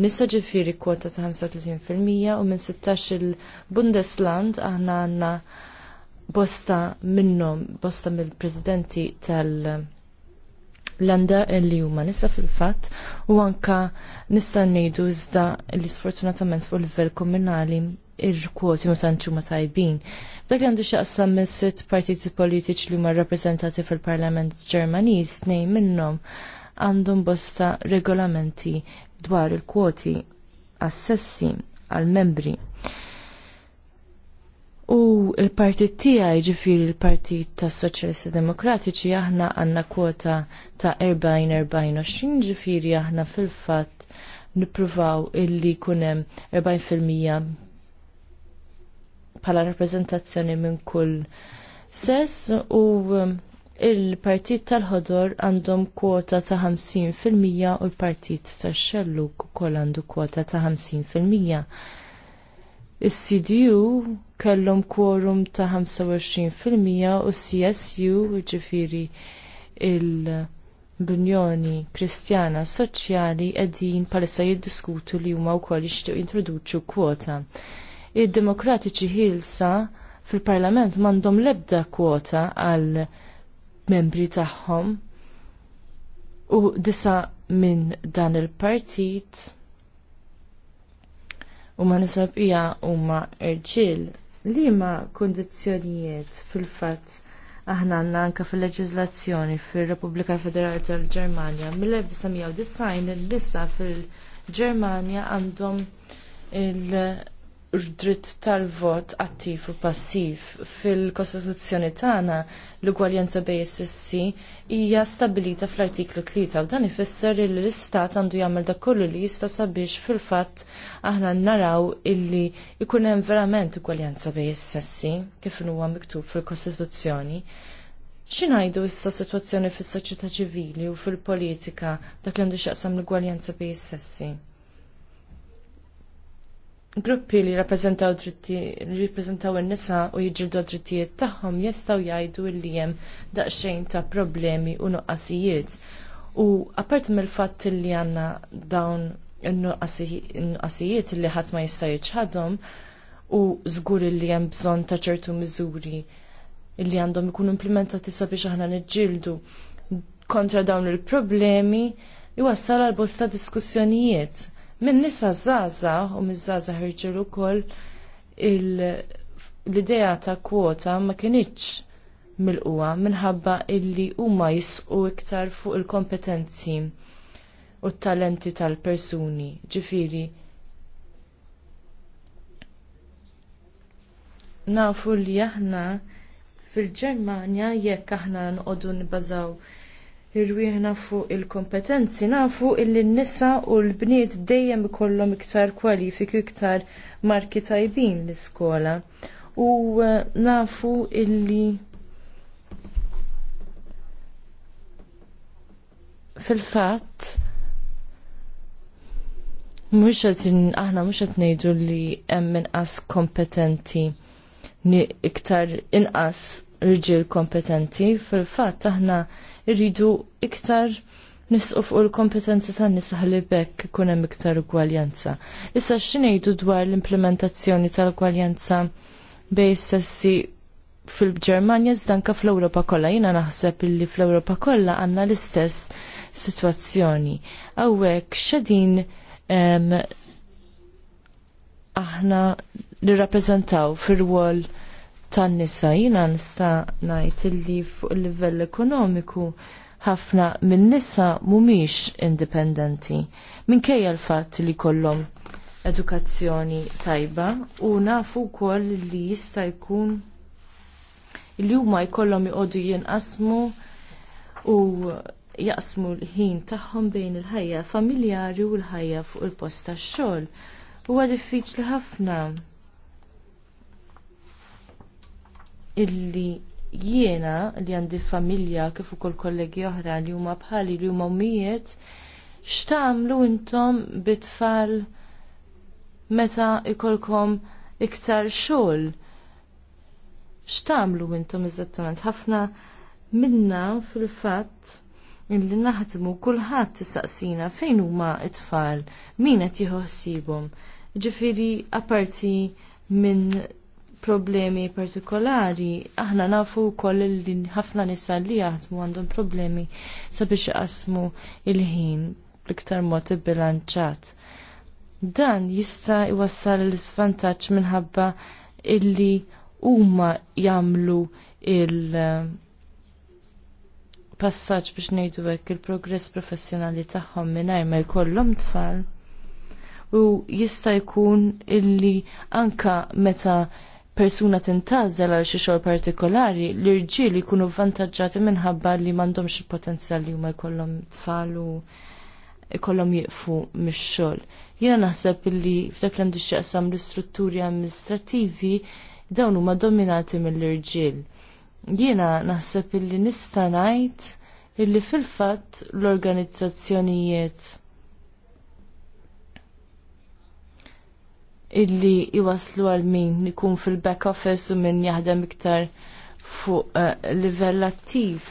nisa ġifiri kwota ta' 35% u minn 16 il-Bundesland aħna għanna bosta minnom, bosta mill-prezidenti tal- l-għanda li huma nisa fil-fatt u anka nista' ngħidu iżda li sfortunatament fuq livell komunali ir-kwoti ma tantx tajbin. Dak li għandu x'aqsa minn sitt partiti politiċi li huma rappresentati fil-Parlament Ġermaniż tnejn minnhom għandhom bosta regolamenti dwar il-kwoti assessi għal-membri U il-partit tija ġifiri il-partit tas soċjalisti demokratiċi aħna għandna kwota ta' 40-40 ġifiri aħna fil fatt nippruvaw illi kunem 40% bħala rappreżentazzjoni minn kull sess u um, il-partit tal-ħodor għandhom kwota ta' 50% u l-partit tax xelluk ukoll għandu kwota ta' 50%. Is-CDU kellhom quorum ta' 25% u CSU ġifiri l-Unjoni Kristjana Soċjali qegħdin palissa jiddiskutu li huma wkoll jixtiequ jintroduċu kwota. Id-Demokratiċi ħilsa fil-Parlament m'għandhom l-ebda kwota għal membri tagħhom u disa minn dan il-partit u ma nisab hija huma irġiel liema kundizzjonijiet fil-fatt aħna għandna anke fil leġizlazzjoni fir-Repubblika Federali tal germania mill-1990 nisa fil-Ġermanja għandhom il- dritt tal-vot attiv u passiv. Fil-Kostituzzjoni tagħna l ugwaljenza bej is-sessi hija stabilita fl-artiklu 3 u dan ifisser li l-Istat għandu jagħmel dak kollu li jista' sabiex fil-fatt aħna naraw illi jkun hemm verament ugwaljenza bej is-sessi kif huwa miktub fil-Kostituzzjoni. X'ingħidu issa sitwazzjoni fis-soċjetà ċivili u fil-politika dak li għandu x'jaqsam l ugwaljenza bej is-sessi? gruppi li rappresentaw dritti, rappresentaw il-nisa u jġildu drittijiet tagħhom jistgħu jgħidu li hemm daqsxejn ta' problemi u nuqqasijiet. U apart mill-fatt li għandna dawn nuqqasijiet li ħadd ma jista' u zgur li hemm bżonn ta' ċertu miżuri li għandhom ikunu implementati sabiex aħna niġġieldu kontra dawn il-problemi jwassal għal bosta diskussjonijiet minn nisa zaza u minn zaza ħirġilu kol l-idea ta' kwota ma kienieċ mill-qwa minħabba illi huma jisqu iktar fuq il-kompetenzi u t-talenti tal-persuni ġifiri nafu li aħna fil-Ġermanja jekk aħna nqogħdu nibbażaw irwieħna fuq il-kompetenzi nafu illi n-nisa u l-bniet dejjem ikollhom iktar kwalifiki iktar marki tajbin l-iskola. U eh, nafu illi fil fat mhux aħna mhux qed ngħidu li hemm inqas kompetenti iktar inqas riġiel kompetenti, fil-fatt aħna irridu iktar nisqu fuq il-kompetenza tan nisa ħalli bekk ikun hemm iktar ugwaljanza. Issa x'ngħidu dwar l-implementazzjoni tal-ugwaljanza bej sessi fil-Ġermanja zdanka fl-Ewropa kollha. Jiena naħseb illi fl-Ewropa kollha għandna l-istess sitwazzjoni. Hawnhekk x'edin aħna nirrappreżentaw fir wol tan-nisa jiena nista' ngħid illi fuq il-livell ekonomiku ħafna min-nisa mhumiex indipendenti minkejja l-fatt li jkollhom edukazzjoni tajba u nafu wkoll li jista' jkun li huma jkollhom iqogħdu jinqasmu u jaqsmu l-ħin tagħhom bejn il-ħajja familjari u l-ħajja fuq il-post tax-xogħol. Huwa diffiċli ħafna illi jiena li għandi familja kif ukoll kollegi oħra li huma bħali li huma umijiet x'tagħmlu intom bit-tfal meta ikolkom iktar xogħol. X'tagħmlu intom eżattament ħafna minna fil-fatt illi naħdmu kulħadd tisaqsina fejn huma t-tfal, min qed jieħu ħsiebhom. Ġifieri apparti minn problemi partikolari, aħna nafu wkoll li ħafna nisa li jaħdmu għandhom problemi sabiex jaqsmu il-ħin l-iktar mod ibbilanċat. Dan jista' jwassal l-isvantaġġ minħabba illi huma jagħmlu il- passaġġ biex ngħidu hekk il-progress professjonali tagħhom mingħajr ma jkollhom tfal u jista' jkun illi anka meta persuna tintgħażel għal xi xogħol partikolari, l-irġiel jkunu vantaġġati minħabba li m'għandhomx il-potenzjal li huma jkollhom tfal u jkollhom jieqfu mix-xogħol. Jiena naħseb li f'dak li għandu x'jaqsam l-istrutturi amministrattivi dawn huma dominati mill-irġiel. Jiena naħseb li nista' ngħid illi fil-fatt l-organizzazzjonijiet illi iwaslu għal min ikun fil-back office u min jaħdem iktar fuq uh, livell attiv.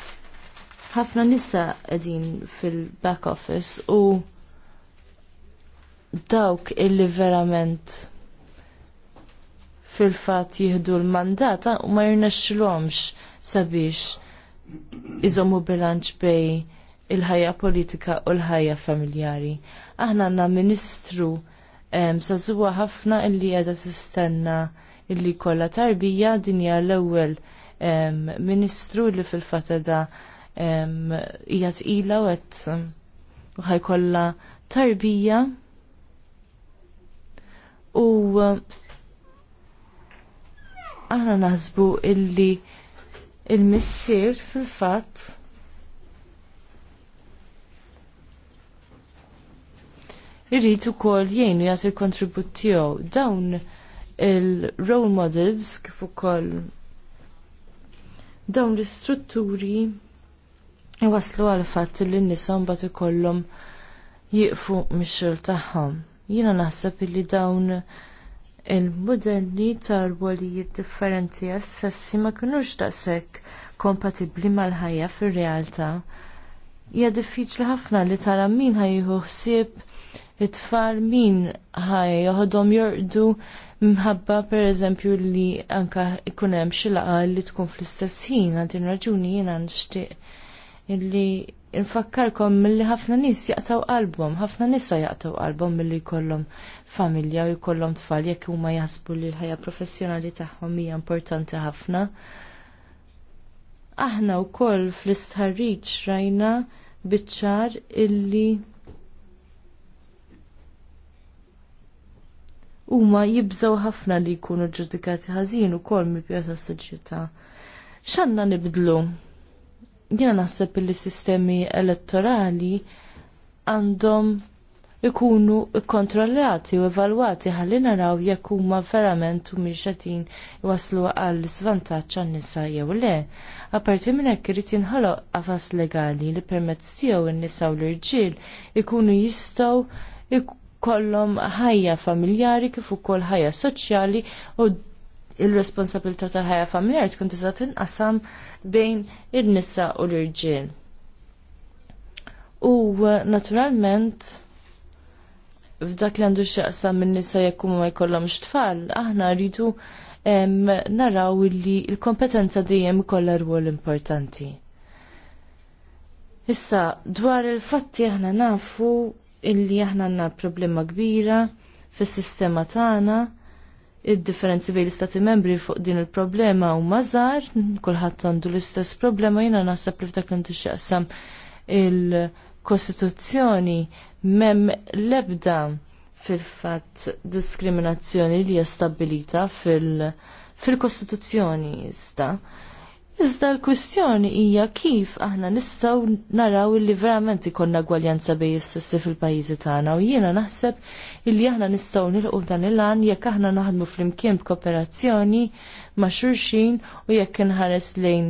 Ħafna nisa qegħdin fil-back office u dawk illi verament fil-fat jihdu l-mandata u ma jirnexxilhomx sabiex iżommu bilanċ bej il-ħajja politika u l-ħajja familjari. Aħna għandna ministru sażuwa ħafna illi qiegħda sistenna illi kolla tarbija din hija l-ewwel ministru li fil-fatada hija ila u qed kolla tarbija u aħna naħsbu illi il-missier fil-fatt irrid ukoll jgħinu jagħti l-kontribut tiegħu. Dawn il-role models kif ukoll dawn l-istrutturi waslu għal fatt li n-nisa mbagħad ikollhom jiqfu mix-xogħol tagħhom. Jiena naħseb li dawn il-modelli tal-wolijiet differenti għas ma kinux daqshekk kompatibbli mal-ħajja fir-realtà. Hija diffiċli ħafna li tara min ħajju ħsieb it-tfal min ħaj joħodhom jorqdu mħabba per eżempju li anka ikunem hemm xi li tkun fl-istess ħin għal din raġuni jiena nixtieq illi infakkarkom milli ħafna nies jaqtaw qalbhom, ħafna nisa jaqtaw qalbhom milli jkollhom familja u jkollhom tfal jekk huma jaħsbu li l-ħajja professjonali tagħhom hija importanti ħafna aħna u koll fl-istħarriċ rajna biċċar illi huma jibżgħu ħafna li jkunu ġudikati ħażin ukoll mi pjata tas-soċjetà. X'għandna nibdlu? Jiena naħseb li sistemi elettorali għandhom ikunu kontrollati u evalwati ħalli naraw jekk huma verament u mirxatin waslu għall svantaġġ għan nisa jew le. Aparti minn hekk irid jinħoloq legali li permezz tiegħu in-nisa u l-irġiel ikunu jistgħu kollhom ħajja familjari kif ukoll ħajja soċjali u il-responsabilità ta' ħajja familjari tkun tista' tinqasam bejn in-nisa u l-irġiel. U eh, naturalment f'dak li għandu x'jaqsam min-nisa jekk huma ma jkollhomx tfal, aħna rridu naraw li l kompetenza dejjem ikollha rwol importanti. Issa, dwar il-fatti aħna nafu illi aħna għandna problema kbira fis-sistema tagħna id-differenzi bejn l-istati membri fuq din il-problema u mażar, kulħadd għandu l-istess problema jiena naħseb li f'dak għandu x'jaqsam il-Kostituzzjoni mem lebda fil-fatt diskriminazzjoni li hija stabbilita fil-Kostituzzjoni fil Iżda l-kwistjoni hija kif aħna nistgħu naraw li verament ikollna gwaljanza bej is-sessi fil-pajjiżi tagħna u jiena naħseb illi aħna nistgħu nilqu dan il-għan jekk aħna naħdmu flimkien b'kooperazzjoni ma' xulxin u jekk inħares lejn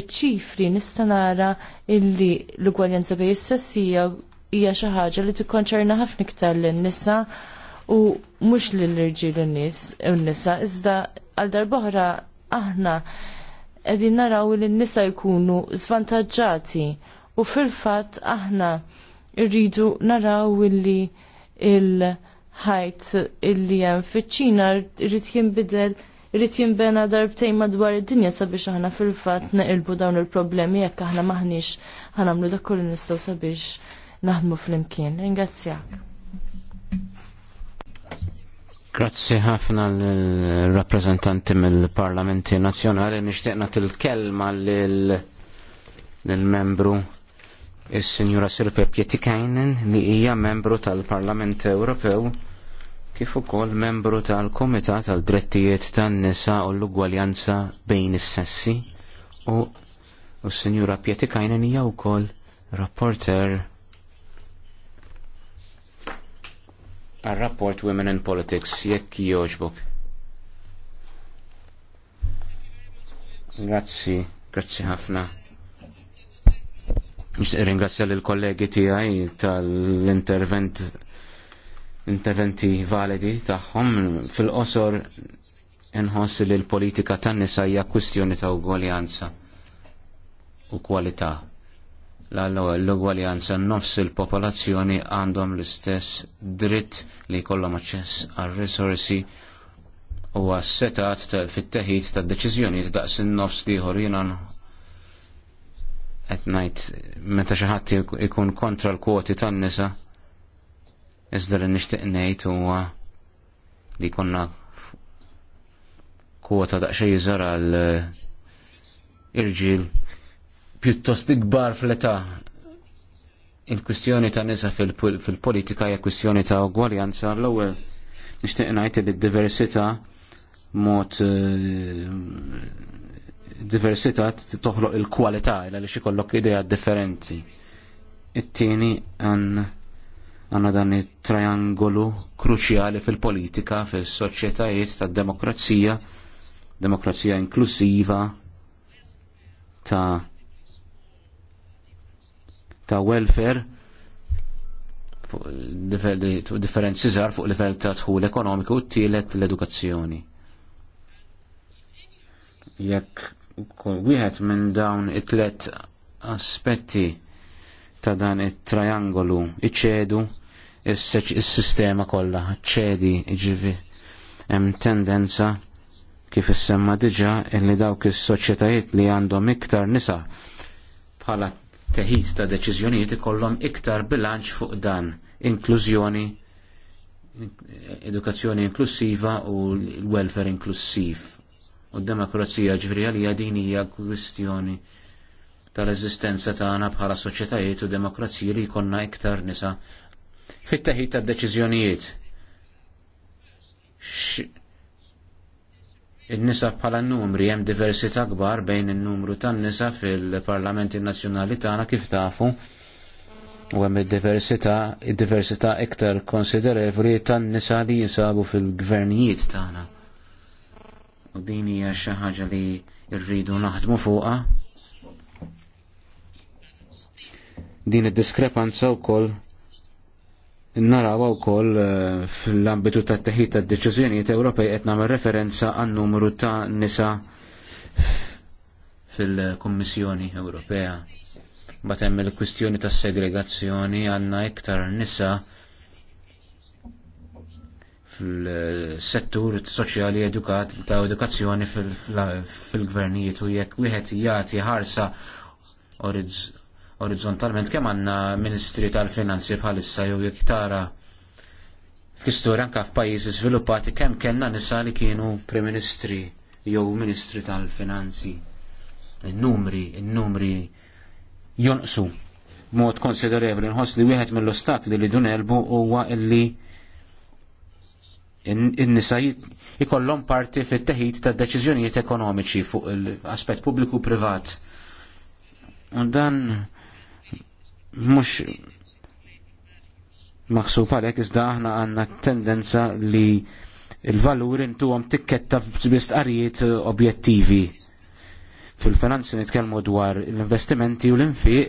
iċ-ċifri nista' nara illi l-gwaljanza bej is-sessi hija xi ħaġa li tikkonċerna ħafna iktar lin-nisa u mhux lill-irġiel u n-nisa iżda għal darbohra aħna qegħdin naraw li n-nisa jkunu svantagġati u fil-fatt aħna rridu naraw li il-ħajt illi hemm fiċ-Ċina jimbidel jinbidel jimbena jinbena madwar id-dinja sabiex aħna fil-fatt neqilbu dawn il-problemi jekk aħna maħniex ħanamlu dak kollu nistgħu sabiex naħdmu fl-imkien. Ringrazzjak. Grazzi ħafna l-rappresentanti mill-Parlamenti Nazzjonali nixtieqna til-kelma lill-membru is-Sinjura Sirpe Pietikajnen li hija membru tal-Parlament Ewropew kif ukoll membru tal-Kumitat tal-Drittijiet tan-Nisa u l-Ugwaljanza bejn is-sessi u s-Sinjura Pietikajnen hija wkoll rapporter għal-rapport Women in Politics, jekk joġbok. Grazzi, grazzi ħafna. Ringrazzja l-kollegi tiegħi tal-intervent interventi validi tagħhom fil-qosor inħoss li l-politika tan-nisa hija kwistjoni ta' ugwaljanza u kwalità l-ugwaljanza nofs il-popolazzjoni għandhom l-istess dritt li jkollhom aċċess għal risorsi u għas-setat fit-teħid ta' deċiżjonijiet daqs in-nofs li ieħor jiena ngħid meta xi ħadd ikun kontra l-kwoti tan-nisa iżda li nixtieq ngħid huwa li konna kwota daqsxejn jizara l irġiel pjuttost ikbar fl-età. Il-kwistjoni ta' nisa fil-politika hija kwistjoni ta' ugwaljanza l-ewwel nixtieq ngħid li d-diversità mod eh, diversità toħloq il-kwalità illa li kollok idea differenti. It-tieni għanna dan it-triangolu kruċjali fil-politika, fil-soċjetajiet tad-demokrazija, demokrazija inklusiva ta' ta' welfare fuq differenzi żgħar fuq livell ta' tħul ekonomiku u tielet l-edukazzjoni. Jekk wieħed minn dawn it-tlet aspetti ta' dan it-triangolu iċedu is-sistema kollha ċedi iġifi hemm tendenza kif issemma diġa illi dawk is-soċjetajiet li għandhom iktar nisa bħala teħid ta' deċiżjonijiet ikollhom iktar bilanċ fuq dan, inklużjoni, edukazzjoni inklusiva u l-welfare inklusiv. U d-demokrazija ġvrija għalija din hija kwistjoni tal-eżistenza tagħna bħala soċjetajiet u demokrazija li jkollna iktar nisa fit-teħid ta' deċiżjonijiet Il-nisa bħala numri hemm diversità kbar bejn in-numru tan-nisa fil-Parlamenti Nazzjonali tagħna kif tafu u hemm id-diversità, id-diversità iktar konsiderevoli tan-nisa li jinsabu fil-gvernijiet tagħna. U din hija xi ħaġa li rridu naħdmu fuqha. Din id-diskrepanza wkoll Narawa wkoll eh, fl-ambitu ta' teħid ta' deċiżjonijiet Ewropej qed nagħmel referenza għan numru ta' nisa fil-Kummissjoni Ewropea. Batem il-kwistjoni ta' segregazzjoni għandna iktar nisa fil-settur soċjali edukat ta' edukazzjoni fil-gvernijiet u jekk wieħed jagħti ħarsa orizzontalment kemm għandna Ministri tal-Finanzi bħalissa jew jekk tara fl-istorja anke f'pajjiżi żviluppati kemm kellna nisa li kienu Prim Ministri jew Ministri tal-Finanzi. In-numri, in-numri jonqsu mod konsiderevoli nħoss li wieħed mill-ostakli li dun elbu huwa illi in-nisa ikollhom parti fit-teħid ta' deċiżjonijiet ekonomiċi fuq l-aspett pubbliku privat. U dan mux maħsub għalek iżda aħna għanna tendenza li il-valur intu għom tikketta b'istqarijiet objettivi. Fil-finanzi nitkellmu dwar l-investimenti u l-infiq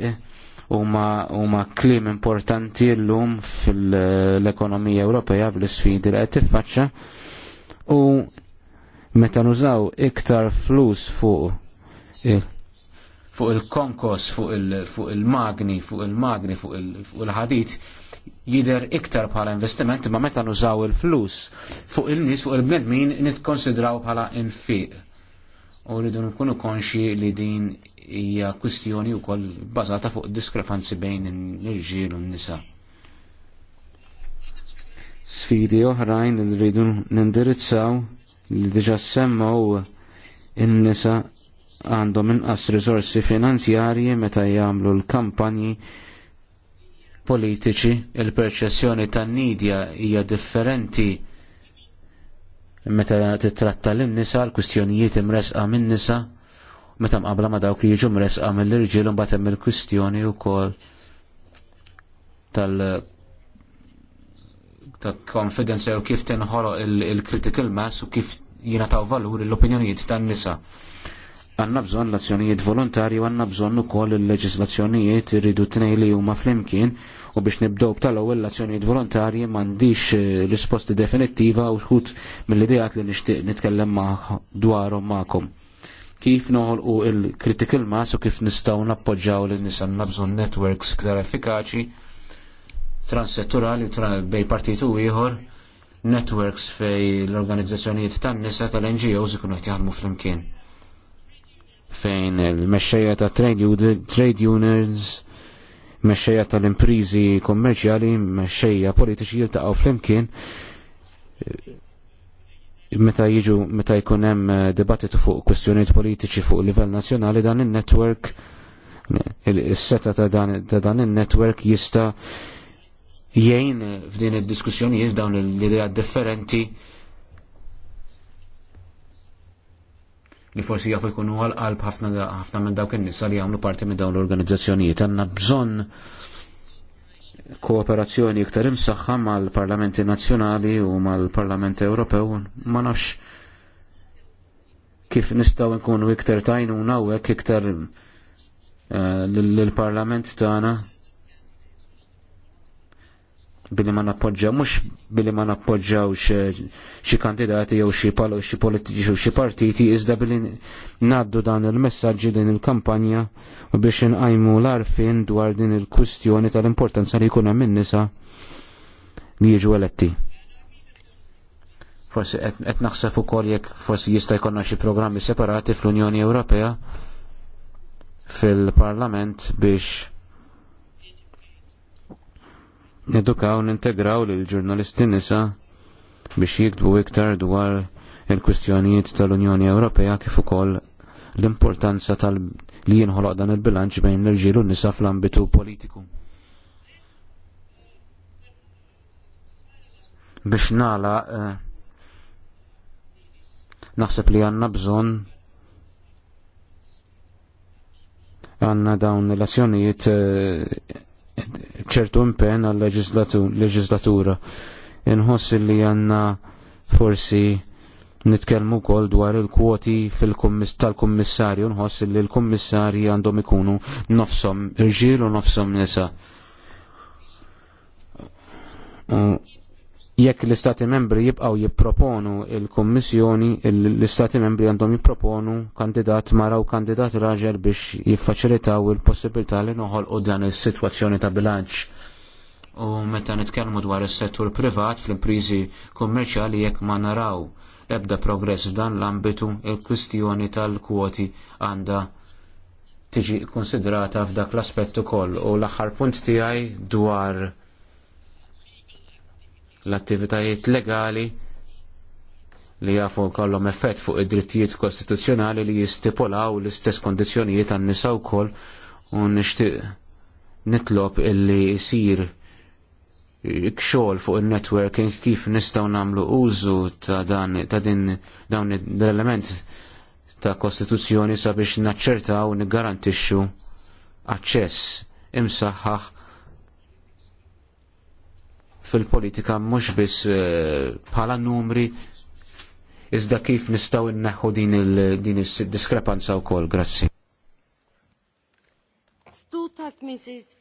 huma klim importanti l-lum fil-ekonomija Ewropea bl-sfidi li qed tiffaċċa u meta nużaw iktar flus fuq fuq il-konkos, fuq il-magni, fuq il-magni, fuq il-ħadit, jider iktar bħala investiment ma meta nużaw il-flus fuq il-nis, fuq il-bnedmin nitkonsidraw bħala infiq. U rridu nkunu konxi li din hija kwistjoni wkoll bbażata fuq diskrepanzi bejn l-irġiel u n-nisa. Sfidi oħrajn li rridu nindirizzaw li diġa semmaw in-nisa għandhom inqas risorsi finanzjarji meta jagħmlu l-kampanji politiċi, il-perċessjoni tan-nidja hija differenti meta titratta lin-nisa l-kwistjonijiet imresqa min-nisa meta mqabla ma dawk li jiġu mresqa mill-irġiel imbagħad hemm il-kwistjoni wkoll tal ta' jew u kif tinħoloq il-critical mass u kif jingħataw valur l-opinjonijiet tan-nisa. Għanna bżon l-azzjonijiet volontari u għanna bżon u koll il-leġislazzjonijiet rridu t-nej u huma flimkien u biex nibdow tal ewwel l-azzjonijiet volontari m'għandix eh, risposti definittiva u xħut mill-idejat li nixtieq nitkellem ma' dwarhom magħkom. Kif noħolqu il-critical mass u kif nistgħu nappoġġaw lin nisa għandna bżonn networks ktar effikaċi transsetturali bej partitu ieħor networks fej l-organizzazzjonijiet tan-nisa tal-NGOs ikunu qed jaħdmu flimkien fejn il-mexxejja ta' trade unions, mexxejja tal-imprizi kommerċjali, mexxejja politiċi jiltaqgħu flimkien meta jiġu meta jkun hemm eh, dibattitu fuq kwestjonijiet politiċi fuq livell nazzjonali dan in-network il-seta ta' dan in-network jista' jgħin f'din id-diskussjonijiet dawn l-idea differenti li forsi jafu jkunu għal-qalb ħafna minn dawk in-nisa li jagħmlu parti minn dawn l-organizzazzjonijiet. Għanna bżonn kooperazzjoni iktar imsaħħa mal-Parlamenti Nazzjonali u mal-Parlament Ewropew ma nafx kif nistgħu nkunu iktar tajnuna u hekk iktar eh, l-Parlament tagħna billi ma nappoġġaw, mux billi ma nappoġġaw xi kandidati jew xi xi politiċi jew xi partiti, iżda billi naddu dan il-messaġġi din il-kampanja u biex inqajmu l-arfin dwar din il-kwistjoni tal-importanza li jkun hemm in-nisa li jiġu eletti. Forsi qed naħseb ukoll jekk forsi jista' jkollna xi programmi separati fl-Unjoni Ewropea fil-Parlament biex nedukaw nintegraw lil ġurnalisti nisa biex jiktbu iktar dwar il-kwistjonijiet tal-Unjoni Ewropea kif ukoll l-importanza tal li jinħoloq dan il-bilanċ bejn l-irġiel u nisa fl-ambitu politiku. Biex nala eh, naħseb li għanna bżon għanna dawn l-azzjonijiet eh, ċertu impenn għal leġislatura. inħossi li għanna forsi nitkellmu wkoll dwar il-kwoti tal-kummissarju nħoss li l-kummissarji għandhom ikunu nofsom irġiel u nofsom nisa jekk l-Istati membri jibqaw jipproponu il-Kommissjoni, l-Istati membri għandhom jipproponu kandidat mara u kandidat raġel biex jiffaċilitaw il-possibilità li noħol u dan il-situazzjoni ta' bilanċ. U meta nitkellmu dwar is-settur privat fl-imprizi kummerċjali jekk ma naraw ebda progress f'dan l-ambitu il-kwistjoni tal-kwoti għandha tiġi konsidrata f'dak l-aspett ukoll u l-aħħar punt tiegħi dwar l-attivitajiet legali li jafu kollom effett fuq id-drittijiet kostituzzjonali li jistipolaw l-istess kondizjonijiet għan nisa koll u nixtieq nitlob illi jsir kxol fuq il-networking kif nistgħu nagħmlu użu ta' dan ta' din dawn l-element ta' kostituzzjoni sabiex naċċertaw u niggarantixxu aċċess imsaħħaħ fil-politika mhux biss eh, bħala numri iżda kif nistgħu inneħħu din din is-diskrepanza wkoll. Grazzi. Stutak Mrs.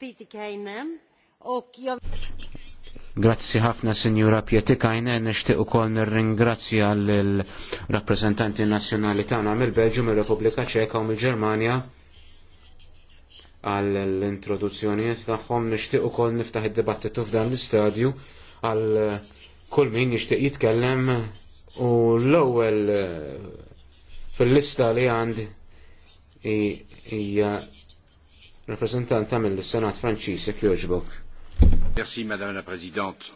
Grazzi ħafna Sinjura Pietikajnen, nixtieq ukoll nirringrazzja lill rappreżentanti nazzjonali tagħna mill-Belġju, mill repubblika Ċeka u mill-Ġermanja għall l-introduzzjonijiet tagħhom nixtieq ukoll niftaħ id-dibattitu f'dan l-istadju għal kull min jixtieq jitkellem u l-ewwel eh, fil-lista li għandi hija rappreżentanta mill-Senat Franċiż jekk jogħġbok. Merci Madame la Presidente.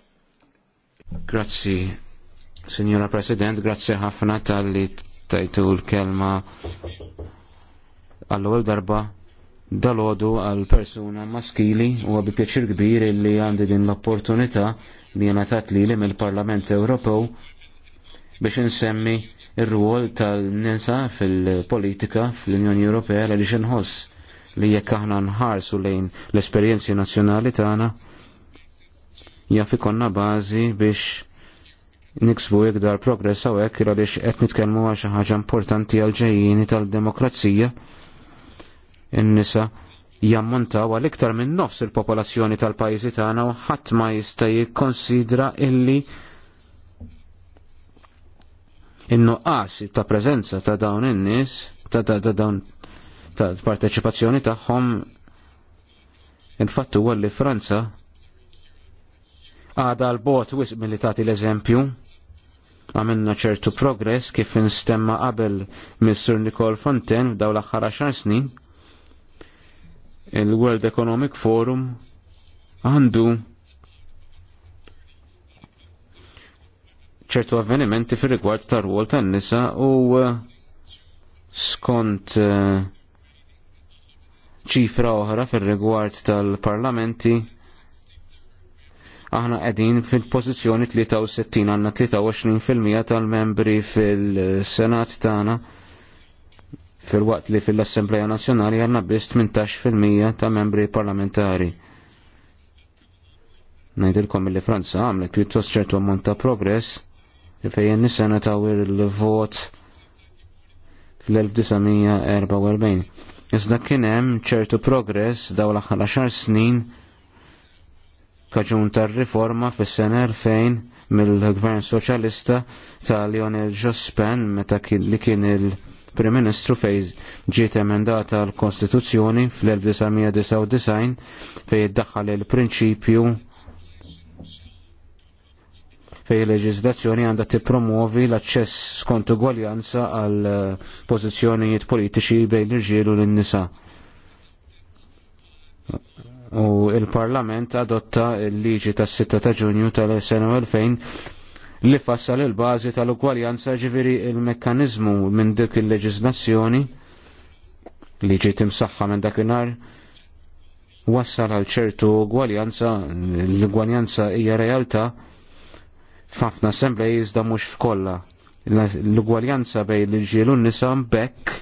Grazzi, Signora President, grazzi ħafna tal-li tajtu l-kelma għall-ewwel darba dalodu għal persuna maskili u għabi pieċir kbir li għandi din l-opportunità li jena tatli li mill-Parlament Ewropew biex nsemmi il-ruol tal-nisa fil-politika fl-Unjoni Ewropea li xinħoss li jekk aħna nħarsu lejn l-esperjenzi nazzjonali tagħna jaf ikonna bażi biex niksbu iktar progress hawnhekk għaliex qed nitkellmu għal xi ħaġa importanti għal ġejjini tal-demokrazija in-nisa jammontaw għal iktar minn nofs il-popolazzjoni tal-pajjiżi tagħna u ħadd ma jista' jikkonsidra illi in-nuqqas ta' preżenza ta' dawn in-nies ta' dawn ta' parteċipazzjoni tagħhom il-fattu huwa li Franza għada l-bot wisq milli tagħti l-eżempju għamilna ċertu progress kif instemma qabel Mr. Nicole Fontaine daw l-aħħar 10 snin il-World Economic Forum għandu ċertu avvenimenti fir rigward tar rwol tan nisa u uh, skont uh, ċifra oħra fir rigward tal-parlamenti aħna qegħdin fil-pożizzjoni 63 għandna 23% tal-membri fil-Senat tagħna fil-waqt li fil-Assembleja Nazzjonali għanna biss 18% ta' membri parlamentari. Najdilkom li Franza għamlet pjuttost ċertu ammont ta' progress fejn nisena ta' il-vot fl-1944. Iżda kien hemm ċertu progress daw l-aħħar xar snin kaġun tar-riforma fis-sena 2000 mill-Gvern Soċjalista ta' Lionel Jospin meta li kien il- prim Ministru fej ġiet emendata l-Kostituzzjoni fl-1999 fej id-daħħal il-prinċipju fej leġizlazzjoni għandha tippromuovi l-aċċess skont ugwaljanza għal eh, pożizzjonijiet politiċi bejn l-irġiel u l-nisa u il-Parlament adotta il-liġi tas-6 ta' Ġunju tal-sena 2000 li fassal il-bazi tal-ugwaljanza ġiviri il-mekkanizmu minn dik il-leġizlazzjoni li ġiet imsaħħa minn dakinhar wassal għal ċertu ugwaljanza, l-ugwaljanza hija realtà f'ħafna assembleji da mhux f'kollha. L-ugwaljanza bejn il-ġiel u n-nisa mbekk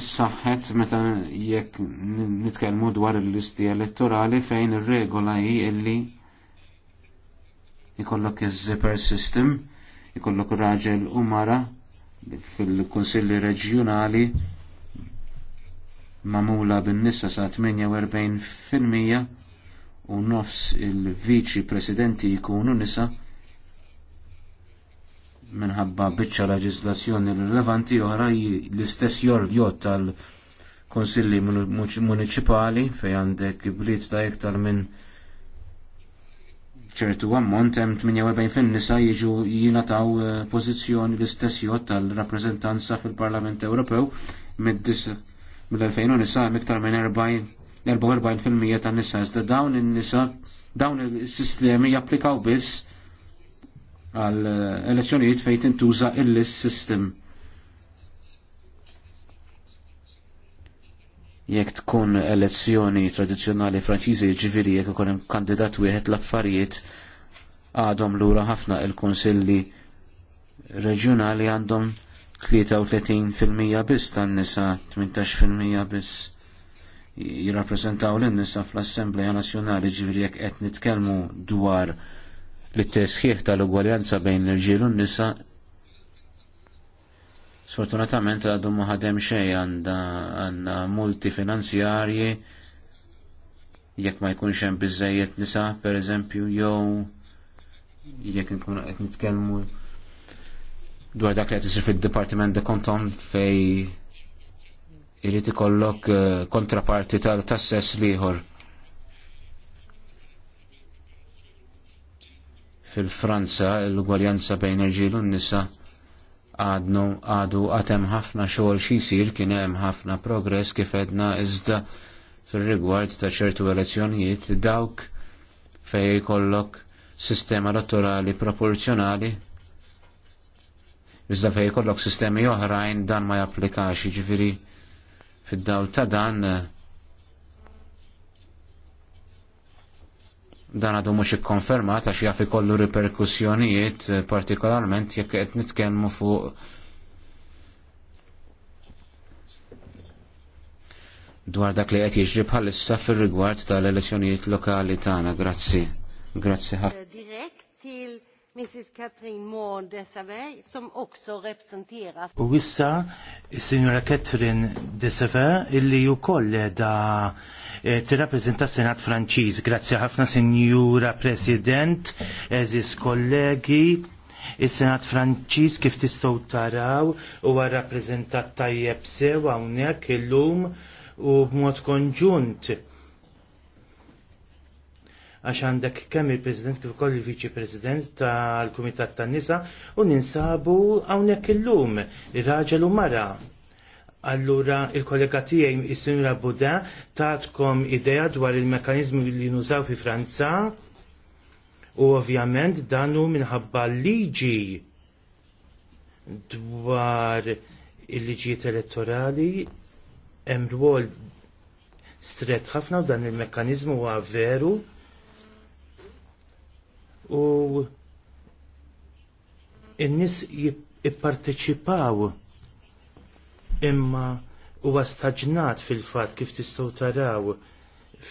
s-saħħet meta jekk nitkellmu dwar il-listi elettorali fejn ir-regola hi illi ikollok iż-zipper system, ikollok raġel u mara fil-kunsilli reġjunali mamula bin-nisa sa 48% u nofs il-viċi presidenti jkunu nisa' minħabba biċċa leġislazzjoni rilevanti oħra l-istess jorjot tal-konsilli municipali fej għandek bliet ta' iktar minn ċertu ammont hemm 48 fin-nisa jiġu jingħataw eh, pożizzjoni l-istess jod tal-rappreżentanza fil-Parlament Ewropew mid dis mill-2009 miktar minn 44% tan-nisa iżda dawn in-nisa dawn is-sistemi japplikaw biss għal eh, elezzjonijiet fejn tintuża il-list system. Jekk tkun elezzjoni tradizzjonali Franċiżi ġifieri jekk ikun hemm kandidat wieħed l-affarijiet għadhom lura ħafna il-kunsilli reġjonali għandhom 33% biss tan-nisa, 18% biss jirrappreżentaw lin nisa fl-Assembleja Nazzjonali ġifieri jekk qed nitkellmu dwar li t tesħieħ tal-ugwaljanza bejn il ġilu n-nisa sfortunatament għadu maħadem xej għanna multi finanzjarji jekk ma jkunx hemm biżejjed nisa pereżempju jew jekk nkunu qed nitkellmu dwar dak li qed isir fid-dipartiment de kontom fej irid ikollok eh, kontraparti tal-tassess liħor fil-Franza l-ugwaljanza bejn irġiel u nisa għadnu għadu għatem ħafna xogħol xi jsir kien hemm ħafna progress kif edna iżda fil-rigward ta' ċertu elezzjonijiet dawk fej jkollok sistema elettorali proporzjonali iżda fej jkollok sistemi oħrajn dan ma japplikax ġifiri fid-dawl ta' dan dan għadu mux ikkonfermat għax jaf ikollu riperkussjonijiet eh, partikolarment jekk qed nitkellmu fuq dwar dak li qed jiġri bħalissa fir-rigward tal-elezzjonijiet lokali tagħna. Grazzi. Grazzi ħafna. Mrs. Catherine Moore Desavey, som också representerar... U vissa, signora Catherine Desavey, illi ju koll da eh, rappresenta Senat Franċiż. Grazzi ħafna, Sinjura President, eżis kollegi. Is-Senat Franċiż kif tistgħu taraw huwa rappreżentat tajjeb sew hawnhekk illum u b'mod konġunt għax għandek kemm il-President kif ukoll il-Viċi President tal-Kumitat tan-Nisa u ninsabu hawnhekk illum ir-raġel u mara Allura, il-kollega tiegħi is-Sinjura Buda tatkom idea dwar il-mekanizmi li nużaw fi Franza u ovvjament danu minħabba liġi dwar il-liġijiet elettorali hemm rwol stret ħafna u dan il-mekkaniżmu huwa veru u in-nies jipparteċipaw imma huwa staġnat fil-fatt kif tistgħu taraw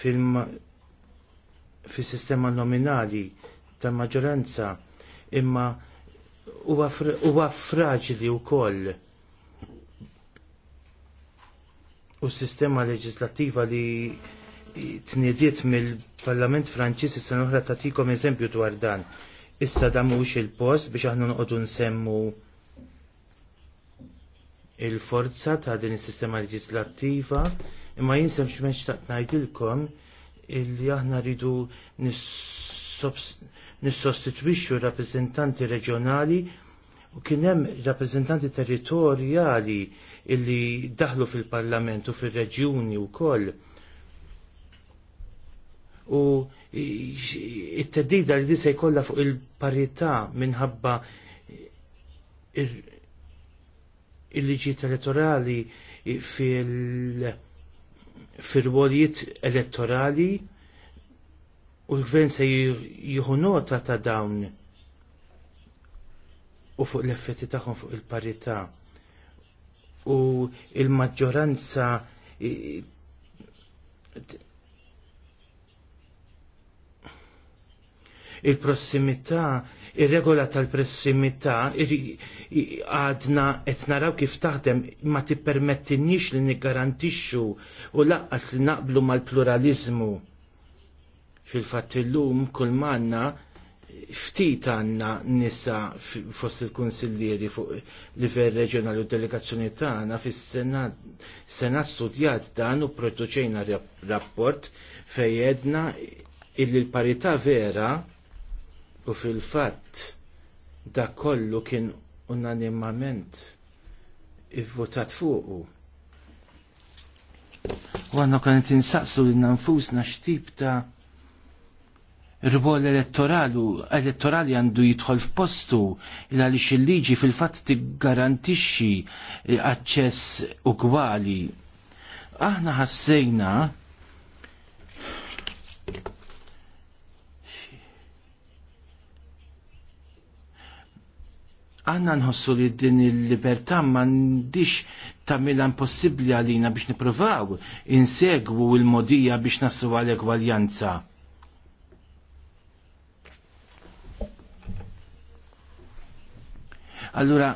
fil-sistema nominali tal maġġoranza imma huwa u wkoll u s sistema leġislattiva li Tnediet mill-Parlament Franċiż issa noħra tagħtikom eżempju dwar dan. Issa da mhux il-post biex aħna noqogħdu nsemmu il-forza ta' din is-sistema leġislattiva, imma jinsem x'men xtaqt ngħidilkom illi aħna rridu nissostitwixxu rappreżentanti reġjonali u kien hemm rappreżentanti territorjali illi daħlu fil-Parlament u fir-reġjuni wkoll u it-teddida li disa jkollha fuq il-parjetà minħabba il-liġi elettorali fil-wolijiet elettorali u l-gvern se jieħu nota ta' dawn u fuq l-effetti tagħhom fuq il-parità u il-maġġoranza il-prossimità, ir-regola tal-prossimità għadna qed naraw kif taħdem ma tippermettinix li niggarantixxu u laqqas li naqblu mal-pluralizmu. Fil-fatt illum kull manna ftit għanna nisa fost il-konsillieri fuq livell reġjonali u delegazzjoni tagħna fis-Senat Senat studjat dan u protoċejna rapport fejedna il l-parità vera U fil-fatt da kollu kien unanimament ivvotat fuqu. U għanna kanet insaqsu li nanfusna xtib ta' rwol elettoralu, elettorali għandu jidħol f'postu il għaliex il-liġi fil-fatt tiggarantixxi aċċess ugwali. Aħna ħassejna għanna nħossu li din il-libertà m'għandix tagħmilha impossibbli għalina biex nippruvaw insegwu l-modija biex naslu għal egwaljanza. Allura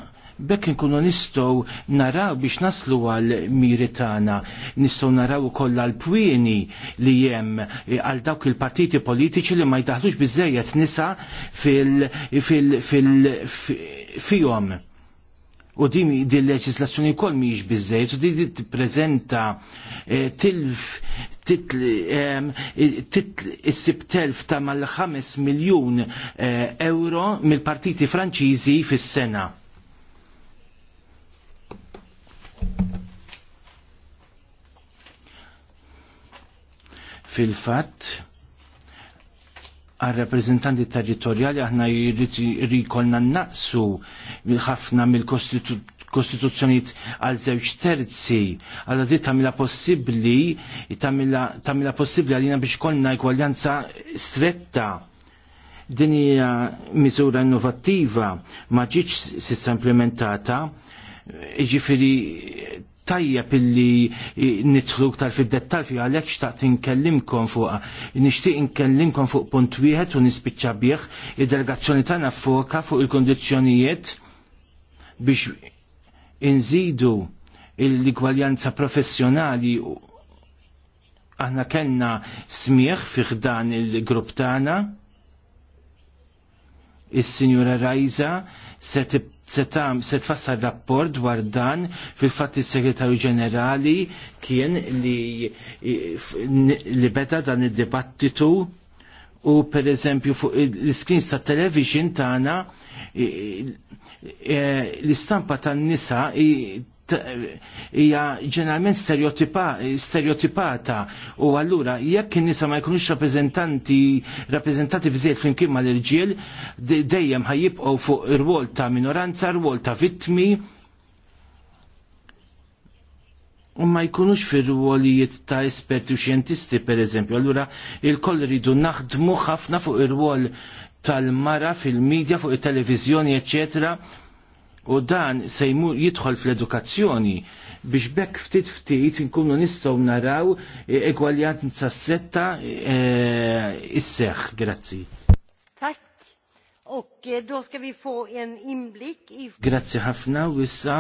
bekk inkunu nistgħu naraw biex naslu għal miri tagħna, nistgħu naraw ukoll għal pwieni li hemm eh, għal dawk il-partiti politiċi li ma jdaħlux biżejjed nisa fil fihom. U din di l-leġislazzjoni wkoll miġ biżejjed u di tippreżenta eh, tilf titsib sibtelf ta' mal-5 miljun eh, euro mill-partiti Franċiżi fis-sena Fil-fatt, għal reprezentanti territorjali aħna jrikolna naqsu ħafna mill-kostituzzjoniet għal żewġ terzi għal di tamila possibli tamila possibli għalina biex konna ekwaljanza stretta din hija miżura innovattiva ma ġietx sissa implementata ġifiri tajjeb illi nidħlu ktar fid-dettal fi għalhekk xtaqt inkellimkom fuq nixtieq inkellimkom fuq punt wieħed u nispiċċa bih id-delegazzjoni tagħna foka fuq il-kondizzjonijiet biex inżidu l-igwaljanza professjonali aħna kellna smieħ fih dan il-grupp tagħna is-Sinjura Rajza se tib se tfassar rapport dwar dan fil-fatt is-Segretarju Ġenerali kien li, li beda dan id-dibattitu u per eżempju fuq l-screens ta' television tagħna e, l-istampa tan-nisa hija ġeneralment stereotipata u allura jekk in-nisa ma jkunux rappreżentanti rappreżentati bżejjed flimkien mal-irġiel dejjem ħajjibqgħu fuq ir-rwol ta' minoranza, rwol ta' vittmi u ma jkunux fir-rwolijiet ta' esperti u xjentisti pereżempju. Allura il-koll ridu naħdmu ħafna fuq ir-rwol tal-mara fil-medja, fuq it-televiżjoni, eċċetera U dan se jmur jidħol fl-edukazzjoni biex bekk ftit ftit nkunu nistgħu naraw eh, egwaljanza stretta eh, isseħ. Grazzi. Tak. Ok, eh, do ska vi få en inblick i... Grazzi ħafna u issa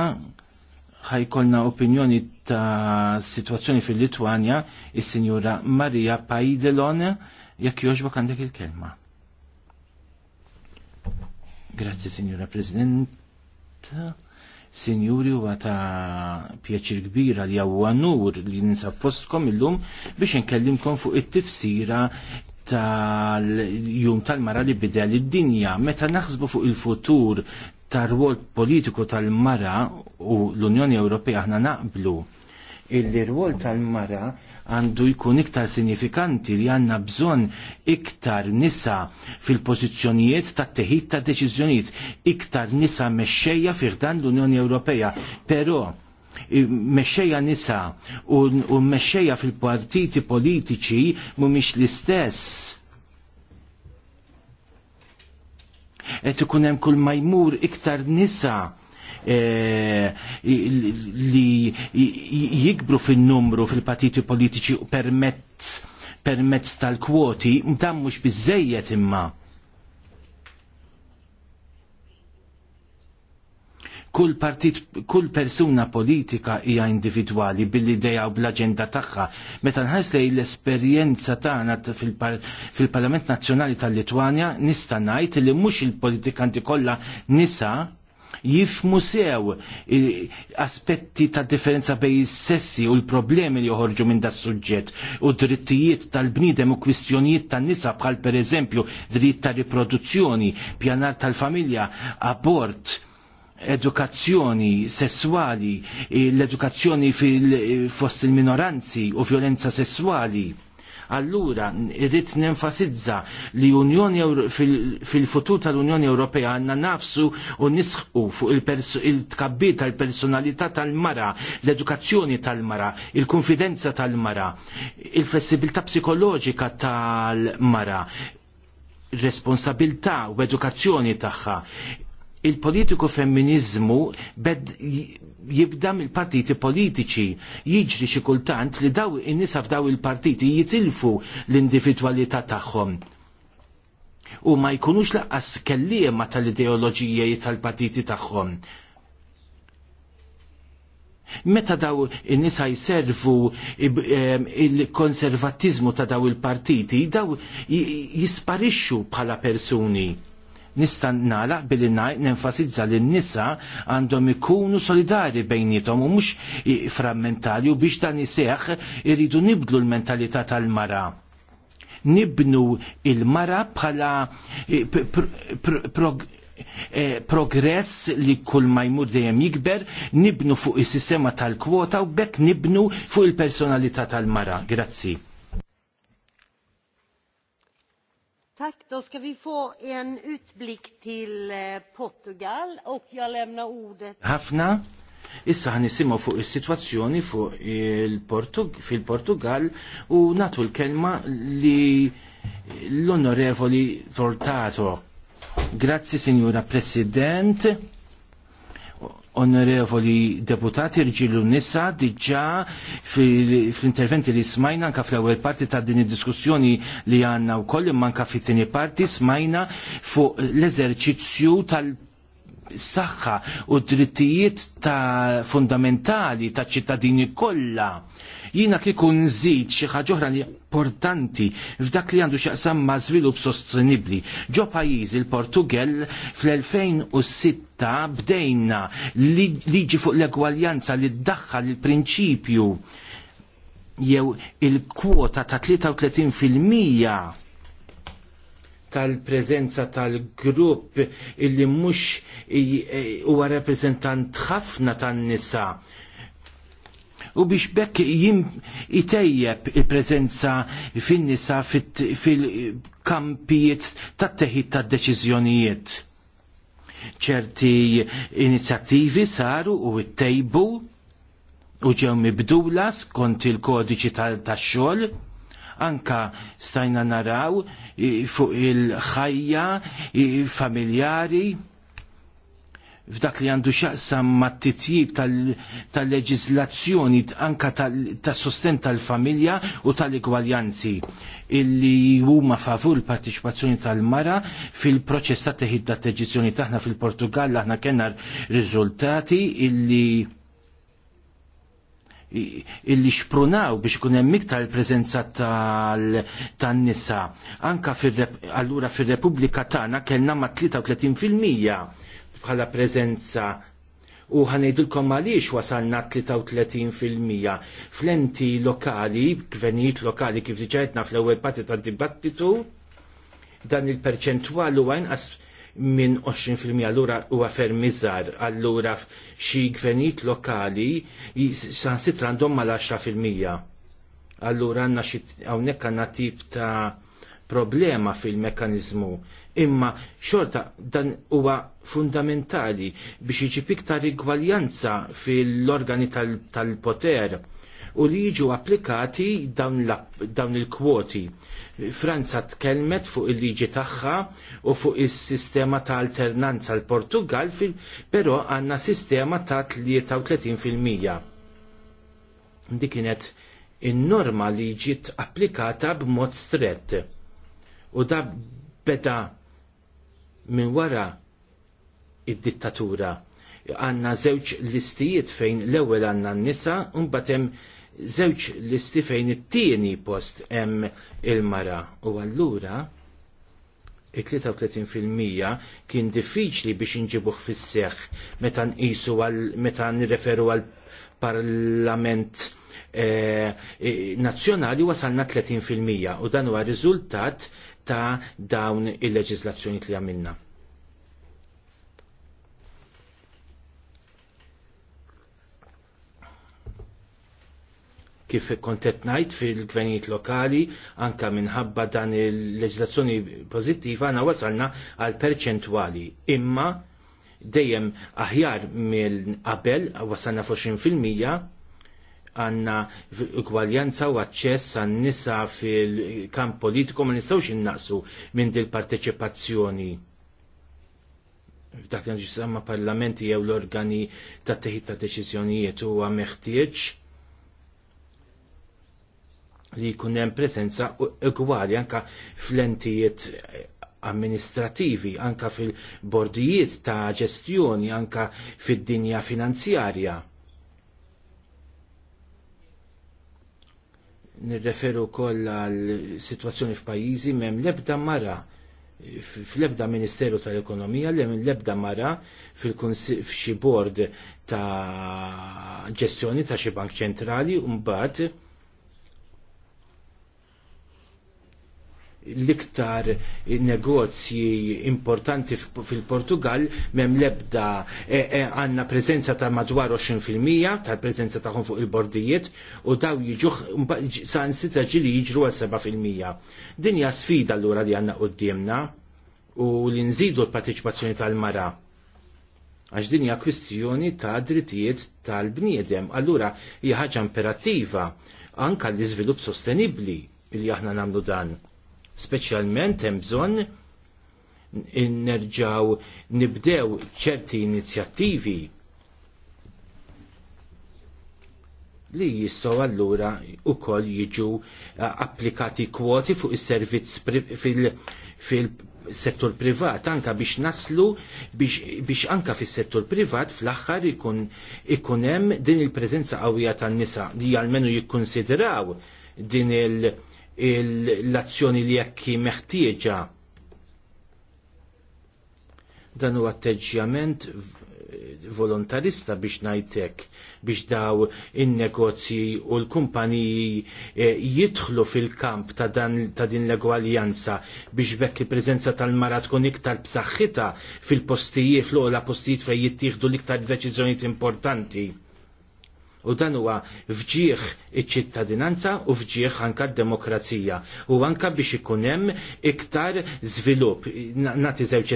ħajkolna opinjoni ta' situazzjoni fil-Litwanja, il sinjura Marija Pajdelon, jekk joġbok għandek il-kelma. Grazzi, Signora President Sinjuri huwa ta' pjaċir kbira li huwa nur li ninsab fostkom illum biex nkellimkom fuq it-tifsira tal-jum tal-mara li bidel id-dinja. Meta naħsbu fuq il-futur tar-rwol politiku tal-mara u l-Unjoni Ewropea aħna naqblu il-rwol tal-mara għandu jkun iktar sinifikanti li għanna bżon iktar nisa fil-pozizjonijiet ta' teħid ta' deċiżjonijiet, iktar nisa mexxejja fiħdan l-Unjoni Ewropea. Però meċċeja nisa u meċċeja fil-partiti politiċi mhumiex l-istess. Qed ikun hemm kull majmur jmur iktar nisa Eh, li jikbru fin-numru fil-partiti politiċi permezz permezz tal-kwoti, dan mhux biżejjed imma. kull partit, kull persuna politika hija individwali bil-ideja u bl-aġenda tagħha. Meta nħares l-esperjenza tagħna fil-Parlament Nazzjonali tal-Litwanja nista' ngħid li mhux il-politikanti kollha nisa jifmu sew aspetti ta' differenza bej is-sessi u l-problemi li joħorġu minn da' suġġett u drittijiet tal-bniedem u kwistjonijiet tan-nisa bħal pereżempju dritt ta' riproduzzjoni, pjanar tal-familja, abort, edukazzjoni sessuali, l-edukazzjoni fost il-minoranzi u violenza sessuali Allura, irrit nenfasizza li Unjoni fil-futur tal-Unjoni Ewropea għanna nafsu u nisħu fuq il-tkabbir tal-personalità tal-mara, l-edukazzjoni tal-mara, il-konfidenza tal-mara, il-flessibilità psikoloġika tal-mara, responsabilità u edukazzjoni tagħha, il-politiku femminizmu bed jibda mill-partiti politiċi. Jiġri xi kultant li daw in-nisa f'daw il-partiti jitilfu l-individwalità tagħhom. U ma jkunux laqqas kelliema tal-ideoloġija tal-partiti tagħhom. Meta daw in-nisa jservu il-konservatizmu ta' daw il-partiti, daw jisparixxu bħala persuni nista' nagħlaq billi nenfasizza li n-nisa għandhom ikunu solidari bejnietom u mhux frammentali u biex dan iseħħ iridu nibdlu l-mentalità tal-mara nibnu il-mara bħala eh, eh, progress li kull ma jmur dejjem jikber, nibnu fuq is-sistema tal-kwota u bekk nibnu fuq il-personalità tal-mara. Grazzi. Tack, då ska vi få en utblick till eh, Portugal och jag lämnar ordet. Hafna, issa ħan nisimaw fuq is-sitwazzjoni fuq il portugal u natu l-kelma li l-onorevoli Tortato. Grazie, Signora Presidente onorevoli deputati rġilu nisa diġa fl-interventi li smajna anka fl-ewwel parti ta' din id-diskussjoni li għandna wkoll imma anka fit-tieni parti smajna fuq l-eżerċizzju tal- saħħa u drittijiet ta' fundamentali ta' ċittadini kollha Jiena kieku nżid xi ħaġa importanti f'dak li għandu x'aqsam ma' żvilupp sostenibbli. Ġo pajjiż il portugell fl-2006 bdejna liġi fuq l-egwaljanza li ddaħħal il-prinċipju jew il-kwota ta' 33% tal-prezenza tal-grupp illi mhux huwa rappreżentant ħafna tan-nisa u biex bekk jim itejjeb il-prezenza fin-nisa fil-kampijiet tat teħid tad deċiżjonijiet. ċerti inizjattivi saru u ttejbu u ġew mibdula skont il-kodiċi tax-xogħol anka stajna naraw fuq il-ħajja familjari f'dak li għandu xaqsam ma t-titjib tal-leġizlazzjoni tal anka tal-sosten tal tal-familja u tal-igwaljanzi illi huma favur l-partiċipazzjoni tal-mara fil-proċess ta' teħid ta' teġizjoni taħna fil-Portugal aħna kennar riżultati illi illi xprunaw biex kunem hemm iktar preżenza tan-nisa. Anka fil allura fir-Repubblika tagħna kellna ma' 33 fil-mija bħala preżenza u ħanejdilkom għaliex wasalna 33% fl-enti lokali, gvernijiet lokali kif diġajtna fl-ewwel parti tad-dibattitu, dan il-perċentwal huwa inqas minn 20% allura huwa ferm miżar, allura xi gvernijiet lokali sansitra għandhom mal-10%. Allura għandna xi hawnhekk għandna tip ta' problema fil-mekanizmu, imma xorta dan huwa fundamentali biex jiġib iktar igwaljanza fil-organi tal-poter -tal u li jiġu applikati dawn il-kwoti. Franza tkellmet fuq il-liġi tagħha u fuq is-sistema ta' alternanza l-Portugal fil però għandna sistema ta' 33%. Dik kienet in-norma li ġiet applikata b'mod strett U da beda minn wara id-dittatura. Għanna żewġ listijiet fejn l-ewwel għandna n-nisa un mbagħad hemm żewġ listi fejn it-tieni post hemm il-mara. U allura il-33% kien diffiċli biex inġibuħ fis-seħħ meta nqisu għal meta nirreferu għal parlament eh, nazzjonali wasalna 30% u dan huwa riżultat ta' dawn il-leġizlazzjoni li għamilna. kif kontet najt fil-gvernijiet lokali, anka minħabba dan il leġislazzjoni pozittiva, għana wasalna għal perċentwali. Imma dejjem aħjar mill-qabel, wasalna fuq 20%, għanna ugwaljanza u għacċess għan nisa fil-kamp politiku ma nistawx innaqsu minn dil parteċipazzjoni Dak li jisamma parlamenti jew l-organi ta' teħid ta' deċiżjonijiet huwa meħtieġ li jkun hemm preżenza ugwali anka fl-entijiet amministrativi, anka fil-bordijiet ta' ġestjoni, anka fid-dinja finanzjarja nirreferu koll għal situazzjoni f'pajjiżi mem lebda mara fl-ebda Ministeru tal-Ekonomija li minn lebda mara f'xi bord ta' ġestjoni ta' xi bank ċentrali u mbagħad l-iktar negozji importanti fil-Portugal mem lebda eh, eh, għanna e, e, prezenza ta' madwar 20% tal-prezenza tagħhom fuq il-bordijiet u daw jiġu san sita ġili jiġru għal 7%. Dinja sfida l-ura li għanna qoddimna u li nżidu l-parteċipazzjoni tal-mara għax din hija kwistjoni ta' drittijiet tal-bniedem. Allura hija ħaġa imperattiva anka l-iżvilupp sostenibbli li aħna nagħmlu dan speċjalment hemm bżonn nerġaw nibdew ċerti inizjattivi li jistgħu allura wkoll jiġu eh, applikati kwoti fuq is-servizz fil-settur privat anka biex naslu biex, biex anka fis-settur privat fl-aħħar ikun ikun hemm din il-preżenza qawwija tan-nisa li almenu jikkonsidraw din il- l-azzjoni li jekk meħtieġa dan huwa atteġġjament volontarista biex najtek biex daw in-negozji u l-kumpaniji eh, jidħlu fil-kamp ta', dan, ta din l-egwaljanza biex bekk il-prezenza tal-mara tkun iktar b'saħħitha fil-postijiet fl-ola postijiet fejn jittieħdu l-iktar deċiżjonijiet importanti u dan huwa fġieħ iċ-ċittadinanza u fġieħ anka d-demokrazija u anka biex ikun hemm iktar żvilupp. Nagħti żewġ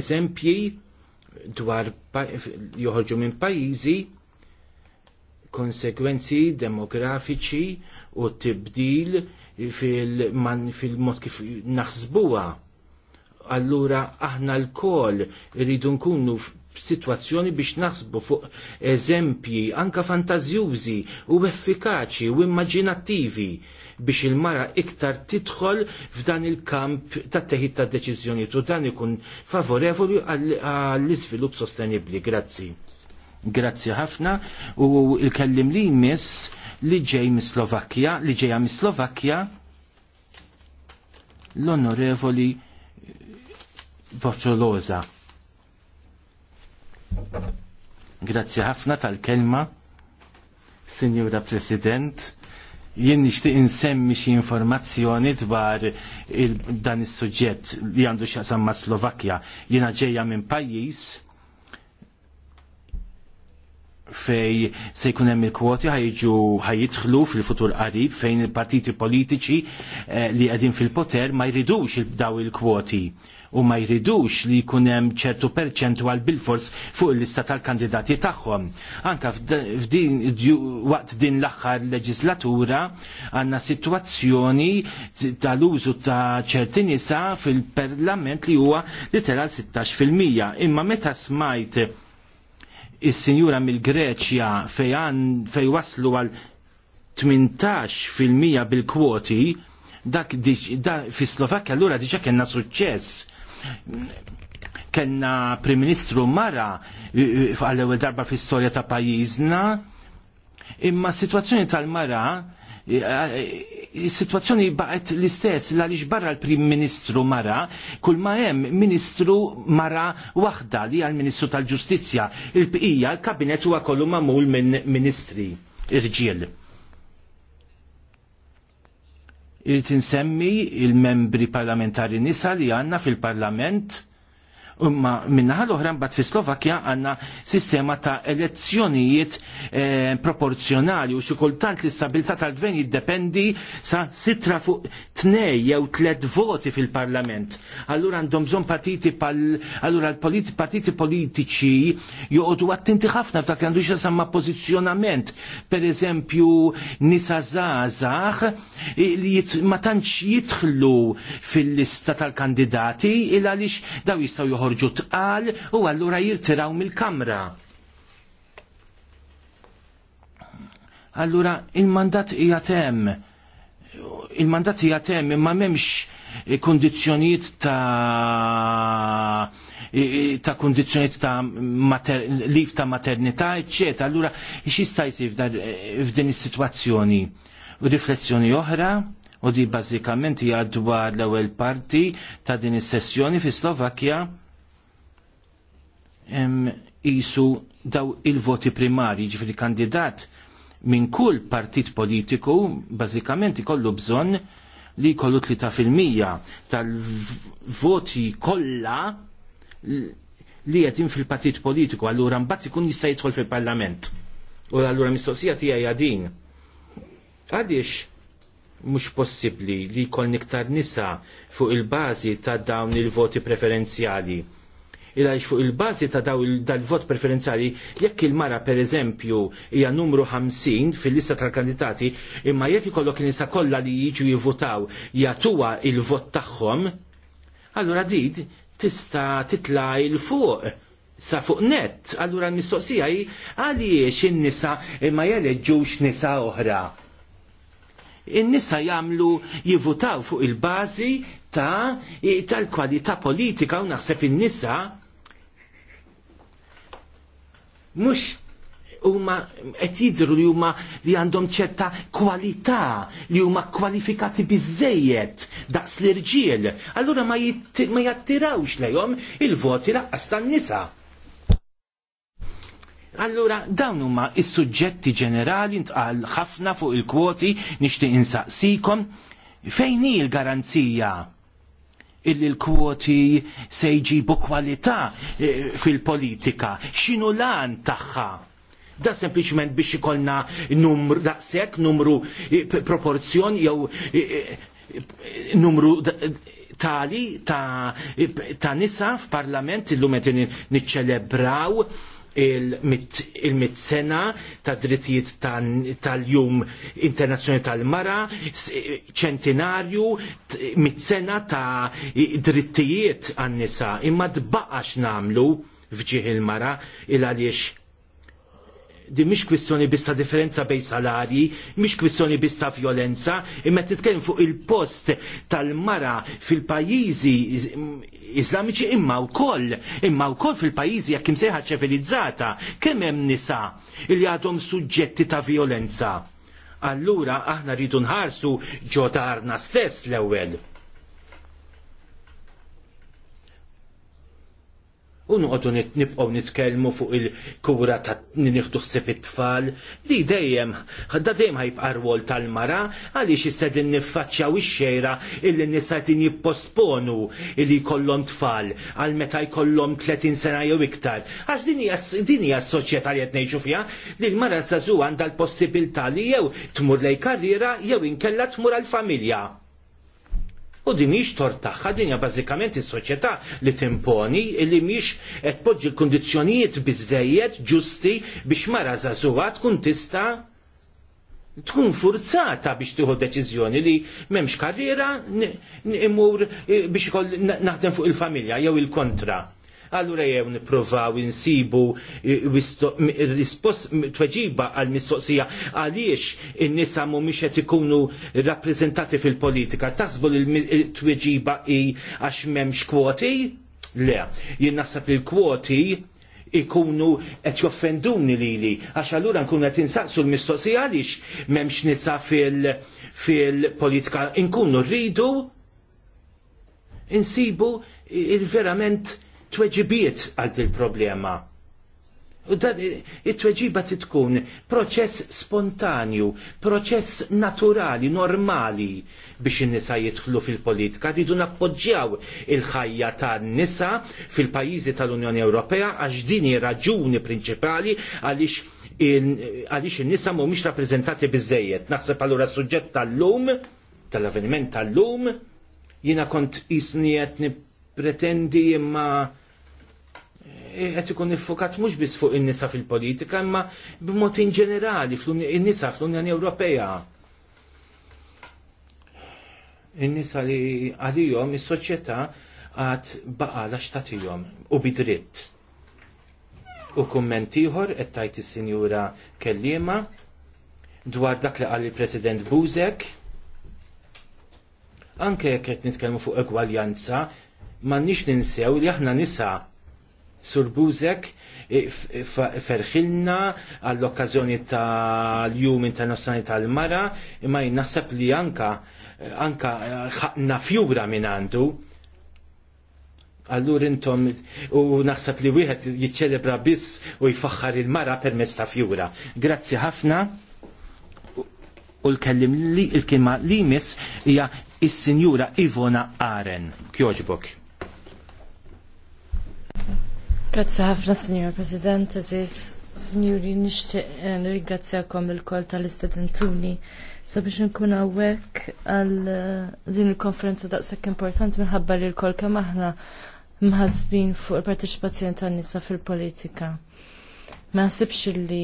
eżempji dwar joħorġu minn pajjiżi konsekwenzi demografiċi u tibdil fil-mod kif naħsbuha allura aħna l-kol rridu nkunu situazzjoni biex naħsbu fuq eżempji anka fantażjużi u effikaċi u immaġinattivi biex il-mara iktar tidħol f'dan il-kamp ta' teħid ta' deċizjoni u dan ikun favorevoli għall-iżvilupp sostenibbli. Grazzi. Grazzi ħafna u il-kellim li jmiss li ġej mis-Slovakkja, li ġejja mis-Slovakkja l-onorevoli Bortoloza. Grazzi ħafna tal-kelma, Signora President. Jien nixtieq insemmi xi informazzjoni dwar dan is-suġġett li għandu x'aqsam ma' Slovakkja. Jiena ġejja minn pajjiż fej se jkun hemm il-kwoti ħajġu ħajidħlu fil-futur qarib fejn il-partiti politiċi eh, li qegħdin fil-poter ma jridux daw il-kwoti. il kwoti u ma jridux li jkun hemm ċertu perċentwal bil-fors fuq il-lista tal-kandidati tagħhom. Anka f'din waqt din l-aħħar leġislatura għandna sitwazzjoni tal-użu ta' ċerti nisa fil-parlament li huwa literal 16%. Imma meta smajt is-sinjura mill-Greċja fej waslu għal 18% bil-kwoti dak da fi Slovakkja allura diġa kellna suċċess kena Prim Ministru mara eh, eh, għall-ewwel darba fl-istorja ta' pajjiżna, imma s-sitwazzjoni tal-mara eh, situazzjoni baqet l-istess l għaliex barra l-Prim Ministru mara, kull ma hemm Ministru mara waħda li għal Ministru tal-Ġustizzja, il-bqija l-Kabinet huwa kollu mamul minn Ministri irġiel irrid insemmi il-membri parlamentari nisa li għandna fil-parlament Imma minnaħa l-oħra mbagħad fi Slovakkja għandna sistema ta' elezzjonijiet eh, proporzjonali u xi kultant l-istabilità tal-gvern jiddependi sa sitra fuq tnej jew tliet voti fil-Parlament. Allura għandhom bżonn partiti pal allura l-partiti politiċi joqogħdu attenti ħafna f'dak li għandu xasamma pożizzjonament. Pereżempju nisa żgħażagħ li ma tantx jidħlu fil-lista tal-kandidati il għaliex daw jistgħu joħorġu joħorġu tqal u allura jirtiraw mill-kamra. Allura il-mandat hija temm. Il-mandat hija temm imma m'hemmx kondizzjonijiet ta' ta' kondizzjoniet ta' mater, lif ta' maternità, eccetera. Allura, xista' jsir f'din is-sitwazzjoni? U riflessjoni oħra, u di bażikament hija dwar l-ewwel parti ta' din is-sessjoni fi Slovakkja jisu daw il-voti primari, ġifri kandidat minn kull partit politiku, bażikament ikollu bżonn li jkollu 3% tal-voti kollha li qed fil-partit politiku, allura mbagħad ikun jista' jidħol fil-Parlament. U allura mistoqsija tiegħi din. Għaliex mhux possibbli li jkollni iktar nisa fuq il-bażi ta' dawn il-voti preferenzjali il-għalix fuq il-bazi ta' daw il vot preferenzjali, jekk il-mara per eżempju hija numru 50 fil-lista tal-kandidati, imma jekk ikollok nisa kollha li jiġu jivvotaw jatuwa il-vot tagħhom, allura did tista' titla' il-fuq sa fuq net, allura l-mistoqsija hi għaliex in-nisa imma jeleġġux nisa oħra. In-nisa jagħmlu jivutaw fuq il-bażi ta' tal-kwalità politika u naħseb in-nisa mhux huma qed jidhru li huma li għandhom ċerta kwalità li huma kwalifikati biżejjed daqs l-irġiel. Allura ma, ma jattirawx lejhom il-voti laqqas tan-nisa. Allura dawn huma is-suġġetti ġenerali ntqal ħafna fuq il-kwoti nixtieq insaqsikom fejn hi l-garanzija illi l-kwoti se jġibu kwalità eh, fil-politika. Xinu lan tagħha? Da sempliċement biex ikollna numru daqshekk, numru eh, proporzjon jew eh, numru tali ta', nisa f'parlament illum qed niċċelebraw il-mit sena ta' drittijiet tal-jum internazzjonali tal-mara, ċentinarju, mitsena sena ta' drittijiet għan-nisa, imma dbaqax namlu fġiħ il-mara il għaliex di mhix kwistjoni biss ta' differenza bejn salari, mhix kwistjoni biss ta' violenza, imma titkellem fuq il-post tal-mara fil-pajjiżi Islamiċi imma wkoll, imma wkoll fil-pajjiżi jekk imsejħa ċivilizzata, kemm hemm nisa li għadhom suġġetti ta' violenza. Allura aħna rridu nħarsu ġodarna stess l-ewwel u noqogħdu nibqgħu nitkellmu fuq il-kura ta' nieħdu ħsieb it-tfal li dejjem ħadda dejjem ħajbqa' rwol tal-mara għaliex issedin niffaċċjaw ix-xejra illi nisajtin qegħdin jipposponu illi jkollhom tfal għal meta jkollhom 30 sena jew iktar. Għax din hija s-soċjetà li qed ngħixu li l-mara sażu għandha l-possibilità li jew tmur lej karriera jew inkella tmur għall-familja U din miex tort tagħha dinja bażikament is-soċjetà li timponi li miex qed tpoġġi l-kundizzjonijiet biżejjed ġusti biex mara żagħżugħa tkun tista' tkun forzata biex tieħu deċiżjoni li m'hemmx karriera imur eh, biex naħdem fuq il-familja jew il-kontra allura jew nippruvaw insibu eh, tweġiba għall mistoqsija għaliex in-nisa mhumiex qed ikunu rappreżentati fil-politika. Taħsbu li tweġiba hi għax m'hemmx kwoti? Le, jien naħseb li l-kwoti ikunu qed joffenduni lili għax allura nkunu qed insaqsu l-mistoqsija għaliex m'hemmx nisa fil-politika nkunu rridu insibu il-verament tweġibiet għal il problema U dan it-tweġiba tkun proċess spontanju, proċess naturali, normali biex in-nisa jidħlu fil-politika. Rridu nappoġġjaw il-ħajja tan-nisa fil-pajjiżi tal-Unjoni Ewropea għax din hi raġuni prinċipali għaliex għaliex in-nisa mhumiex rappreżentati biżejjed. Naħseb allura suġġett tal-lum, tal-avveniment tal-lum, jiena kont isni qed pretendi imma qed ikun iffokat mhux biss fuq in-nisa fil-politika, imma b'mod in ġenerali il nisa fl-Unjoni Ewropea. In-nisa li għalihom is-soċjetà għad baqala xtatijom u bidritt. U kummentiħor qed il is-sinjura kellima dwar dak li qal president Buzek. Anke jekk qed nitkellmu fuq egwaljanza, ma nix ninsew li aħna nisa Sur Buzek ferħilna għall-okkazjoni tal-Jum Internazzjonali tal-Mara imma jnaħseb li anka anka eh, ħaqna fjura minn għandu Allur intom u naħseb li wieħed jiċċelebra biss u jfaħħar il-mara permezz ta' fjura. Grazzi ħafna u l-kellim li l-kelma li mis hija is-sinjura Ivona Aren. Kjoġbok. Grazzi ħafna, Signor President, Aziz. Signori, nishtiq eh, nirringrazzjakom il-kol tal-istudentuni sabiex nkun hawnhekk għal eh, din il-konferenza daqshekk importanti minħabba li l-kol kemm aħna mħasbin fuq il-partiċipazzjoni tan-nisa fil-politika. Ma ħsibx li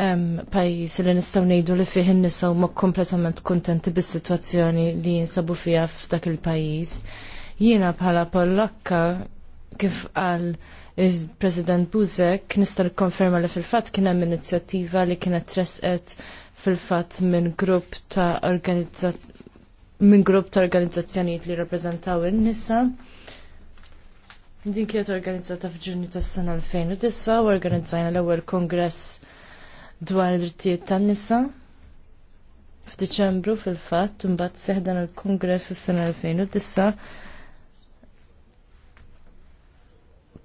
hemm pajjiż li nistgħu ngħidu li fih nisa u huma kompletament kuntenti bis-sitwazzjoni li jinsabu fiha f'dak il-pajjiż. Jiena bħala Pollakka kif qal il-President Buzek nista' nikkonferma li fil-fatt kien hemm inizjattiva li kienet tresqet fil-fatt minn grupp ta' minn grupp ta' organizzazzjonijiet li rappreżentaw in-nisa. Din kienet organizzata f'Ġunju tas-sena 2009 u organizzajna l-ewwel kongress dwar id-drittijiet tan-nisa. F'Diċembru fil-fatt mbagħad seħdan il-kongress fis-sena 2009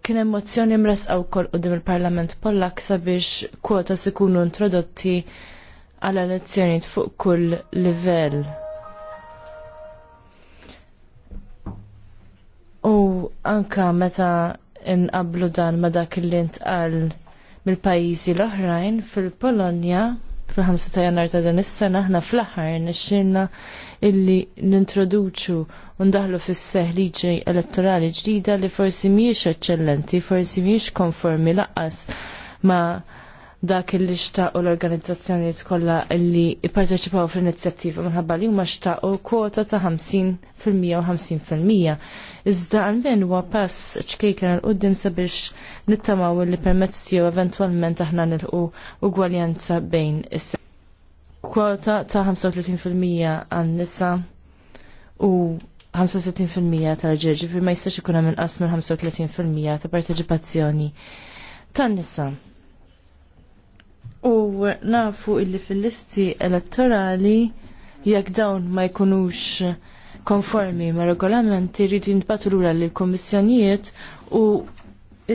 Kien hemm mozzjoni mresqa wkoll qudiem il-Parlament Pollak sabiex kwota ikunu introdotti għal elezzjonijiet fuq kull livell. U anka meta inqablu dan ma dak li ntqal mill-pajjiżi l-oħrajn fil-Polonja fil-5 ta' jannar ta' dan is-sena aħna fl-aħħar nixxirna illi nintroduċu u ndaħlu fis-seħ liġi elettorali ġdida li forsi mhijiex eċċellenti, forsi mhijiex konformi laqqas ma' dak li xtaqu l-organizzazzjoni kollha li parteċipaw fl-inizjattiva minħabba li huma xtaqu kwota ta' 50% u 50%. Iżda għalmen huwa pass ċkejken għal qoddim sabiex nittamaw li permezz tiegħu eventwalment aħna nilqu ugwaljanza bejn is kwota ta' 35% għan-nisa u 65% tal-ġeġi, ma jistax ikun hemm inqas minn 35% ta' parteċipazzjoni tan-nisa. U nafu illi fil-listi elettorali jekk dawn ma jkunux konformi ma' regolamenti rridu jintbatu lura lill kommissjonijiet u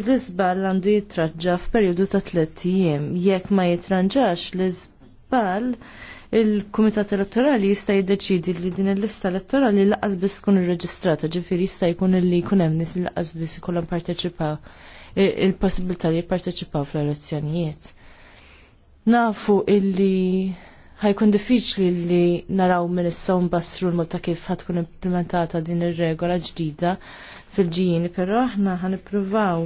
l-iżbal għandu jitraġġa f'perjodu ta' tliet ijiem. Jekk ma jitranġax l izbal il-Kumitat Elettorali jista' jiddeċidi li din il-lista elettorali laqas biss tkun irreġistrata, ġifieri jista' jkun illi jkun hemm nies laqas biss ikollhom parteċipaw eh, il-possibilità li jipparteċipaw fl-elezzjonijiet. Nafu illi ħajkun diffiċli li naraw minn issa nbassru l-mod ta' kif ħatkun implementata din ir-regola ġdida fil-ġini, però aħna ħanippruvaw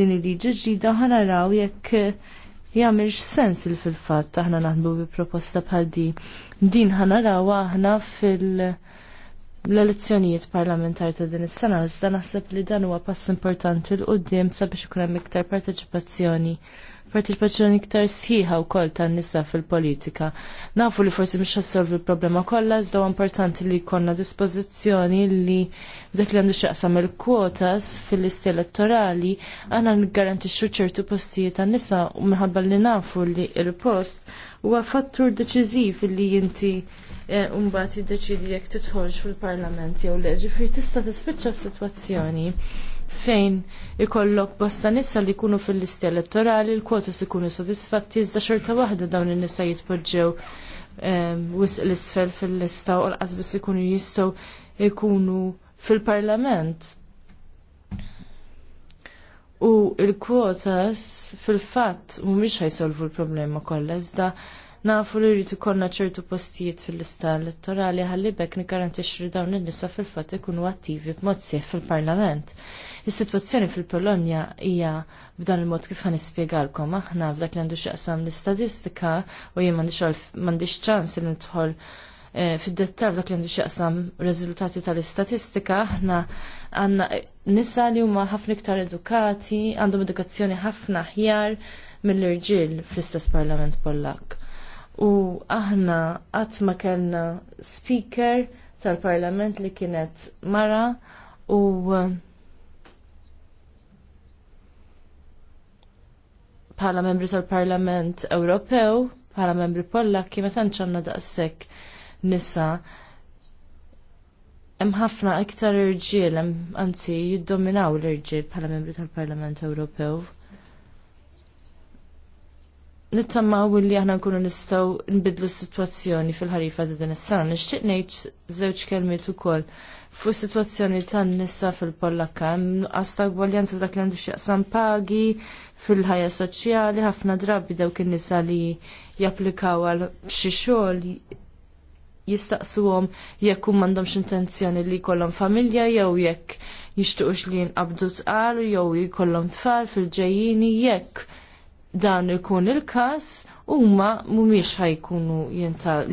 din il-liġi ġdida u ħanaraw jekk jagħmilx sens il fil-fatt aħna naħdmu bi proposta bħal di. Din ħanaraw aħna fil- l-elezzjonijiet parlamentari ta' din is-sena iżda naħseb li dan huwa pass importanti l qudiem sabiex ikun hemm iktar parteċipazzjoni partiċipazzjoni iktar sħiħa u koll ta' nisa fil-politika. Nafu li forsi mhux ħassolvi l-problema kollha, iżda importanti li jkollna dispożizzjoni li dak li għandu x'aqsam il-kwotas fil-listi elettorali n niggarantixxu ċertu postijiet tan nisa u minħabba li nafu li il-post huwa fattur deċiżiv li inti eh, mbagħad jiddeċidi jekk titħolx fil-Parlament jew leġi fir tista' tispiċċa s-sitwazzjoni fejn ikollok bosta nisa li jkunu fil-listi elettorali, l-kwotas ikunu sodisfatti, iżda xorta waħda dawn in-nisa jitpoġġew ehm, wisq l-isfel fil-lista u l qas biss ikunu jistgħu jkunu fil-parlament. U l kwotas fil fatt mhumiex ħajsolvu l-problema kollha iżda nafu li rridu konna ċertu postijiet fil-lista elettorali ħalli bekk nigarantixxu li dawn in-nisa fil-fatt ikunu attivi b'mod sieħ fil-Parlament. Is-sitwazzjoni fil-Polonja hija b'dan il-mod kif ħan ispiegalkom aħna f'dak li għandu x'aqsam l-istatistika u jien m'għandix ċans li nidħol eh, fid-dettar dak li għandu xaqsam rezultati tal-istatistika, aħna għanna nisa li huma ħafna iktar edukati, għandhom edukazzjoni ħafna ħjar mill-irġil fl-istess parlament Pollak u aħna qatt ma kellna speaker tal-parlament li kienet mara u eh, bħala membri tal-Parlament Ewropew, bħala membri Pollakki, ma tantx għandna daqshekk nisa hemm ħafna iktar irġiel, anzi jiddominaw l-irġiel bħala membri tal-Parlament Ewropew nittamaw li aħna nkunu nistaw nbidlu s-situazzjoni fil-ħarifa ta' din is-sena. Nixtieq ngħid żewġ kelmiet ukoll fuq is-sitwazzjoni tan-nisa fil-Pollakka. Nuqqas ta' gwaljanza dak li għandu x'jaqsam pagi fil-ħajja soċjali, ħafna drabi dawk in-nisa li japplikaw għal xi xogħol jistaqsuhom jekk hum m'għandhomx intenzjoni li jkollhom familja jew jekk jixtuqux li jinqabdu tqal jew jkollhom tfal fil-ġejjini jekk dan ikun il-kas huma mhumiex ħajkunu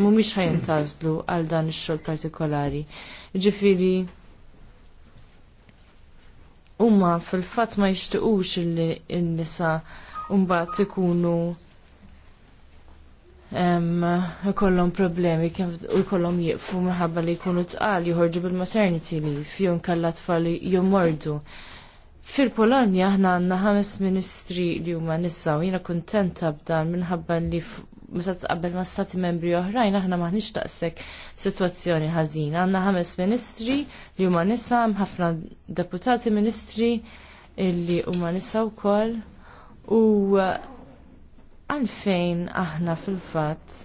mhumiex ħajintażlu għal dan ix-xogħol partikolari. Ġifieri huma fil-fatt ma jixtiqux in n-nisa mbagħad ikunu ikollhom problemi kif u jkollhom jieqfu minħabba li jkunu tqal joħorġu bil-maternity leave jew nkella tfal jew mordu. Fil-Polonja aħna għandna ħames ministri li huma nisa u jiena kuntenta b'dan minħabba li meta tqabbel ma' stati membri oħrajn aħna maħniex taqsek sitwazzjoni ħażina. Għandna ħames ministri li huma nisa, ħafna deputati ministri li huma nisa wkoll u uh, għalfejn aħna fil-fatt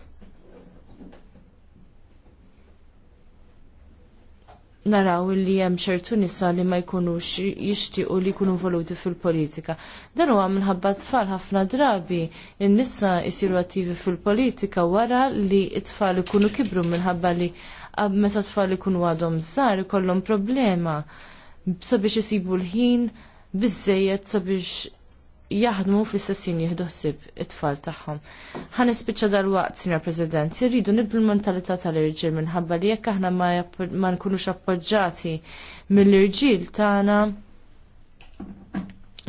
naraw li hemm ċertu nisa li ma jkunux jixtiequ li jkunu voluti fil-politika. Dan huwa minħabba tfal ħafna drabi in-nisa jsiru attivi fil-politika wara li t-tfal ikunu kibru minħabba li għab meta tfal ikunu għadhom sar ikollhom problema sabiex isibu l-ħin biżejjed sabiex jaħdmu fl-istessin jieħdu ħsieb it-tfal tagħhom. Ħa nispiċċa dal-waqt, Sinjor President, irridu nibdu l-mentalità tal-irġiel minħabba li jekk aħna ma nkunux appoġġati mill-irġiel tagħna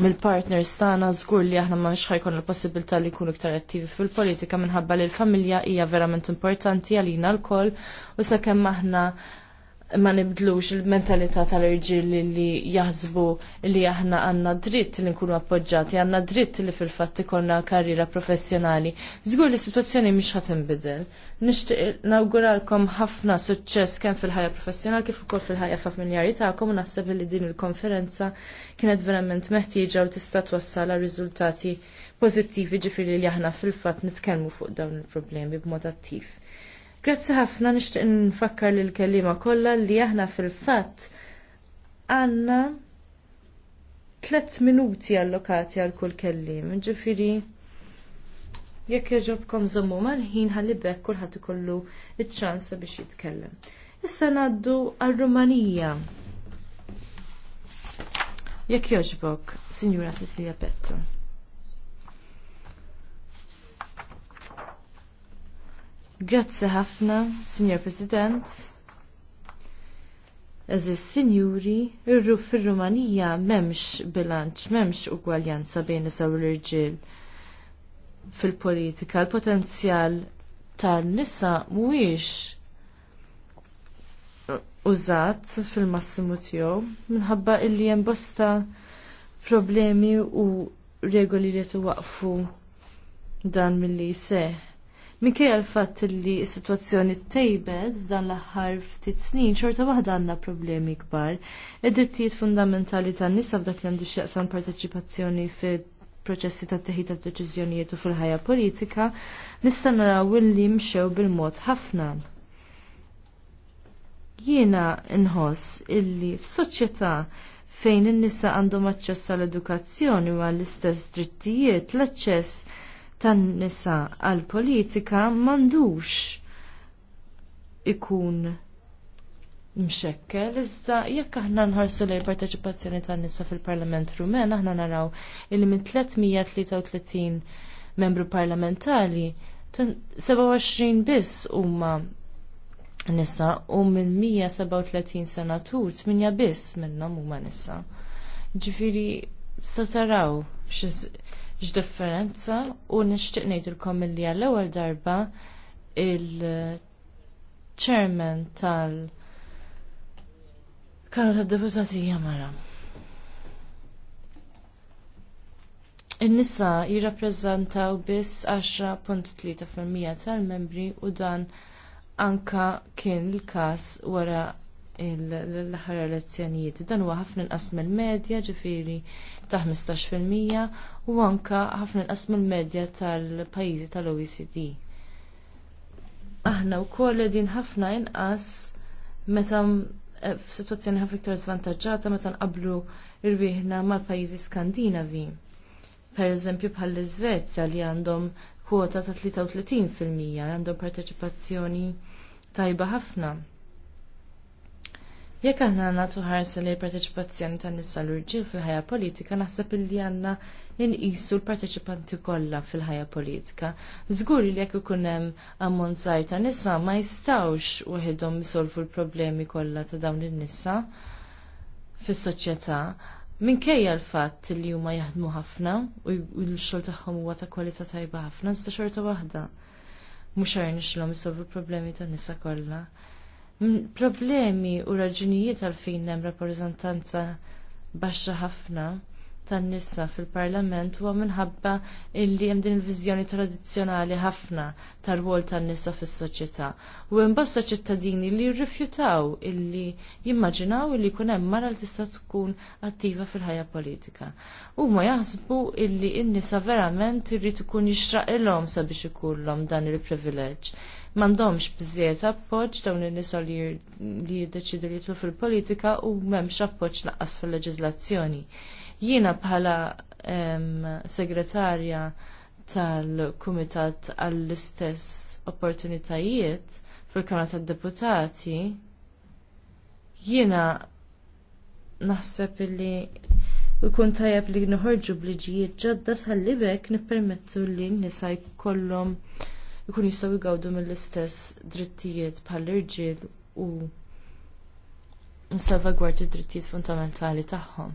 mill-partners tagħna żgur li aħna ma ħajkun il-possibilità li jkunu iktar attivi fil-politika minħabba li l-familja hija verament importanti għalina l u sakemm aħna ma nibdlux il-mentalità tal-irġiel li jaħsbu li aħna għandna dritt li nkunu appoġġati, għandna dritt li fil-fatt ikollna karriera professjonali. Żgur li situazzjoni mhix ħadd inbidel. Nixtieq nawguralkom ħafna suċċess kemm fil-ħajja professjonali kif ukoll fil-ħajja familjari tagħkom u naħseb li din il-konferenza kienet verament meħtieġa u tista' twassal riżultati pożittivi ġifieri li aħna fil-fatt nitkellmu fuq dawn il-problemi b'mod attiv. Grazzi ħafna nixtieq nfakkar lil kelliema kollha li aħna fil-fatt għandna tliet minuti allokati għal kull kelliem. Ġifieri jekk jogħġobkom żommu mal-ħin ħalli bekk kulħadd ikollu ċ-ċans biex jitkellem. Issa ngħaddu għar-Rumanija. Jekk jogħġbok, Sinjura Cecilia Petta. Grazzi ħafna, Signor President. Eżis sinjuri, irru fil-Rumanija memx bilanċ, memx ugwaljanza bejn nisa l-irġil fil-politika. L-potenzjal tal-nisa mhuwiex użat fil-massimu tiegħu minħabba illi hemm bosta problemi u regoli li waqfu dan milli seħ Minkej għal fatt li s-sitwazzjoni tejbed f'dan l-aħħar ftit snin xorta waħda għandna problemi kbar. Id-drittijiet fundamentali tan-nisa f'dak li għandu xieqsan parteċipazzjoni fil-proċessi ta' teħid tal deċiżjonijiet u fil-ħajja politika nista' naraw li mxew bil-mod ħafna. Jiena nħoss illi f'soċjetà fejn in-nisa għandhom aċċess għall-edukazzjoni u għall-istess drittijiet, l-aċċess tan-nisa għall politika m'għandux ikun mxekkel, iżda jekk aħna nħarsu lejn parteċipazzjoni tan-nisa fil-Parlament Rumen, aħna naraw illi minn 333 membru parlamentari 27 biss huma nisa u minn 137 senatur 8 biss minnhom huma nisa. Ġifieri sa taraw x'differenza u nixtieq ngħidilkom milli għall-ewwel darba il-chairman tal- kamra tad deputati mara. In-nisa jirrappreżentaw biss 10.3% tal-membri u dan anka kien il każ wara l-aħħar elezzjonijiet. Dan huwa ħafna inqas mill-medja ġifieri ta' 15% u anke ħafna inqas mill-medja tal-pajjiżi tal-OECD. Aħna wkoll din ħafna inqas meta eh, f'sitwazzjoni ħafna iktar żvantaġġata meta nqabblu rwieħna mal-pajjiżi Skandinavi. Pereżempju bħall iżvezja li għandhom kwota ta' 33% għandhom parteċipazzjoni tajba ħafna. Jekk aħna nagħtu ħarsa li l-parteċipazzjoni tan nisa l irġiel fil-ħajja politika naħseb illi għandna inqisu l-parteċipanti kollha fil-ħajja politika. Żgur li jekk ikun hemm ammont żgħar ta' nisa ma jistgħux waħedhom isolvu l-problemi kollha ta' dawn in-nisa fis-soċjetà. Minkejja l-fatt li huma jaħdmu ħafna u l-xogħol tagħhom huwa ta' kwalità tajba ħafna nista' xorta waħda. Mhux isolvu l problemi tan nisa kollha problemi u raġunijiet għalfejn hemm rappreżentanza baxxa ħafna tan-nisa fil-Parlament huwa minħabba li hemm din il-viżjoni tradizzjonali ħafna tar-rwol tan-nisa fis-soċjetà. U hemm bosta ċittadini li jirrifjutaw illi jimmaġinaw li jkun hemm mara li tista' tkun attiva fil-ħajja politika. Huma jaħsbu illi n-nisa verament irrid ikun jixraqilhom sabiex ikollhom dan il-privileġġ m'għandhomx bżiet appoġġ dawn in-nisa li jiddeċidu li jitlu fil-politika u m'hemmx appoġġ naqqas fil-leġiżlazzjoni. Jiena bħala segretarja tal-Kumitat għall-istess opportunitajiet fil-Kamra tad-Deputati, jiena naħseb li kun tajjeb li nħorġu bliġijiet ġodda sħallibek nippermettu li n-nisa jkollhom jkun jistgħu jgawdu mill-istess drittijiet bħall-irġiel u nsalvagwardju d-drittijiet fundamentali tagħhom.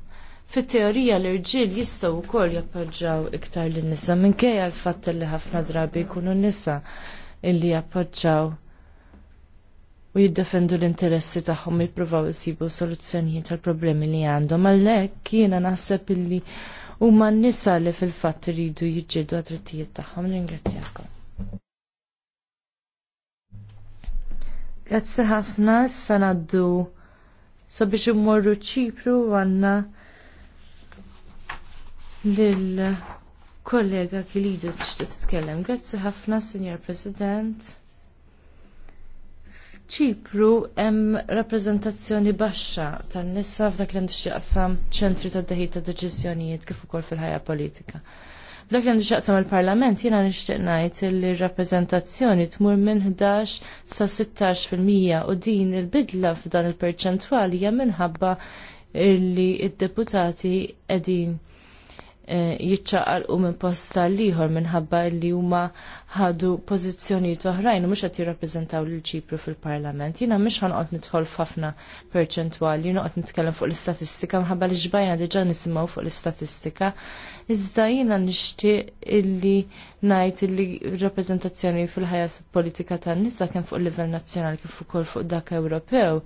Fit-teorija l-irġiel jistgħu wkoll jappoġġjaw iktar lin-nisa minkejja l-fatt li ħafna drabi jkunu n-nisa illi jappoġġjaw u jiddefendu l-interessi tagħhom jippruvaw isibu soluzzjonijiet tal-problemi li għandhom. Għalhekk jiena naħseb illi huma n-nisa li fil-fatt iridu jiġġieldu għad-drittijiet tagħhom. Ringrazzjakom. Grazzi ħafna sanaddu so biex immorru ċipru għanna lill kollega Kilidu t tkellem. Grazzi ħafna, Signor President. Ċipru hemm rappreżentazzjoni baxxa tan-nisa f'dak li għandu xi ċentri tad-deħid ta' deċiżjonijiet kif ukoll fil-ħajja politika. Dak li xaqsam il-Parlament jiena nixtieq ngħid li r-rappreżentazzjoni tmur minn 11 sa 16 fil-mija u din il-bidla f'dan il-perċentwal hija minħabba li id-deputati qegħdin eh, jiċċaqalqu minn posta liħor minħabba li huma ħadu pożizzjonijiet oħrajn u mhux qed jirrappreżentaw lil ċipru fil-Parlament. Jiena għot nitħol nidħol f'ħafna perċentwali, għot nitkellem fuq l-istatistika minħabba li ġbajna diġà nisimgħu fuq l-istatistika iżda jiena nixtieq illi ngħid illi rappreżentazzjoni fil-ħajja politika tan-nisa kemm fuq il-livell nazzjonali kif ukoll fuq dak Ewropew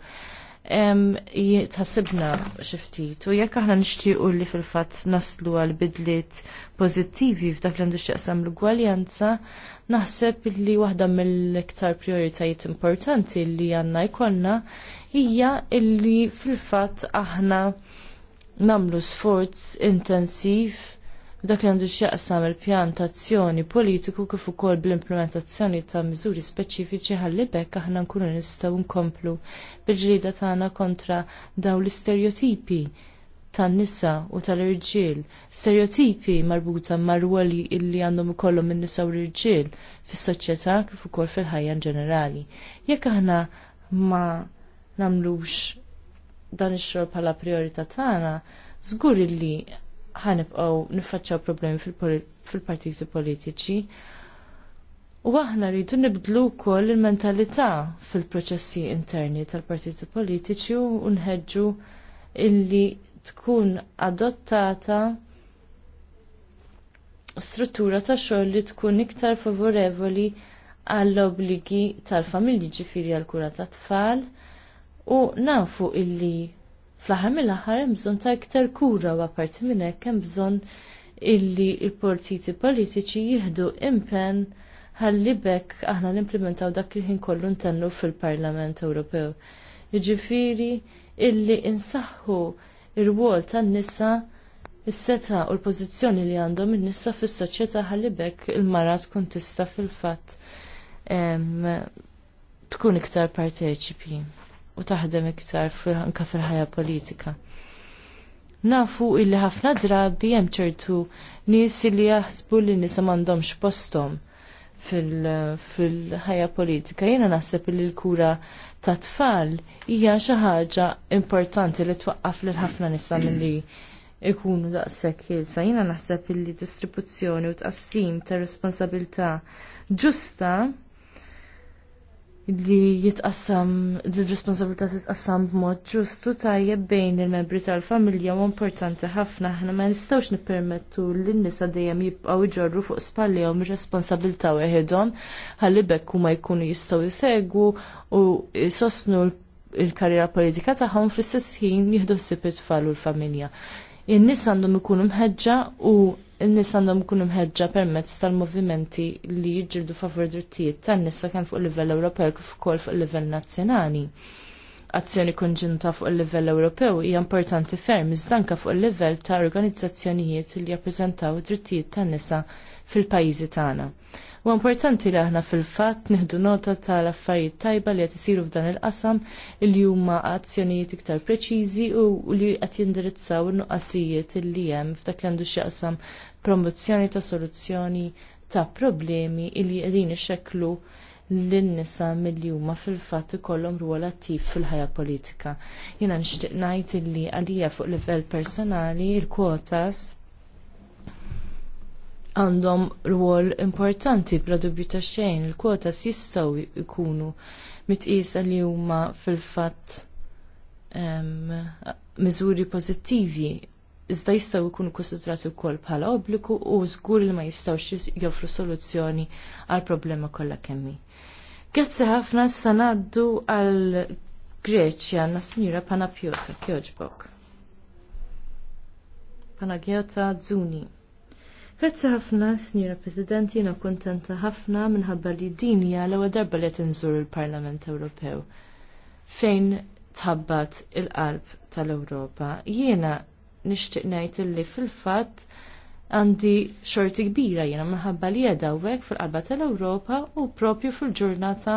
tħassibna xi ftit u jekk aħna nixtiequ li fil-fatt naslu għal bidliet pożittivi f'dak li għandu x'jaqsam l-gwaljanza, naħseb li waħda mill-iktar prioritajiet importanti li għandna jkollna hija illi fil-fatt aħna namlu sforz intensiv dak li għandu x'jaqsam il-pjan ta' azzjoni politiku kif ukoll bl-implementazzjoni ta' miżuri speċifiċi ħallibek aħna nkunu nistgħu nkomplu bil-ġrida tagħna kontra daw l-istereotipi tan-nisa u tal-irġiel, stereotipi marbuta mar-ruoli illi għandhom ikollhom in-nisa u l-irġiel fis-soċjetà kif ukoll fil-ħajja ġenerali. Jekk aħna ma nagħmlux dan ix-xogħol bħala priorità tagħna, żgur illi ħanibqgħu niffaċċaw problemi fil-partiti politiċi. U aħna rridu nibdlu wkoll il-mentalità fil-proċessi interni tal-partiti politiċi u nħeġġu illi tkun adottata struttura ta' xogħol li tkun iktar favorevoli għall obbligi tal-familji ġifiri għal kura tat tfal u nafu illi fl-aħħar mill-aħħar hemm bżonn ta' iktar kura u apparti minn hekk hemm bżonn illi l-partiti politiċi jieħdu impenn ħalli bekk aħna l-implementaw dak il-ħin kollu ntennu fil-Parlament Ewropew. Jiġifieri illi insaħħu ir-wol tan-nisa is-seta u l-pożizzjoni li għandhom in-nisa fis-soċjetà ħalli bekk il-mara tkun tista' fil-fatt tkun iktar parteċipi u taħdem iktar anka fil-ħajja politika. Nafu illi ħafna drabi hemm ċertu nies li jaħsbu li nisa m'għandhomx posthom fil-ħajja politika. Jiena naħseb li l-kura ta' tfal hija xi ħaġa importanti li twaqqaf lil ħafna nisa milli ikunu daqshekk ħilsa. Jiena naħseb li distribuzzjoni u tqassim ta' responsabilità ġusta li jitqassam, l-responsabilità titqassam b'mod ġustu tajjeb bejn il-membri tal-familja u importanti ħafna ħna ma nistgħux nippermettu li n-nisa dejjem jibqgħu jġorru fuq spallihom ir-responsabilità weħidhom ħalli bekk huma jkunu jistgħu jsegwu u jsostnu l-karriera politika tagħhom fl-istess ħin jieħdu ssib it-tfal u l-familja. In-nies għandhom ikunu mħeġġa u n-nisa għandhom kun imħeġġa permezz tal-movimenti li jġirdu favor drittijiet tan-nisa kemm fuq livell Ewropew kif ukoll fuq livell nazzjonali. Azzjoni konġunta fuq il-livell Ewropew hija importanti ferm iżda anke fuq il-livell ta' organizzazzjonijiet li jappreżentaw drittijiet tan-nisa fil-pajjiżi tagħna. U importanti li aħna fil-fatt nieħdu nota tal-affarijiet tajba li qed isiru f'dan il-qasam li huma azzjonijiet iktar preċiżi u li qed jindirizzaw in-nuqqasijiet li hemm f'dak li għandu x'jaqsam promozzjoni ta' soluzzjoni ta' problemi li qegħdin ixekklu lin-nisa milli huma fil-fatt ikollhom rwol attiv fil-ħajja politika. Jiena nixtieq ngħid illi għalija fuq livell personali il-kwotas għandhom rwol importanti bla dubju ta' xejn. Il-kwotas jistgħu jkunu mitqisa li huma fil-fatt ehm, miżuri pożittivi iżda jistgħu jkunu kkonsidrati wkoll bħala obbligu u żgur li ma jistgħux joffru soluzzjoni għall problema kollha kemmi. Grazzi ħafna issa ngħaddu għal Greċja għandna snira pana Pjota Kjoġbok. Pana Gjota Zuni. Grazzi ħafna, Sinjura President, jiena kuntenta ħafna minħabba li din hija l-ewwel darba li qed inżur il-Parlament Ewropew fejn tħabbat il-qalb tal-Ewropa. Jiena nixtieq ngħid illi fil-fatt għandi xorti kbira jiena minħabba li jeda hawnhekk fil-qalba tal-Ewropa u propju fil-ġurnata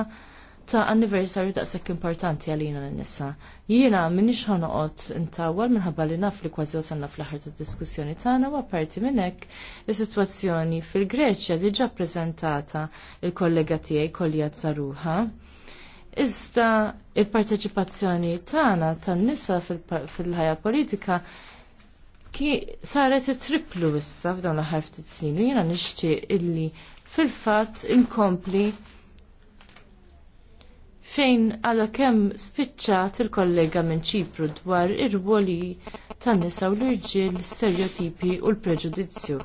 ta' anniversarju daqshekk importanti għalina n-nisa. Jiena minix noqgħod intawal minħabba li naf li kważi wasalna fl-aħħar tad diskussjoni tagħna u apparti minn hekk is-sitwazzjoni fil-Greċja diġà ppreżentata il-kollega tiegħi Kolja Zaruha. Iżda il-parteċipazzjoni tagħna tan-nisa fil-ħajja politika ki saret triplu issa f'dawn l-aħħar ftit snin jiena nixtieq illi fil-fatt inkompli fejn għala kemm spiċċat il-kollega minn Ċipru dwar ir ruoli tan-nisa u l-irġiel stereotipi u l-preġudizzju.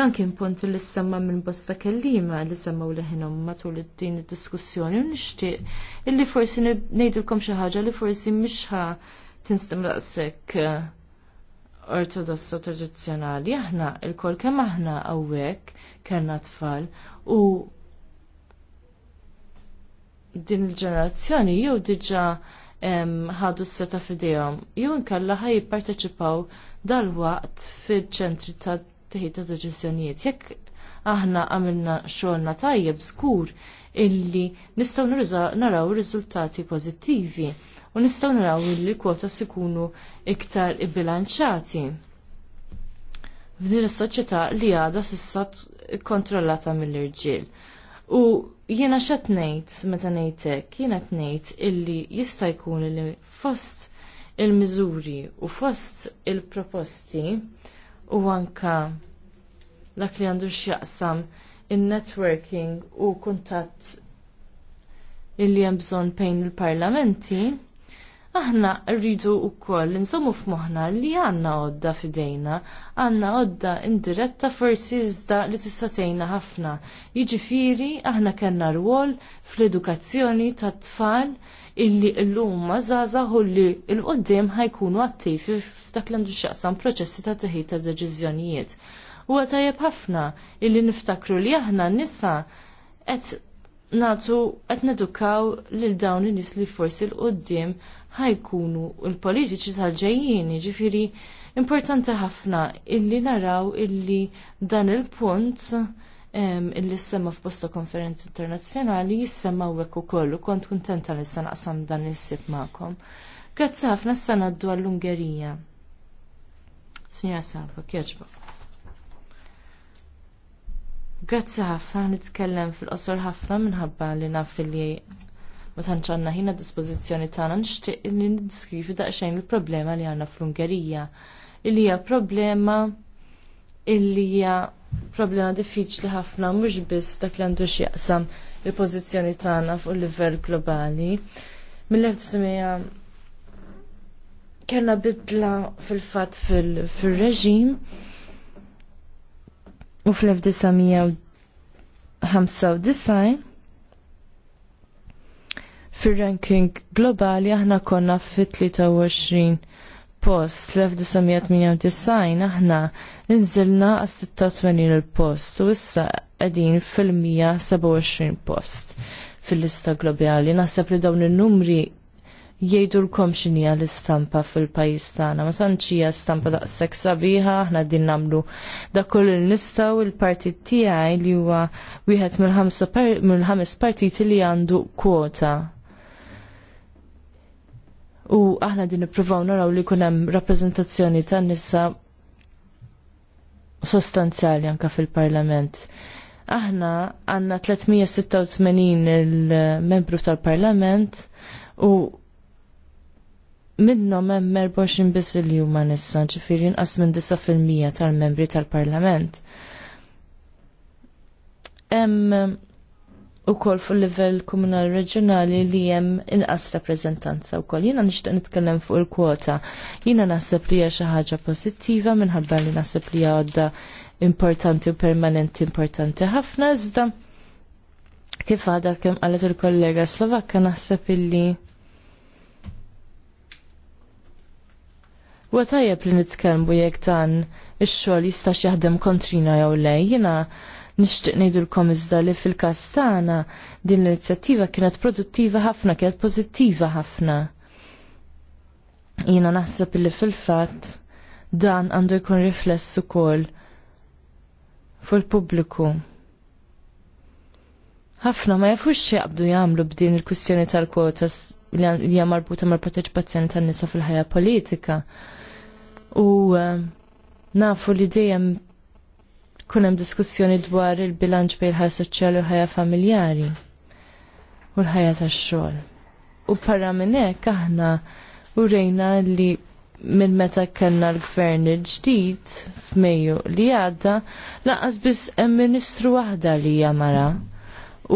Dan kien punt li semma minn bosta kellima li semmaw leħinhom matul din id-diskussjoni u nixtieq illi forsi nejdilkom xi ħaġa li forsi mhix tinstem laqsek eh, ortodossa tradizzjonali. Aħna il-kol kemm aħna hawnhekk kellna tfal u din il-ġenerazzjoni jew diġà ħadu s-seta fidejhom jew inkella ħaj jipparteċipaw dalwaqt fil-ċentri ta' teħid ta' deċiżjonijiet. Jekk aħna għamilna xogħolna tajjeb skur illi nistgħu naraw riżultati pożittivi u nistgħu naraw li kwotas ikunu iktar ibbilanċati. F'din is-soċjetà li għadha s'issa kontrollata mill-irġiel. U jiena x'qed ngħid meta ngħid hekk, jiena qed ngħid illi jista' jkun li fost il-miżuri u fost il-proposti u anka dak li għandu x'jaqsam in-networking u kuntatt illi hemm bżonn bejn il-parlamenti, aħna rridu wkoll insommu f'moħħna li għandna għodda f'idejna, għandna għodda indiretta forsi iżda li tista' tgħinna ħafna. Jiġifieri aħna kellna rwol fl-edukazzjoni tat-tfal illi llum ma żgħażagħ u li l qoddim ħajkunu attivi f'dak li għandu xaqsan proċessi ta' teħid ta' deċiżjonijiet. Huwa tajjeb ħafna illi niftakru li aħna nisa qed natu qed nedukaw lil dawn in-nies li forsi l-qudiem ħajkunu l-politiċi tal-ġejjien, ġifiri importanti ħafna illi naraw illi dan il-punt illi s-semma f'posta konferenzi internazzjonali jissemma wek ukoll u kont kuntenta li s naqsam dan is-sib magħkom. Grazzi ħafna s għaddu għall-Ungerija. Signora Salvo, kieġba. Grazzi ħafna nitkellem fil-qosor ħafna minħabba li naf li ma tantx ħin ħin dispożizzjoni tagħna nixtieq li niddiskrivi daqsxejn il-problema li għandna fl-Ungerija. Illi hija problema illi hija problema diffiċli ħafna mhux biss dak li għandu x'jaqsam il-pożizzjoni tagħna fuq livell globali. Mill-1900 kellna bidla fil fatt fil-reġim u fl-1995 Fir-ranking globali aħna konna fit-23 post l-1998 aħna nżilna għas 86 il-post u issa qegħdin fil-127 post fil-lista globali. Naħseb li dawn in-numri jgħidu l-kom xinija l-istampa fil-pajis tagħna. Ma tantx hija stampa daqshekk sabiħa, aħna din nagħmlu dak kull nistgħu il-partit tiegħi li huwa wieħed mill-ħames partiti li għandu kwota U aħna din nippruvaw naraw li jkun hemm rappreżentazzjoni tan nisa sostanzjali anke fil-Parlament. Aħna għandna 386 il-membru tal-Parlament u minnhom hemm 24 biss il juma nisa, ġifieri inqas minn 9% tal-membri tal-Parlament. Hemm u kol fu livell komunali reġjonali li jem inqas rappresentanza u kol. Jina nishtaq nitkellem fuq il-kwota. Jina nasib li xi ħaġa pozittiva minħabba li nasib li għodda importanti u permanenti importanti ħafna iżda kif għada kem għalet il-kollega Slovakka naħseb illi U għatajab li nitkellmu jekk dan ix-xogħol jistax jaħdem kontrina jew lej, Jina Nixtieq ngħidulkom iżda li fil-każ tagħna din l-inizjattiva kienet produttiva ħafna, kienet pożittiva ħafna. Jiena naħseb li fil-fatt dan għandu jkun rifless ukoll fil-pubbliku. Ħafna ma jafux xieqbdu jagħmlu b'din il-kwistjoni tal-kwotas li hija marbuta mal-parteċipazzjoni tan-nisa fil-ħajja politika. U eh, nafu li dejjem kunem diskussjoni dwar il-bilanċ bejn il-ħajja soċjali u ħajja familjari u l-ħajja tax-xogħol. U parra minn hekk aħna urejna li minn meta kellna l-gvern il-ġdid f'Mejju li għadda laqas biss hemm ministru waħda li hija mara.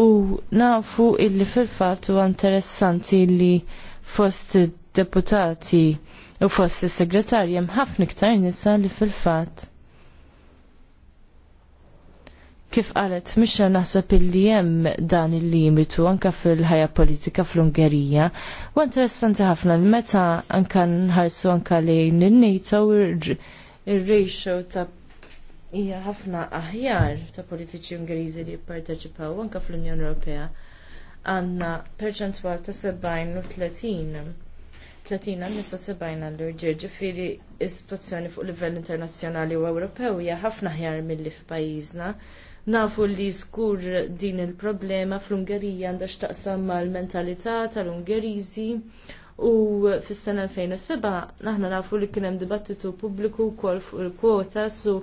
U nafu illi fil-fatt huwa interessanti li fost deputati u fost is-segretarji hemm ħafna iktar nisa li fil-fatt Kif qalet, mhix naħseb illi hemm dan il-limitu anke fil-ħajja politika fl-Ungerija. U interessanti ħafna li meta anke nħarsu anka lejn in-NATO ir-ratio ta' hija ħafna aħjar ta' politiċi Ungeriżi li jipparteċipaw anke fl-Unjoni Ewropea għandna perċentwal ta' 70 u 30. 30 għal nisa 70 għal irġiel ġifiri is-situazzjoni fuq livell internazzjonali u Ewropew hija ħafna aħjar milli f'pajjiżna. Nafu li skur din il-problema fl-Ungerija għandha x'taqsam mal-mentalità tal-Ungeriżi u fis-sena 2007 aħna nafu li kien hemm dibattitu pubbliku wkoll fuq il-kwota su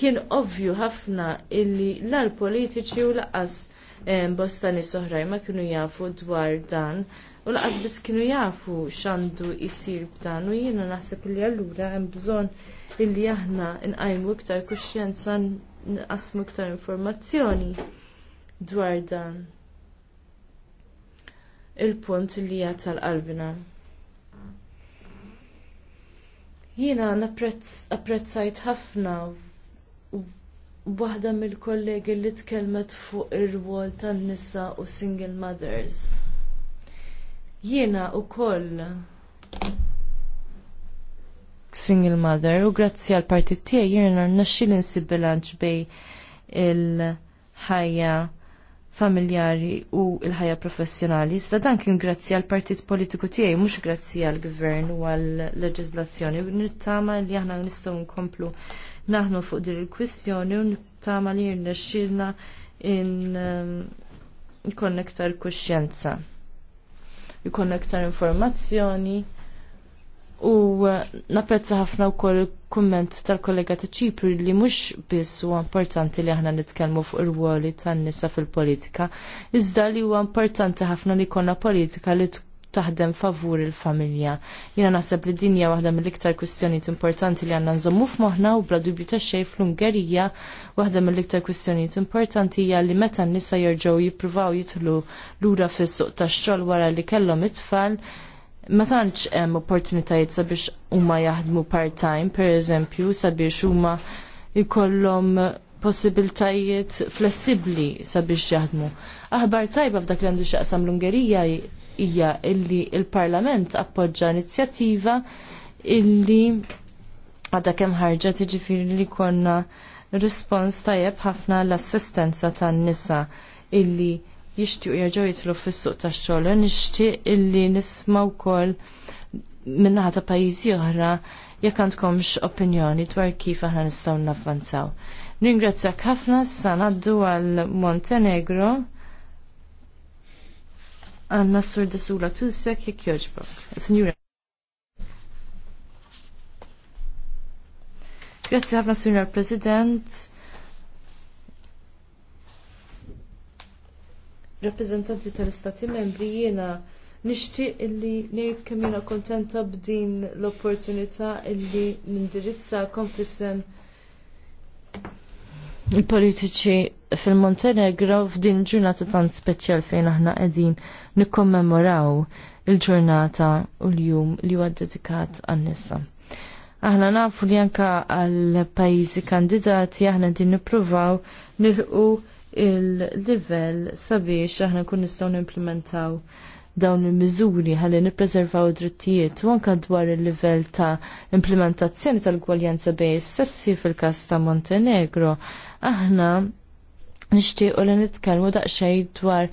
kien ovvju ħafna illi l politiċi u laqas eh, bostani soħraj ma kienu jafu dwar dan u laqas biss kienu jafu x'għandu jsir b'dan u jiena naħseb li allura hemm bżonn illi aħna nqajmu iktar kuxjenza nqasmu iktar informazzjoni dwar dan il-punt li hija tal-qalbna. Jiena napprezzajt ħafna waħda mill-kollegi li tkellmet fuq ir-rwol tan-nisa u single mothers. Jiena wkoll single mother u grazzi għal partit tiegħi jirna rnexxi li nsib bilanċ bej il-ħajja familjari u l ħajja professjonali. Iżda dan kien grazzi għal partit politiku tiegħi mhux grazzi għal gvern u għal leġiżlazzjoni. Nittama li aħna nistgħu nkomplu naħnu fuq din il-kwistjoni u nittama li jirnexxilna in um, ikon iktar kuxjenza. Ikon informazzjoni U uh, napprezza ħafna wkoll kumment tal-kollega ta' ċipru li mhux biss huwa importanti li aħna nitkellmu fuq ir-ruoli tan-nisa fil-politika, iżda li huwa importanti ħafna li jkollna politika li taħdem favur il-familja. Jiena naħseb li din hija waħda mill-iktar kwistjonijiet importanti li għandna nżommu f'moħħna u bla dubju ta' xejn fl-Ungerija waħda mill-iktar kwistjonijiet importanti hija li meta n-nisa jerġgħu jippruvaw jidħlu lura fis-suq tax-xogħol wara li kellhom it-tfal ma tantx hemm opportunitajiet sabiex huma jaħdmu part-time, pereżempju, sabiex huma jkollhom possibiltajiet flessibbli sabiex jaħdmu. Aħbar tajba f'dak li għandu xaqsam l-Ungerija hija illi il-Parlament appoġġa inizjattiva illi għadha kemm ħarġa tiġifieri li konna rispons tajjeb ħafna l-assistenza tan-nisa illi jixtiequ jerġgħu jitlu fis-suq tax-xogħol, nixtieq illi nisma' wkoll minnaħa ta' pajjiżi oħra jekk għandkomx opinjoni dwar kif aħna nistgħu navvanzaw. Ningrazzjak ħafna sa ngħaddu għal Montenegro. Għanna sur desula tusek jekk joġbok. Signora. Grazzi ħafna, Signor President. rappreżentanti tal-Istati membri jiena nixtieq illi ngħid kemm jiena kuntenta b'din l-opportunità illi nindirizza konfissem il-politiċi fil-Montenegro f'din il-ġurnata tant speċjal fejn aħna qegħdin nikkommemoraw il-ġurnata u l-jum li huwa dedikat għan-nisa. Aħna nafu li anka għal pajjiżi kandidati aħna din nippruvaw nilqu il-livell sabiex aħna kun nistgħu nimplementaw dawn il-miżuri ħalli nippreservaw drittijiet u anke dwar il-livell ta' implementazzjoni tal-gwaljanza bej sessi fil-każ ta' Montenegro. Aħna nixtiequ li nitkellmu daqsxejn dwar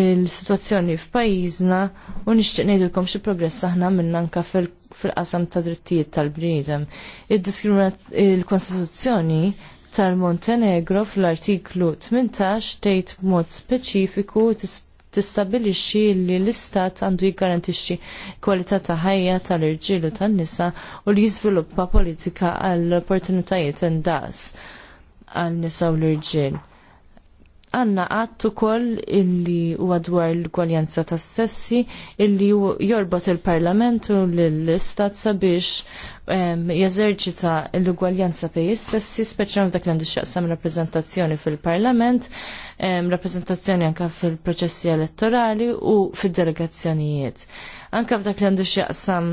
il-situazzjoni f'pajjiżna u nixtieq ngħidulkom xi progress aħna minn anke fil-qasam ta' drittijiet tal-bniedem. Il-Kostituzzjoni tal-Montenegro fl-artiklu 18 tgħid b'mod speċifiku tistabilixxi li l-istat għandu jiggarantixxi kwalità ta' ħajja tal-irġiel u tan-nisa u li jiżviluppa politika għall opportunitajiet indaqs għal nisa u l-irġiel. Għanna għattu koll illi u għadwar l-gwaljanza tas sessi illi jorbot il-parlament u l-istat sabiex jeżerċita l-ugwaljanza bej is-sessi, speċjalment f'dak li għandu x'jaqsam rappreżentazzjoni fil-Parlament, rappreżentazzjoni anke fil-proċessi elettorali u fid-delegazzjonijiet. Anke f'dak li għandu xaqsam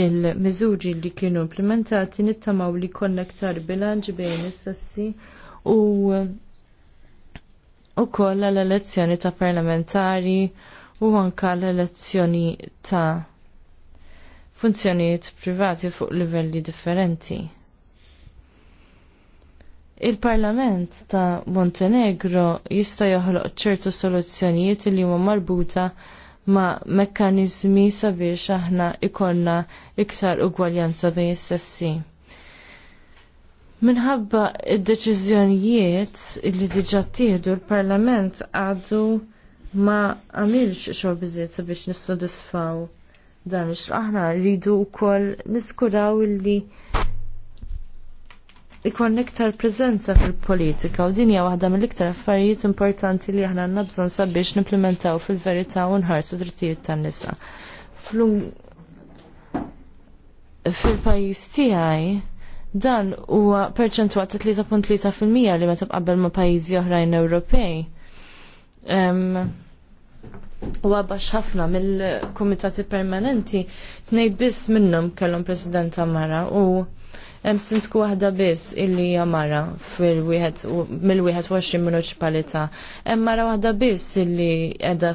il-miżuri li kienu implementati nittamaw li konnektar bilanġ bejn is-sessi u u koll l-elezzjoni ta' parlamentari u anka l-elezzjoni ta' funzjonijiet privati fuq livelli differenti. Il-Parlament ta' Montenegro jista' joħloq ċertu soluzzjonijiet li huma marbuta ma' mekkaniżmi sabiex aħna ikollna iktar ugwaljanza bejn is-sessi. Minħabba id-deċiżjonijiet li diġà tieħdu l-Parlament għadu ma għamilx xogħol biżiet sabiex nissodisfaw dan ix aħna rridu wkoll niskuraw illi ikon iktar prezenza fil-politika u dinja waħda mill-iktar affarijiet importanti li aħna għandna bżonn sabiex nimplementaw fil-verità u nħarsu drittijiet tan-nisa. Fil-pajjiż tiegħi dan huwa perċentwal ta' 3.3% li meta qabel ma' pajjiżi oħrajn Ewropej. Um, u għabax ħafna mill-komitati permanenti, tnej biss minnum kellhom presidenta Mara u hemm sintku waħda biss illi hija Mara fil mill-21 municipalità. Hemm Mara waħda biss illi għedha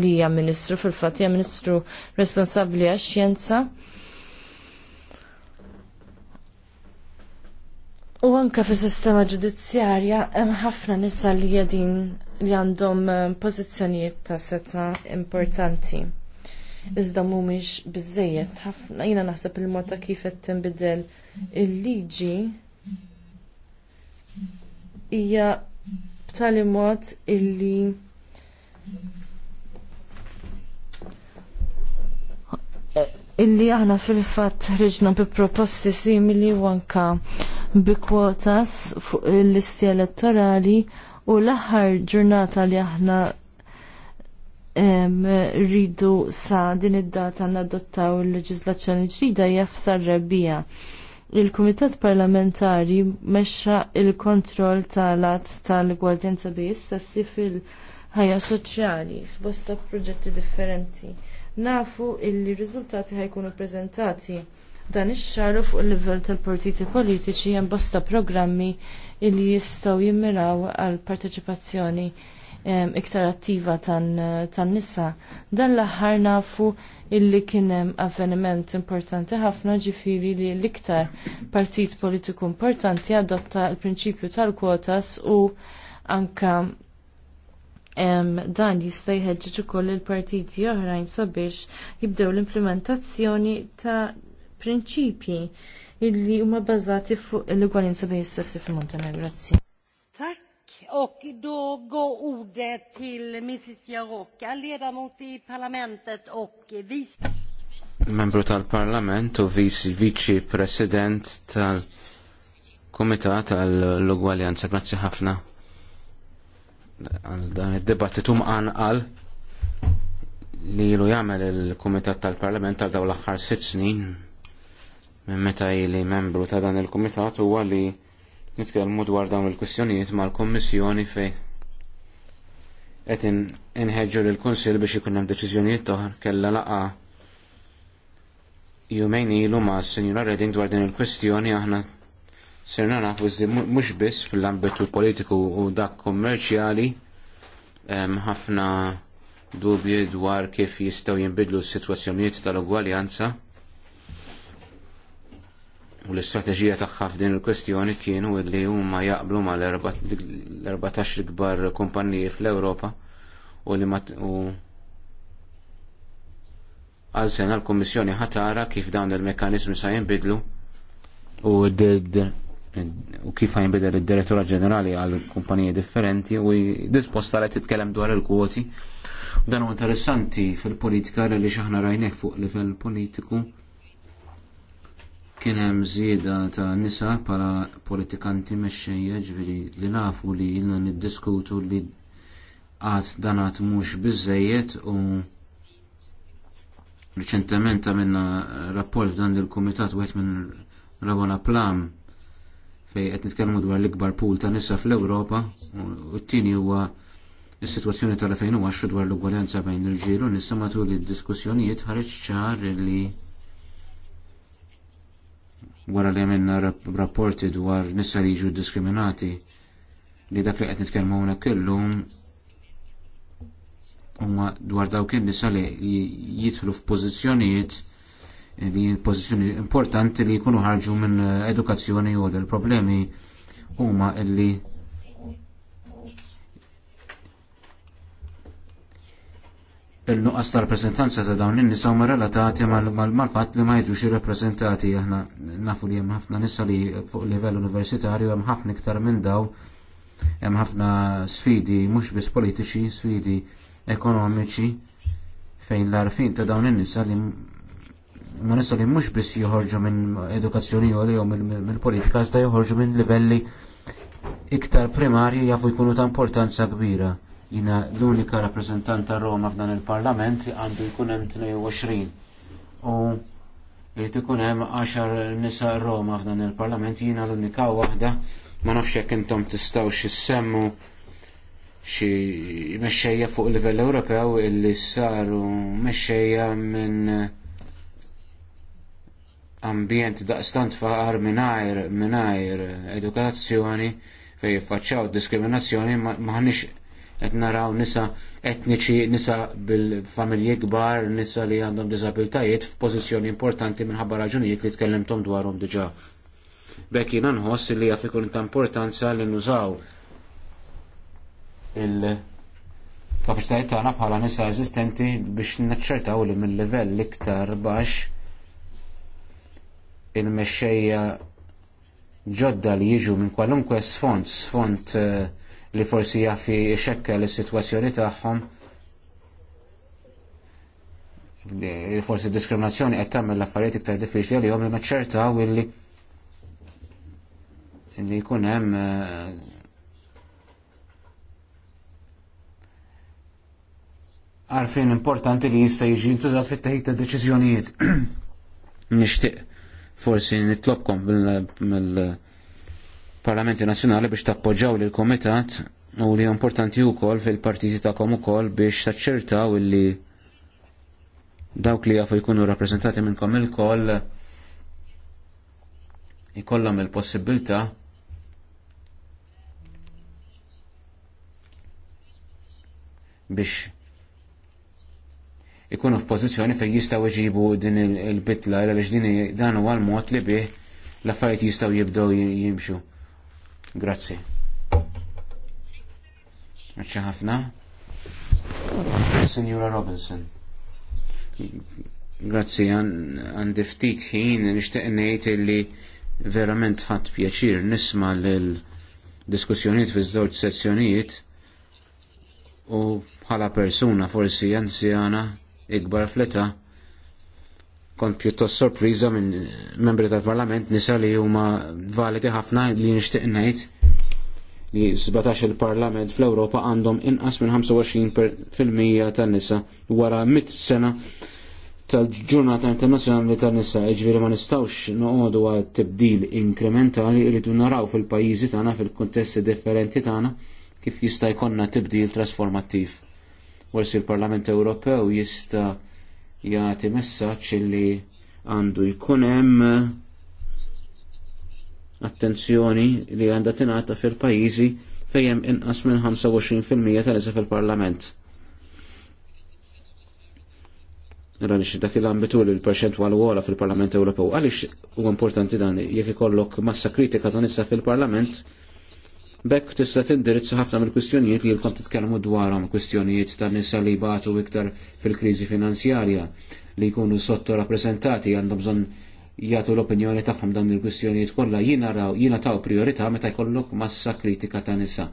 li hija Ministru fil-fatt hija Ministru responsabbli għax-xjenza. U anke fis-sistema ġudizzjarja hemm ħafna nisa li qegħdin li għandhom eh, pożizzjonijiet ta' seta importanti. Iżda mhumiex biżejjed ħafna jiena naħseb il-mod ta' kif qed tinbidel il-liġi hija b'tali mod illi illi aħna fil-fatt ħriġna bi proposti simili u anke bi kwotas fuq il-listi elettorali u l-aħħar ġurnata li aħna rridu sa din id-data nadottaw il-leġislazzjoni ġdida hija rebbija. Il-Kumitat Parlamentari mexxa il-kontroll tal-att tal-gwardjenza bej sessi fil-ħajja soċjali f'bosta proġetti differenti. Nafu illi riżultati ħajkunu prezentati dan ix-xahar fuq il-livell tal-partiti politiċi hemm bosta programmi illi jistgħu jimmiraw għal parteċipazzjoni iktar attiva tan-nisa. Dan l-aħħar nafu illi kien hemm avveniment importanti ħafna ġifiri li l-iktar partit politiku importanti adotta l-prinċipju tal-kwotas u anka dan jista' jħeġġeġ ukoll il-partiti oħrajn sabiex jibdew l-implementazzjoni ta' prinċipji illi huma bbażati fuq l-ugwalinza bejn is-sessi fil-Montenegro. Grazzi. Tack. Och då går ordet till Mrs Jaroka, ledamot i parlamentet och vice... Membru tal-Parlament u vici President tal-Komitat tal-Ugwaljanza. Grazzi ħafna għal dan id-dibattitu mqanqal li lu jagħmel il-Kumitat tal-Parlament tal dawla ħar aħħar sitt snin minn meta ili membru ta' dan il-Kumitat huwa li nitkellmu dwar dawn il-kwistjonijiet mal-Kommissjoni fej qed inħeġġu lil kunsil biex ikun hemm deċiżjonijiet oħra kellha laqgħa jumejn ilu ma' Sinjura Redding dwar din il-kwistjoni aħna serna nafu mhux biss fil-ambitu politiku u dak hemm ħafna dubji dwar kif jistgħu jinbidlu s-sitwazzjonijiet tal-ugwaljanza u l-istrateġija tagħha f'din il-kwestjoni kienu li huma jaqblu ma l-14 kbar kumpaniji fl-Ewropa u li u għal sena l-Kommissjoni ħatara kif dawn il-mekanizmi sa jinbidlu u u kif ħajnbidel id-direttura ġenerali għal kumpaniji differenti u disposta li titkellem dwar il-kwoti. Dan u interessanti fil-politika li xaħna rajnek fuq livell politiku kien hemm żieda ta' nisa bħala politikanti mexxejja ġifieri li nafu li jilna niddiskutu li għad għad mhux biżejjed u riċentement għamilna rapport dan il-kumitat wieħed minn Ravona Plam fej qed nitkellmu dwar l-ikbar pool ta' nisa fl-Ewropa u t-tieni huwa Is-sitwazzjoni tal-2010 dwar l-ugwaljanza bejn il-ġiel u nissa matul id-diskussjonijiet ħareġ ċar li wara li għamilna rapporti dwar nisa li jiġu diskriminati li dak li qed nitkellmu hawnhekk kellum umma dwar dawk in-nisa li f f'pożizzjonijiet li pożizzjoni importanti li jkunu ħarġu minn edukazzjoni u l-problemi huma illi il-nuqqas ta' rappresentanza ta' dawn in-nisa huma relatati mal-fatt li ma jiġux irrappreżentati aħna nafu li hemm ħafna nisa li fuq livell universitarju hemm ħafna iktar minn daw hemm ħafna sfidi mhux biss politiċi, sfidi ekonomiċi fejn l-arfin ta' dawn in-nisa li ma nisa li mhux biss joħorġu minn edukazzjoni jew mill-politika iżda joħorġu minn livelli iktar primarji jafu jkunu ta' importanza kbira jina l-unika rappresentant ta' Roma f'dan il-parlament għandu jkun hemm 22 u jrid ikun hemm 10 nisa Roma f'dan il-parlament jina l-unika waħda ma nafx jekk intom tistgħu semmu xi mexxejja fuq livell Ewropew illi saru mexxejja minn ambjent daqstant faqar mingħajr mingħajr edukazzjoni fejn faċċaw diskriminazzjoni maħniex qed naraw nisa etniċi, nisa bil-familji kbar, nisa li għandhom diżabiltajiet f'pożizzjoni importanti minħabba raġunijiet li tkellimtom dwarhom diġà. Bekk jiena nħoss li hija ikun ta' importanza li nużaw il-kapacitajiet tagħna bħala nisa eżistenti biex naċċertaw li mill-livell iktar baxx il-mexxejja ġodda li jiġu minn kwalunkwe sfond, sfond uh, li forsi jaffi xekka l-situazzjoni tagħhom forsi diskriminazzjoni qed tagħmel l-affarijiet iktar diffiċli li hom li maċċerta u li li jkun hemm eh, għarfin importanti li jista' jiġi ntużat fit-teħid ta' deċiżjonijiet. Nixtieq forsi nitlobkom mill parlamenti nazzjonali biex tappoġġaw lil komitat u li importanti wkoll fil-partiti tagħkom ukoll biex taċċertaw illi dawk li jafu jkunu rappreżentati minnkom il-koll ikollhom il-possibilità biex ikunu f'pożizzjoni fejn jistgħu iġibu din il-bitla il din dan huwa l-mod li bih l-affarijiet jistgħu jibdew jimxu. Grazzi. Grazzi ħafna. Signora Robinson. Grazzi għandi ftit ħin nixtieq ngħid li verament ħadd pjaċir nisma lil diskussjonijiet fi żewġ sezzjonijiet u bħala persuna forsi anzjana ikbar fleta' kont pjuttost sorpriża minn membri tal-Parlament nisa li huma validi ħafna li nixtieq ngħid li 17 il-Parlament fl-Ewropa għandhom inqas minn 25% tan-nisa wara mit sena tal-ġurnata internazzjonali tan-nisa, jiġifieri ma nistgħux noqogħdu għal tibdil inkrementali jridu naraw fil-pajjiżi tagħna fil-kuntesti differenti tagħna kif jista' jkollna tibdil trasformattiv. Forsi l-Parlament Ewropew jista' Jati messaċ li għandu jkun hemm attenzjoni li għandha tingħata fil-pajjiżi fejn hemm inqas minn 25% tal-isa fil-Parlament. Għalix dak il-ambitu li l għal għola fil-Parlament Ewropew. Għalix u importanti dan jekk ikollok massa kritika ta' issa fil-Parlament Bekk tista' tindirizza ħafna mill-kwistjonijiet li l titkellmu dwarhom kwistjonijiet ta' nisa li batu iktar fil-kriżi finanzjarja li jkunu sotto rappreżentati għandhom bżonn jagħtu l-opinjoni tagħhom dawn il-kwistjonijiet kollha jiena raw jiena taw priorità meta jkollok massa kritika ta' nisa.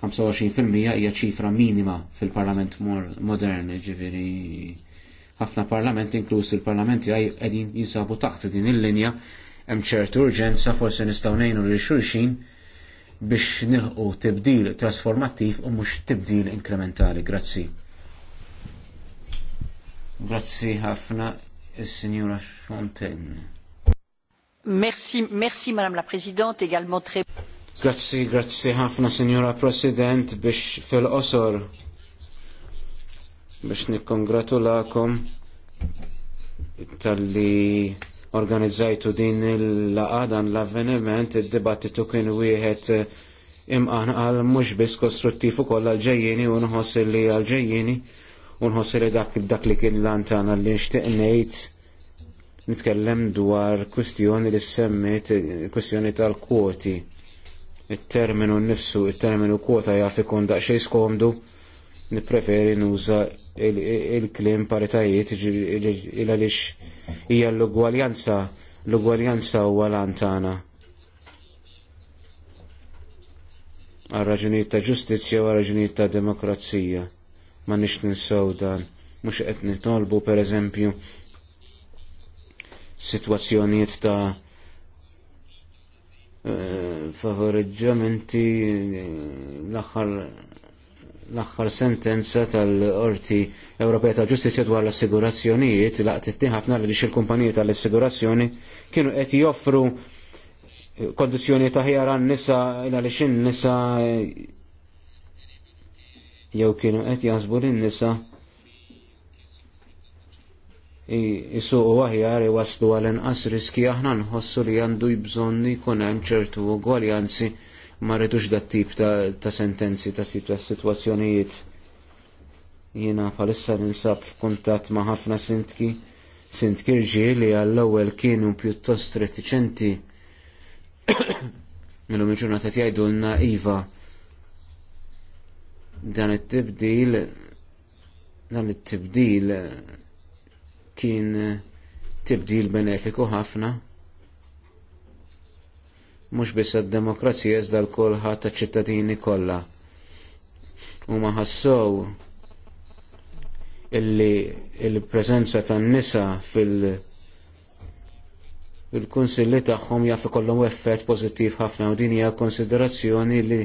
25% hija ċifra minima fil-parlament modern, ġifieri ħafna parlament, inkluż il-parlamenti għaj qegħdin jinsabu taħt din il-linja hemm ċertu urġenza forsi nistgħu ngħinu lil xulxin biex nilħu tibdil trasformattiv u mhux tibdil inkrementali. Grazzi. Grazzi ħafna Signora sinjura Fontaine. Merci, merci Madame la Présidente, également très. Grazzi, grazzi ħafna Signora President biex fil osor. biex nikkongratulakom tal-li organizzajtu din il-laqa dan l-avveniment, id-dibattitu kien wieħed eh, imqan għal mhux biss kostruttiv ukoll għal-ġejjini u nħossi li għal-ġejjini u nħossi li dak, dak li kien l għal li nxtiqnejt ngħid nitkellem dwar kwistjoni li semmit eh, kwistjoni tal-kwoti. Il-terminu nifsu, il-terminu kwota jaf ikun daqxej skomdu, nipreferi nuża il-klim paritajiet il għaliex hija l-ugwaljanza l-ugwaljanza u għal-antana. Għal-raġunijiet ta' ġustizja u għal-raġunijiet ta' demokrazija. Ma nix ninsaw dan, mux qed nitolbu per eżempju situazzjonijiet ta' eh, favoreġġamenti eh, l-axar l-aħħar sentenza tal-Qorti Ewropea tal Ġustizzja dwar l-assigurazzjonijiet laqtitni ħafna li il-kumpaniji tal-assigurazzjoni kienu qed joffru kondizzjoni ta' ħjar għan-nisa għaliex in-nisa jew kienu qed jaħsbu lin-nisa jisuqu aħjar iwaslu għal inqas riski aħna nħossu li għandu jbżonni jkun hemm ċertu ugwaljanzi ma rridux dat tip ta', ta sentenzi ta' situazzjonijiet. Jiena palissa ninsab f'kuntatt ma' ħafna sintki, sintki li għall-ewwel kienu pjuttost retiċenti. Illum il-ġurnata jgħidulna iva dan it-tibdil dan it-tibdil kien tibdil benefiku ħafna mhux biss għad-demokrazija iżda l kolħa taċ-ċittadini kollha. Huma ħassow illi il-preżenza tan-nisa fil- il-kunsilli tagħhom jaf ikollhom effett pożittiv ħafna u din hija konsiderazzjoni li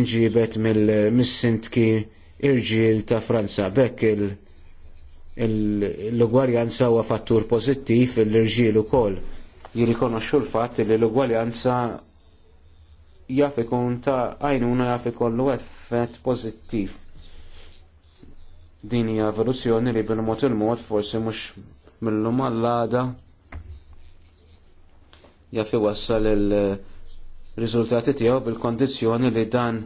inġibet mill-missintki irġiel ta' Franza. Bekk il- l-ugwarjanza huwa fattur pożittiv l-irġiel ukoll jirrikonoxxu l-fatt li l-ugwaljanza jaf ikun ta' għajnuna jaf ikollu effett pożittiv. Din hija evoluzzjoni li bil-mod il-mod forsi mhux mill-lum għall-għada jaf iwassal il-riżultati tiegħu bil-kondizzjoni li dan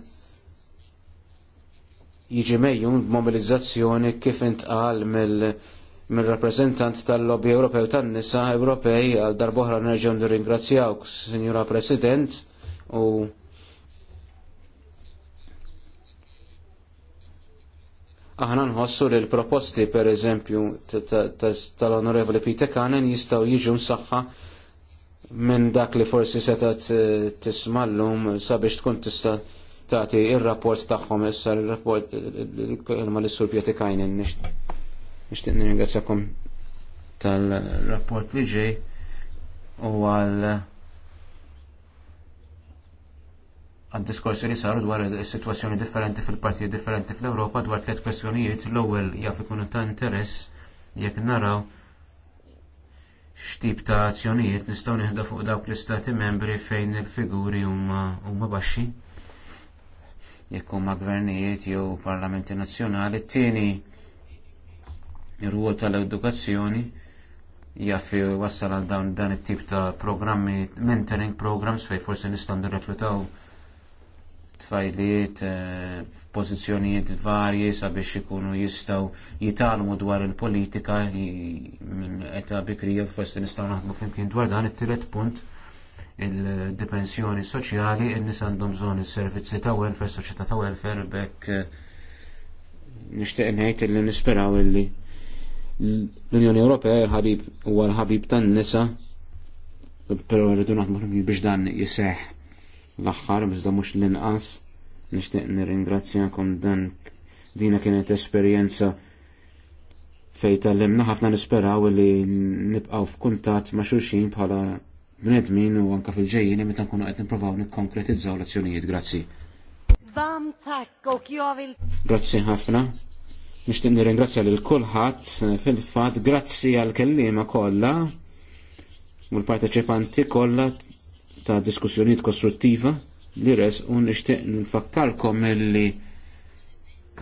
jiġi mejjun b'mobilizzazzjoni kif intqal mill- mir rappresentant tal-lobby Ewropew tan-nisa Ewropej għal darbohra nerġgħu nirringrazzjawk, Sinjura President, u aħna nħossu li l-proposti per eżempju tal-Onorevoli Peter Kanen jistaw jiġu msaħħa minn dak li forsi setat tismallum sabiex tkun tista' tagħti ir-rapport tagħhom issa il-rapport ma l-sur Pieti Kajnen Nixtieq nirringrazzjakom tal-rapport li ġej u għal għad diskorsi li saru dwar situazzjoni differenti fil-partijiet differenti fl europa dwar tliet kwestjonijiet l-ewwel jaf ikunu ta' interess jekk naraw x'tip ta' azzjonijiet nistgħu nieħdu fuq dawk l-istati membri fejn il-figuri huma huma baxxi jekk huma gvernijiet jew parlamenti nazzjonali t-tieni ir rwol tal-edukazzjoni jaf li wassal għal dawn dan it-tip ta' programmi, mentoring programs fej forsi nistgħu nirreklutaw tfajliet, eh, pożizzjonijiet varji sabiex ikunu jistgħu jitalmu dwar il-politika minn eta bikrija forsi nistgħu naħdmu flimkien dwar dan it-tielet punt il-dipensjoni soċjali, in-nies għandhom bżonn is-servizzi ta' welfare, soċjetà ta' welfare bekk eh, nixtieq ngħid illi nisperaw illi L-Unjoni Ewropea l-ħabib huwa l-ħabib tan-nisa, però rridu naħdmu biex dan jiseħ l-aħħar biex mhux l-inqas. Nixtieq nirringrazzjakom dan dina kienet esperjenza fej tal ħafna nisperaw li nibqaw f'kuntat ma' xulxin bħala bnedmin u anka fil-ġejjin meta nkunu qed nippruvaw nikkonkretizzaw l-azzjonijiet. Grazzi. Vam tak, Grazzi ħafna. Nixtieq nirringrazzja lil kulħadd eh, fil-fatt grazzi għal kellima kollha u l-parteċipanti kollha ta' diskussjonijiet kostruttiva li res u nixtieq nfakkarkom illi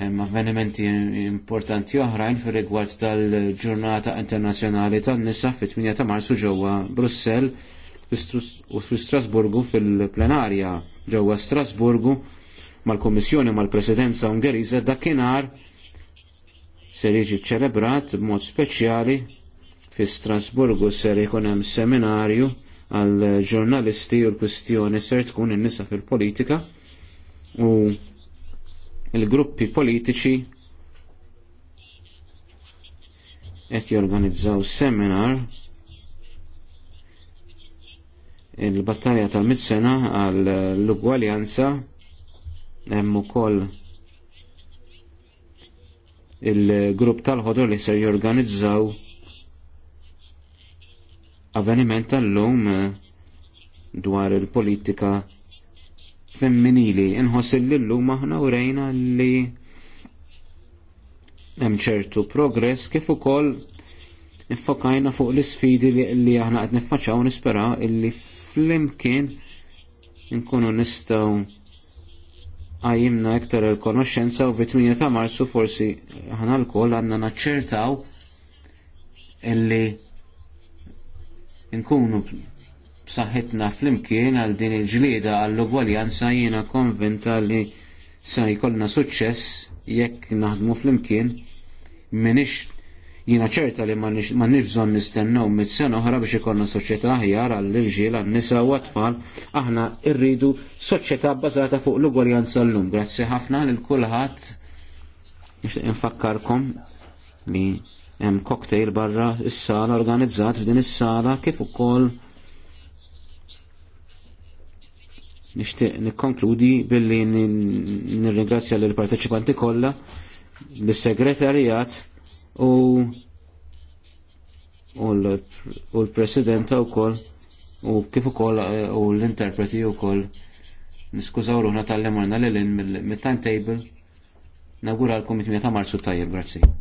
hemm avvenimenti importanti oħrajn fir rigward tal-Ġurnata Internazzjonali tan-nisa fit-8 ta' Marzu ġewwa Brussell u fi Strasburgu fil-plenarja ġewwa Strasburgu mal-Kommissjoni mal-Presidenza Ungheriża dakinhar ser jiġi ċelebrat b'mod speċjali fi Strasburgu ser ikun hemm seminarju għal ġurnalisti u l-kwistjoni ser tkun in-nisa fil-politika u il-gruppi politiċi qed jorganizzaw seminar il-battalja tal-mid-sena għal l-ugwaljanza hemm ukoll il-grupp tal-ħodur li ser jorganizzaw avveniment tal-lum eh, dwar il-politika femminili. Inħoss l-lum aħna u rejna li hemm ċertu progress kif ukoll nifokajna fuq l-isfidi li aħna qed niffaċċaw nisperaw illi flimkien nkunu nistgħu għajimna iktar il-konoxenza u vitmija ta' marzu forsi ħana l-kol għanna naċċertaw illi nkunu saħetna fl-imkien għal din il-ġlieda għall-ugwaljanza jiena konventa li sa jkollna suċċess jekk naħdmu fl-imkien minix Jina ċerta li ma nifżon nistennew mit-sena oħra biex ikollna soċieta ħjar għall ġil għan-nisa u għat-tfal, aħna rridu soċjetà bbażata fuq l-ugwaljanza llum. Grazzi ħafna lil kulħadd nixtieq infakkarkom li hemm cocktail barra s sala organizzat f'din is-sala kif ukoll nishtiq nikkonkludi billi nirringrazzja l-parteċipanti kollha l-segretarjat u u l-presidenta u koll u kif u koll eh, u l-interpreti u koll niskużaw ruħna tal-lemorna l-lin mill-timetable nagura l-komitmija ta' marzu tajjeb, grazie.